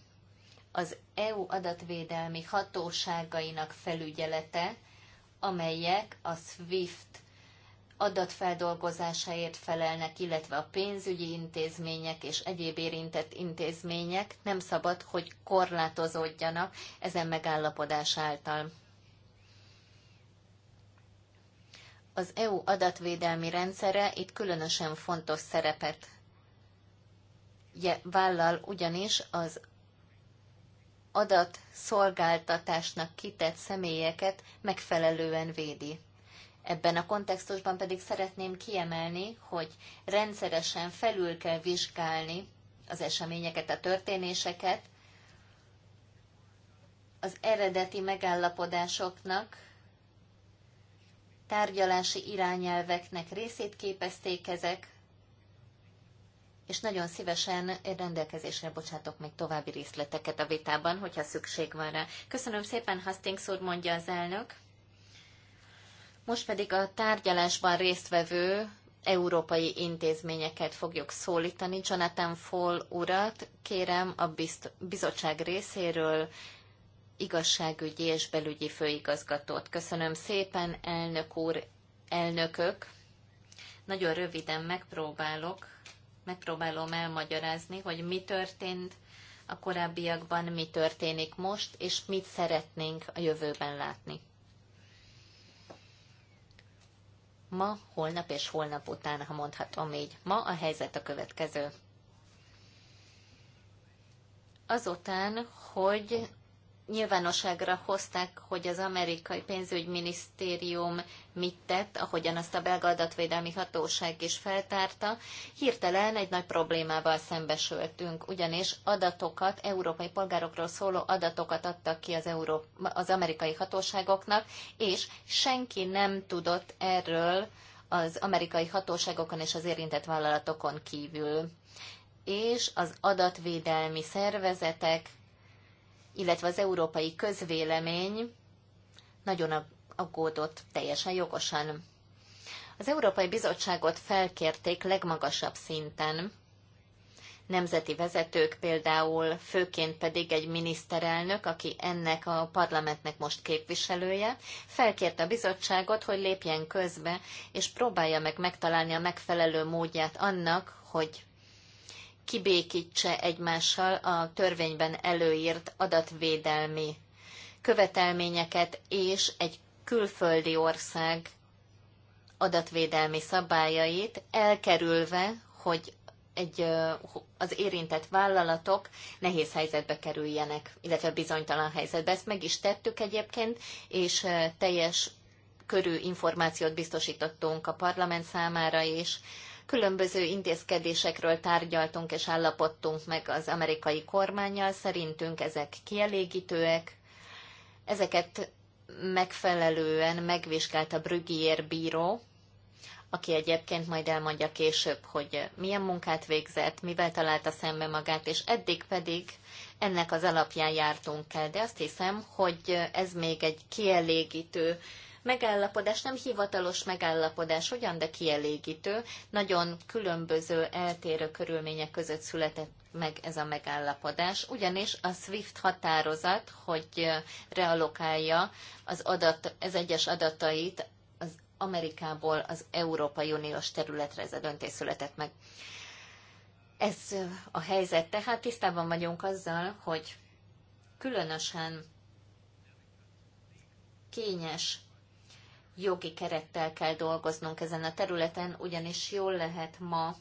S2: az EU adatvédelmi hatóságainak felügyelete, amelyek a SWIFT adatfeldolgozásáért felelnek, illetve a pénzügyi intézmények és egyéb érintett intézmények nem szabad, hogy korlátozódjanak ezen megállapodás által. Az EU adatvédelmi rendszere itt különösen fontos szerepet vállal, ugyanis az adatszolgáltatásnak kitett személyeket megfelelően védi. Ebben a kontextusban pedig szeretném kiemelni, hogy rendszeresen felül kell vizsgálni az eseményeket, a történéseket, az eredeti megállapodásoknak, tárgyalási irányelveknek részét képezték ezek, és nagyon szívesen rendelkezésre bocsátok még további részleteket a vitában, hogyha szükség van rá. Köszönöm szépen, Hastings úr, mondja az elnök. Most pedig a tárgyalásban résztvevő európai intézményeket fogjuk szólítani. Jonathan Fall urat kérem a bizottság részéről igazságügyi és belügyi főigazgatót. Köszönöm szépen, elnök úr, elnökök. Nagyon röviden megpróbálok, megpróbálom elmagyarázni, hogy mi történt a korábbiakban, mi történik most, és mit szeretnénk a jövőben látni. ma, holnap és holnap után, ha mondhatom így. Ma a helyzet a következő. Azután, hogy nyilvánosságra hozták, hogy az amerikai pénzügyminisztérium mit tett, ahogyan azt a belga adatvédelmi hatóság is feltárta, hirtelen egy nagy problémával szembesültünk, ugyanis adatokat, európai polgárokról szóló adatokat adtak ki az, Euró- az amerikai hatóságoknak, és senki nem tudott erről az amerikai hatóságokon és az érintett vállalatokon kívül. És az adatvédelmi szervezetek illetve az európai közvélemény nagyon aggódott, teljesen jogosan. Az Európai Bizottságot felkérték legmagasabb szinten. Nemzeti vezetők például, főként pedig egy miniszterelnök, aki ennek a parlamentnek most képviselője, felkérte a bizottságot, hogy lépjen közbe, és próbálja meg megtalálni a megfelelő módját annak, hogy kibékítse egymással a törvényben előírt adatvédelmi követelményeket és egy külföldi ország adatvédelmi szabályait, elkerülve, hogy egy, az érintett vállalatok nehéz helyzetbe kerüljenek, illetve bizonytalan helyzetbe. Ezt meg is tettük egyébként, és teljes körű információt biztosítottunk a parlament számára is Különböző intézkedésekről tárgyaltunk és állapodtunk meg az amerikai kormányjal, szerintünk ezek kielégítőek. Ezeket megfelelően megvizsgálta Brügier bíró, aki egyébként majd elmondja később, hogy milyen munkát végzett, mivel találta szembe magát, és eddig pedig ennek az alapján jártunk el. De azt hiszem, hogy ez még egy kielégítő megállapodás nem hivatalos megállapodás, hogyan, de kielégítő. Nagyon különböző eltérő körülmények között született meg ez a megállapodás, ugyanis a SWIFT határozat, hogy realokálja az, adat, az egyes adatait az Amerikából az Európai Uniós területre ez a döntés született meg. Ez a helyzet, tehát tisztában vagyunk azzal, hogy különösen kényes jogi kerettel kell dolgoznunk ezen a területen, ugyanis jól lehet ma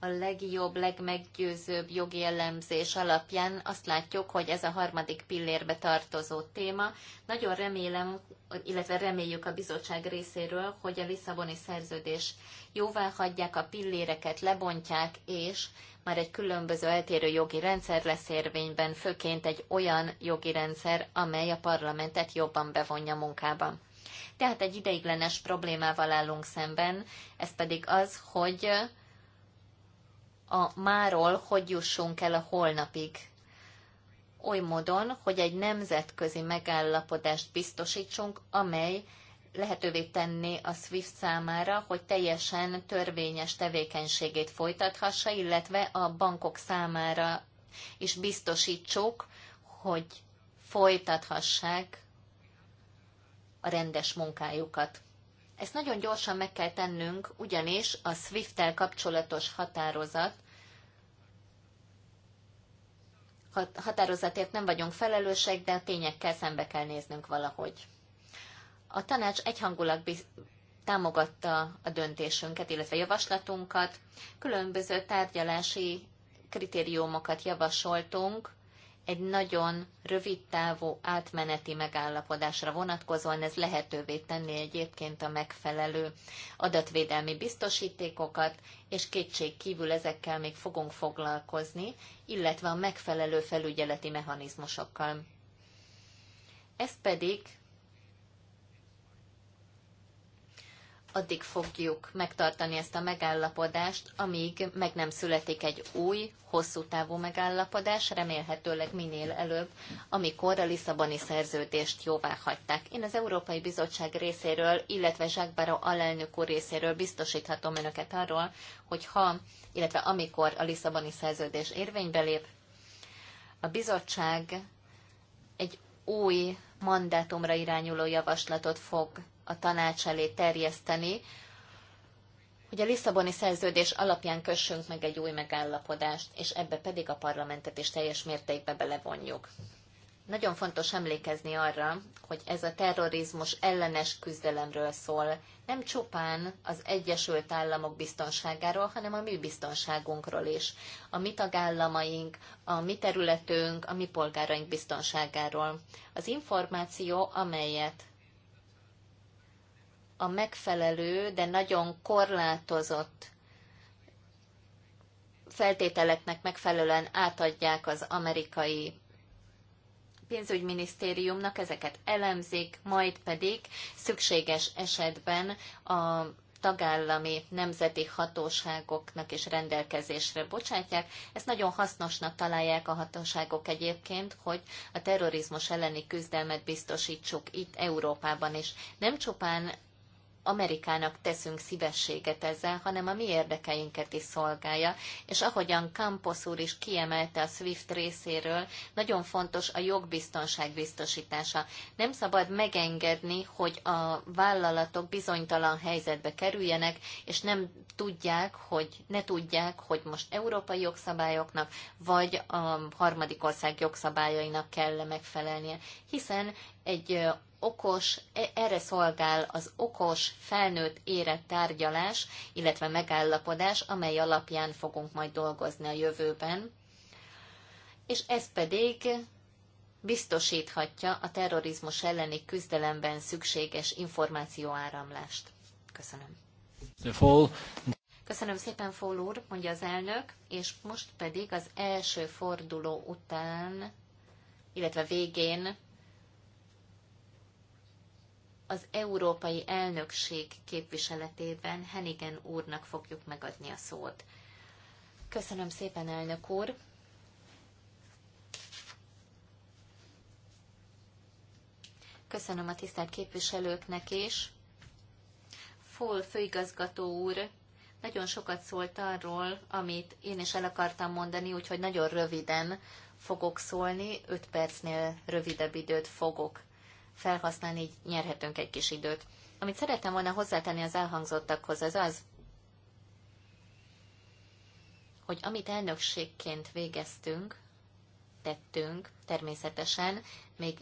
S2: a legjobb, legmeggyőzőbb jogi elemzés alapján azt látjuk, hogy ez a harmadik pillérbe tartozó téma. Nagyon remélem, illetve reméljük a bizottság részéről, hogy a Lisszaboni szerződés jóvá hagyják, a pilléreket lebontják, és már egy különböző eltérő jogi rendszer lesz érvényben, főként egy olyan jogi rendszer, amely a parlamentet jobban bevonja munkában. Tehát egy ideiglenes problémával állunk szemben, ez pedig az, hogy a máról hogy jussunk el a holnapig. Oly módon, hogy egy nemzetközi megállapodást biztosítsunk, amely lehetővé tenni a SWIFT számára, hogy teljesen törvényes tevékenységét folytathassa, illetve a bankok számára is biztosítsuk, hogy folytathassák a rendes munkájukat. Ezt nagyon gyorsan meg kell tennünk, ugyanis a SWIFT-tel kapcsolatos határozat határozatért nem vagyunk felelősek, de a tényekkel szembe kell néznünk valahogy. A tanács egyhangulag támogatta a döntésünket, illetve javaslatunkat. Különböző tárgyalási kritériumokat javasoltunk, egy nagyon rövid távú átmeneti megállapodásra vonatkozóan ez lehetővé tenni egyébként a megfelelő adatvédelmi biztosítékokat, és kétség kívül ezekkel még fogunk foglalkozni, illetve a megfelelő felügyeleti mechanizmusokkal. Ez pedig addig fogjuk megtartani ezt a megállapodást, amíg meg nem születik egy új, hosszú távú megállapodás, remélhetőleg minél előbb, amikor a Lisszaboni szerződést jóvá hagyták. Én az Európai Bizottság részéről, illetve Jacques Barrault alelnök úr részéről biztosíthatom önöket arról, hogy ha, illetve amikor a Lisszaboni szerződés érvénybe lép, a bizottság egy új mandátumra irányuló javaslatot fog a tanács elé terjeszteni, hogy a Lisszaboni szerződés alapján kössünk meg egy új megállapodást, és ebbe pedig a parlamentet is teljes mértékben belevonjuk. Nagyon fontos emlékezni arra, hogy ez a terrorizmus ellenes küzdelemről szól, nem csupán az Egyesült Államok biztonságáról, hanem a mi biztonságunkról is, a mi tagállamaink, a mi területünk, a mi polgáraink biztonságáról. Az információ, amelyet a megfelelő, de nagyon korlátozott feltételeknek megfelelően átadják az amerikai pénzügyminisztériumnak, ezeket elemzik, majd pedig szükséges esetben a tagállami nemzeti hatóságoknak is rendelkezésre bocsátják. Ezt nagyon hasznosnak találják a hatóságok egyébként, hogy a terrorizmus elleni küzdelmet biztosítsuk itt Európában is. Nem csupán Amerikának teszünk szívességet ezzel, hanem a mi érdekeinket is szolgálja. És ahogyan Campos úr is kiemelte a SWIFT részéről, nagyon fontos a jogbiztonság biztosítása. Nem szabad megengedni, hogy a vállalatok bizonytalan helyzetbe kerüljenek, és nem tudják, hogy ne tudják, hogy most európai jogszabályoknak, vagy a harmadik ország jogszabályainak kell megfelelnie. Hiszen egy okos, e, erre szolgál az okos, felnőtt érett tárgyalás, illetve megállapodás, amely alapján fogunk majd dolgozni a jövőben, és ez pedig biztosíthatja a terrorizmus elleni küzdelemben szükséges információáramlást. Köszönöm. Köszönöm szépen, Fól úr, mondja az elnök, és most pedig az első forduló után, illetve végén az európai elnökség képviseletében Henigen úrnak fogjuk megadni a szót. Köszönöm szépen, elnök úr! Köszönöm a tisztelt képviselőknek is. Fol főigazgató úr nagyon sokat szólt arról, amit én is el akartam mondani, úgyhogy nagyon röviden fogok szólni, 5 percnél rövidebb időt fogok felhasználni, így nyerhetünk egy kis időt. Amit szerettem volna hozzátenni az elhangzottakhoz, az az, hogy amit elnökségként végeztünk, tettünk, természetesen még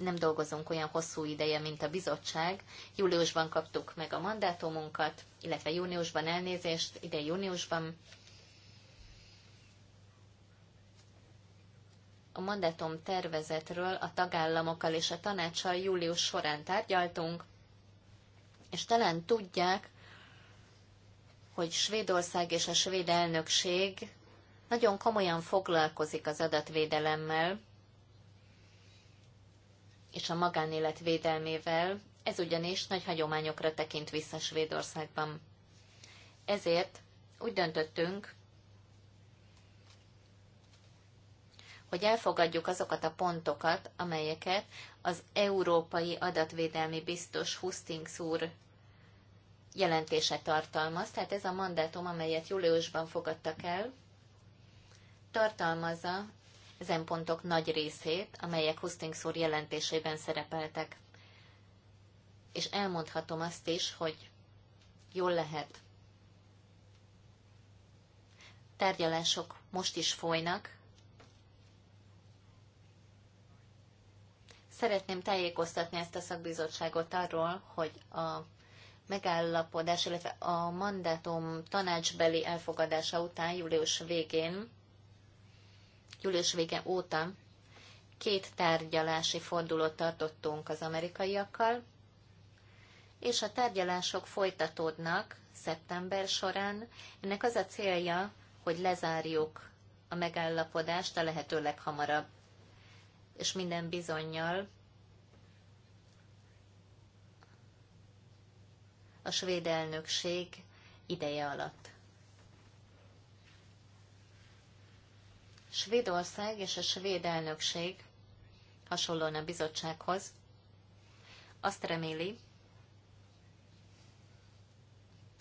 S2: nem dolgozunk olyan hosszú ideje, mint a bizottság. Júliusban kaptuk meg a mandátumunkat, illetve júniusban elnézést, ide júniusban a mandátum tervezetről a tagállamokkal és a tanácssal július során tárgyaltunk, és talán tudják, hogy Svédország és a svéd elnökség nagyon komolyan foglalkozik az adatvédelemmel és a magánélet védelmével, ez ugyanis nagy hagyományokra tekint vissza Svédországban. Ezért úgy döntöttünk, hogy elfogadjuk azokat a pontokat, amelyeket az Európai Adatvédelmi Biztos Hustings úr jelentése tartalmaz, tehát ez a mandátum, amelyet júliusban fogadtak el, tartalmazza ezen pontok nagy részét, amelyek Hustings úr jelentésében szerepeltek. És elmondhatom azt is, hogy jól lehet. Tárgyalások most is folynak, Szeretném tájékoztatni ezt a szakbizottságot arról, hogy a megállapodás, illetve a mandátum tanácsbeli elfogadása után július végén, július vége óta két tárgyalási fordulót tartottunk az amerikaiakkal, és a tárgyalások folytatódnak szeptember során. Ennek az a célja, hogy lezárjuk a megállapodást a lehető leghamarabb és minden bizonyal a svéd elnökség ideje alatt. Svédország és a svéd elnökség hasonlóan a bizottsághoz azt reméli,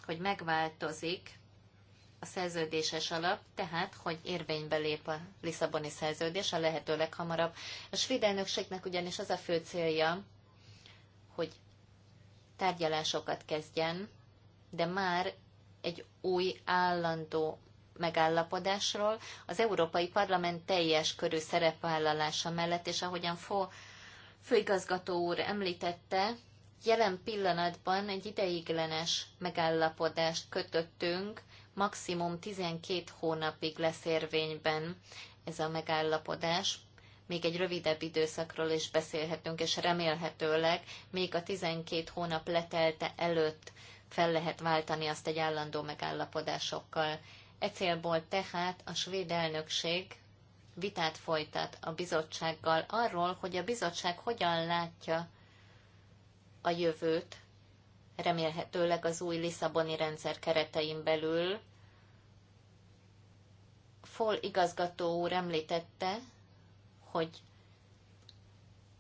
S2: hogy megváltozik a szerződéses alap, tehát, hogy érvénybe lép a Lisszaboni szerződés a lehető leghamarabb. A svéd elnökségnek ugyanis az a fő célja, hogy tárgyalásokat kezdjen, de már egy új állandó megállapodásról, az Európai Parlament teljes körű szerepvállalása mellett, és ahogyan Fó főigazgató úr említette, jelen pillanatban egy ideiglenes megállapodást kötöttünk maximum 12 hónapig lesz érvényben ez a megállapodás. Még egy rövidebb időszakról is beszélhetünk, és remélhetőleg még a 12 hónap letelte előtt fel lehet váltani azt egy állandó megállapodásokkal. E célból tehát a svéd elnökség vitát folytat a bizottsággal arról, hogy a bizottság hogyan látja a jövőt remélhetőleg az új Lisszaboni rendszer keretein belül. Fol igazgató úr említette, hogy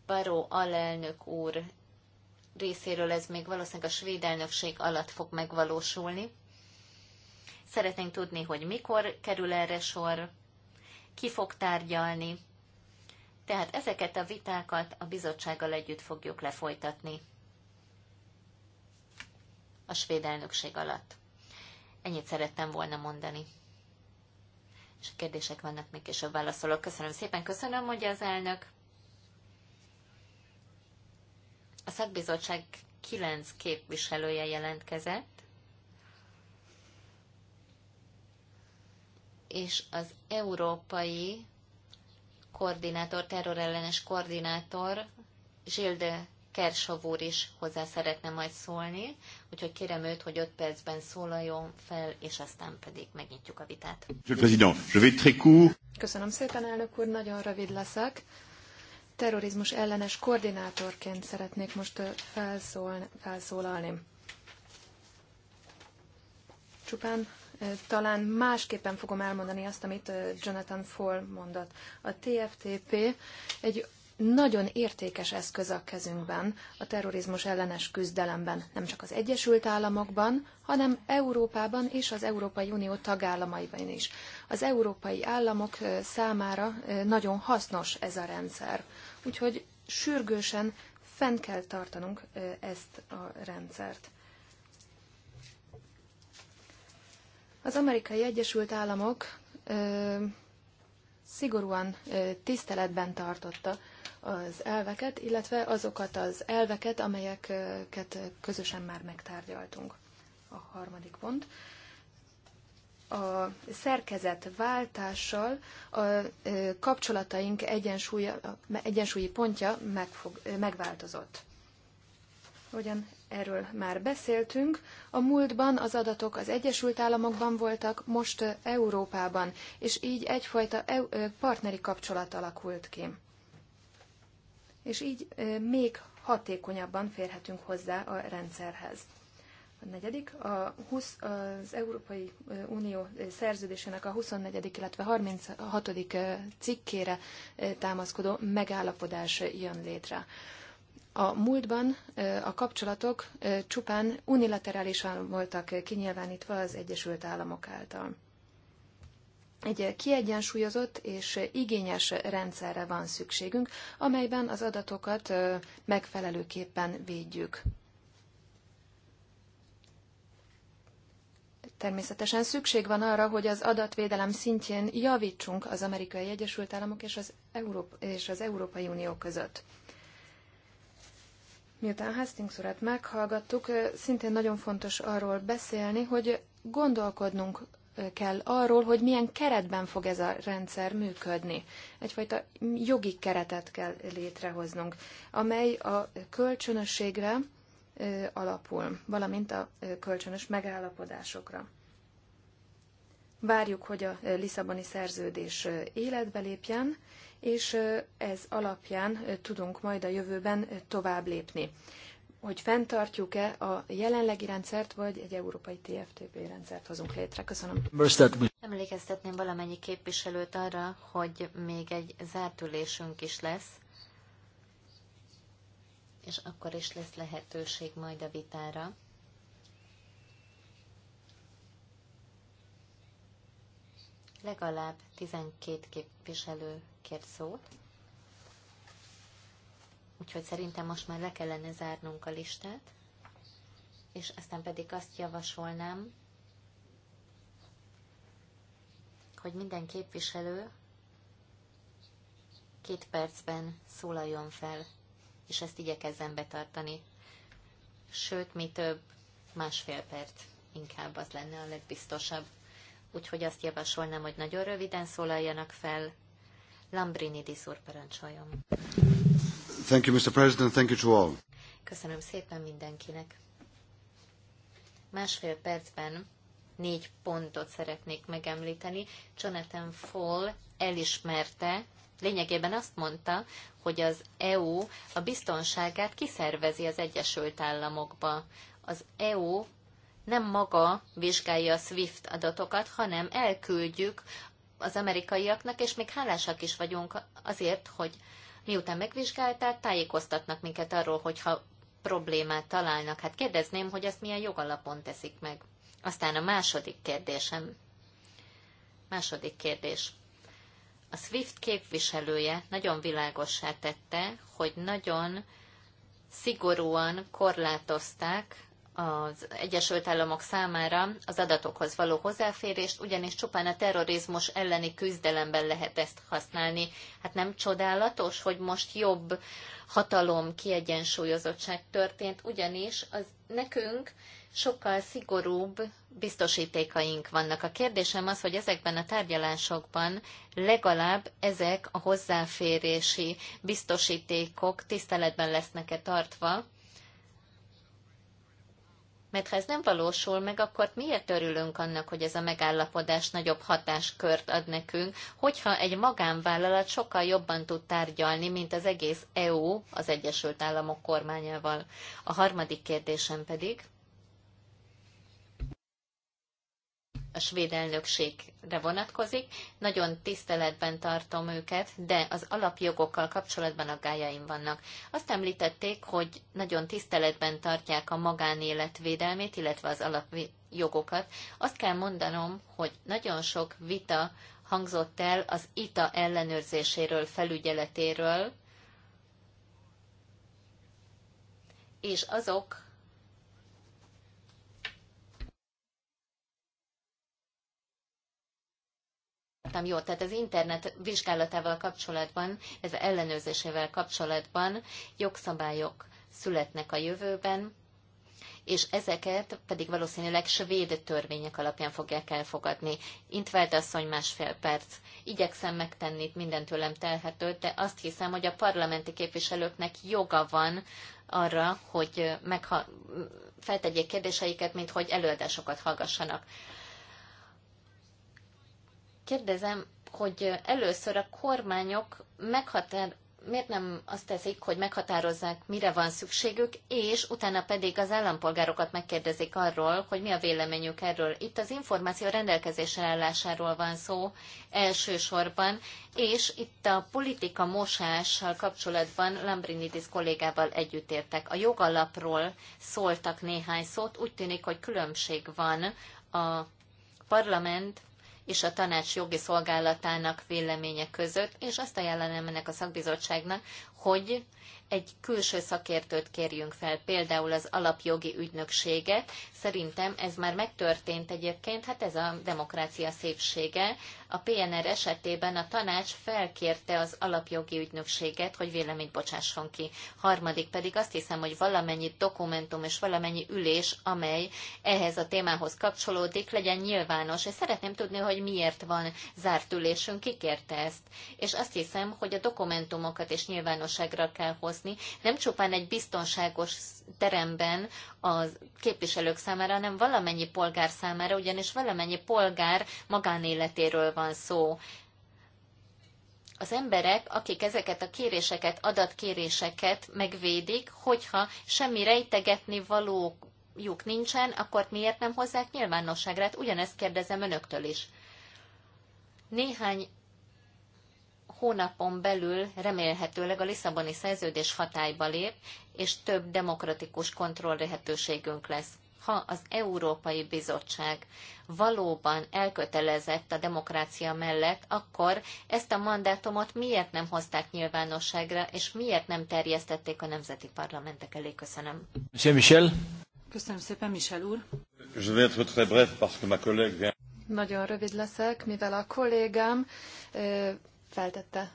S2: Baró alelnök úr részéről ez még valószínűleg a svéd elnökség alatt fog megvalósulni. Szeretnénk tudni, hogy mikor kerül erre sor, ki fog tárgyalni. Tehát ezeket a vitákat a bizottsággal együtt fogjuk lefolytatni a svéd elnökség alatt. Ennyit szerettem volna mondani. És a kérdések vannak, még később válaszolok. Köszönöm szépen, köszönöm, mondja az elnök. A szakbizottság kilenc képviselője jelentkezett, és az európai koordinátor, terrorellenes koordinátor Zsilde Kersavúr is hozzá szeretne majd szólni, úgyhogy kérem őt, hogy öt percben szólaljon fel, és aztán pedig megnyitjuk a vitát. Köszönöm szépen, elnök úr, nagyon rövid leszek. Terrorizmus
S4: ellenes koordinátorként szeretnék most felszólni, felszólalni. Csupán talán másképpen fogom elmondani azt, amit Jonathan Fall mondott. A TFTP egy nagyon értékes eszköz a kezünkben a terrorizmus ellenes küzdelemben, nem csak az Egyesült Államokban, hanem Európában és az Európai Unió tagállamaiban is. Az európai államok számára nagyon hasznos ez a rendszer, úgyhogy sürgősen fenn kell tartanunk ezt a rendszert. Az amerikai Egyesült Államok szigorúan tiszteletben tartotta az elveket, illetve azokat az elveket, amelyeket közösen már megtárgyaltunk. A harmadik pont. A szerkezet váltással a kapcsolataink egyensúlyi pontja megfog, megváltozott. Ugyan erről már beszéltünk. A múltban az adatok az Egyesült Államokban voltak, most Európában, és így egyfajta partneri kapcsolat alakult ki és így még hatékonyabban férhetünk hozzá a rendszerhez. A negyedik, a 20, az Európai Unió szerződésének a 24. illetve 36. cikkére támaszkodó megállapodás jön létre. A múltban a kapcsolatok csupán unilaterálisan voltak kinyilvánítva az Egyesült Államok által egy kiegyensúlyozott és igényes rendszerre van szükségünk, amelyben az adatokat megfelelőképpen védjük. Természetesen szükség van arra, hogy az adatvédelem szintjén javítsunk az Amerikai Egyesült Államok és az, Európa, és az Európai Unió között. Miután Hastings urat meghallgattuk, szintén nagyon fontos arról beszélni, hogy gondolkodnunk kell arról, hogy milyen keretben fog ez a rendszer működni. Egyfajta jogi keretet kell létrehoznunk, amely a kölcsönösségre alapul, valamint a kölcsönös megállapodásokra. Várjuk, hogy a Lisszaboni szerződés életbe lépjen, és ez alapján tudunk majd a jövőben tovább lépni hogy fenntartjuk-e a jelenlegi rendszert,
S2: vagy egy európai TFTP rendszert hozunk létre. Köszönöm. Emlékeztetném valamennyi képviselőt arra, hogy még egy zártülésünk is lesz, és akkor is lesz lehetőség majd a vitára. Legalább 12 képviselő kért szót. Úgyhogy szerintem most már le kellene zárnunk a listát, és aztán pedig azt javasolnám, hogy minden képviselő két percben szólaljon fel, és ezt igyekezzen betartani. Sőt, mi több, másfél perc inkább az lenne a legbiztosabb. Úgyhogy azt javasolnám, hogy nagyon röviden szólaljanak fel. Lambrini diszúr parancsoljon.
S1: Thank you, Mr. President. Thank you to all.
S2: Köszönöm szépen mindenkinek. Másfél percben négy pontot szeretnék megemlíteni. Jonathan Fall elismerte, lényegében azt mondta, hogy az EU a biztonságát kiszervezi az Egyesült Államokba. Az EU nem maga vizsgálja a SWIFT adatokat, hanem elküldjük az amerikaiaknak, és még hálásak is vagyunk azért, hogy Miután megvizsgálták, tájékoztatnak minket arról, hogyha problémát találnak. Hát kérdezném, hogy ezt milyen jogalapon teszik meg. Aztán a második kérdésem. Második kérdés. A SWIFT képviselője nagyon világossá tette, hogy nagyon szigorúan korlátozták az Egyesült Államok számára az adatokhoz való hozzáférést, ugyanis csupán a terrorizmus elleni küzdelemben lehet ezt használni. Hát nem csodálatos, hogy most jobb hatalom kiegyensúlyozottság történt, ugyanis az nekünk sokkal szigorúbb biztosítékaink vannak. A kérdésem az, hogy ezekben a tárgyalásokban legalább ezek a hozzáférési biztosítékok tiszteletben lesznek-e tartva, mert ha ez nem valósul meg, akkor miért örülünk annak, hogy ez a megállapodás nagyobb hatáskört ad nekünk, hogyha egy magánvállalat sokkal jobban tud tárgyalni, mint az egész EU az Egyesült Államok kormányával. A harmadik kérdésem pedig, a svéd elnökségre vonatkozik. Nagyon tiszteletben tartom őket, de az alapjogokkal kapcsolatban aggájaim vannak. Azt említették, hogy nagyon tiszteletben tartják a magánélet védelmét, illetve az alapjogokat. Azt kell mondanom, hogy nagyon sok vita hangzott el az ITA ellenőrzéséről, felügyeletéről, és azok, láttam jó, tehát az internet vizsgálatával kapcsolatban, ez ellenőrzésével kapcsolatban jogszabályok születnek a jövőben, és ezeket pedig valószínűleg svéd törvények alapján fogják elfogadni. Intveld asszony másfél perc. Igyekszem megtenni minden tőlem telhetőt, de azt hiszem, hogy a parlamenti képviselőknek joga van arra, hogy megha- feltegyék kérdéseiket, mint hogy előadásokat hallgassanak. Kérdezem, hogy először a kormányok meghatár, miért nem azt teszik, hogy meghatározzák, mire van szükségük, és utána pedig az állampolgárokat megkérdezik arról, hogy mi a véleményük erről. Itt az információ rendelkezésre állásáról van szó elsősorban, és itt a politika mosással kapcsolatban Lambrinidis kollégával értek. A jogalapról szóltak néhány szót, úgy tűnik, hogy különbség van a parlament és a tanács jogi szolgálatának véleménye között, és azt ajánlanám ennek a szakbizottságnak, hogy egy külső szakértőt kérjünk fel, például az alapjogi ügynökséget. Szerintem ez már megtörtént egyébként, hát ez a demokrácia szépsége. A PNR esetében a tanács felkérte az alapjogi ügynökséget, hogy véleményt bocsásson ki. Harmadik pedig azt hiszem, hogy valamennyi dokumentum és valamennyi ülés, amely ehhez a témához kapcsolódik, legyen nyilvános. És szeretném tudni, hogy miért van zárt ülésünk, ki kérte ezt. És azt hiszem, hogy a dokumentumokat és nyilvános nyilvánosságra kell hozni, nem csupán egy biztonságos teremben a képviselők számára, hanem valamennyi polgár számára, ugyanis valamennyi polgár magánéletéről van szó. Az emberek, akik ezeket a kéréseket, adatkéréseket megvédik, hogyha semmi rejtegetni való lyuk nincsen, akkor miért nem hozzák nyilvánosságra? Hát ugyanezt kérdezem önöktől is. Néhány hónapon belül remélhetőleg a Lisszaboni szerződés hatályba lép, és több demokratikus kontroll lehetőségünk lesz. Ha az Európai Bizottság valóban elkötelezett a demokrácia mellett, akkor ezt a mandátumot miért nem hozták nyilvánosságra, és miért nem terjesztették a nemzeti parlamentek elé? Köszönöm. Michel. Köszönöm szépen, Michel úr. Je vais être très bref parce que ma collègue Nagyon rövid leszek, mivel a kollégám
S4: eh, feltette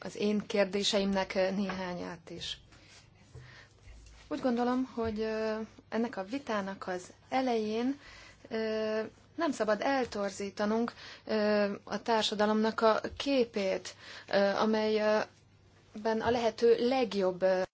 S4: az én kérdéseimnek néhányát is. Úgy gondolom, hogy ennek a vitának az elején nem szabad eltorzítanunk a társadalomnak a képét, amelyben a lehető legjobb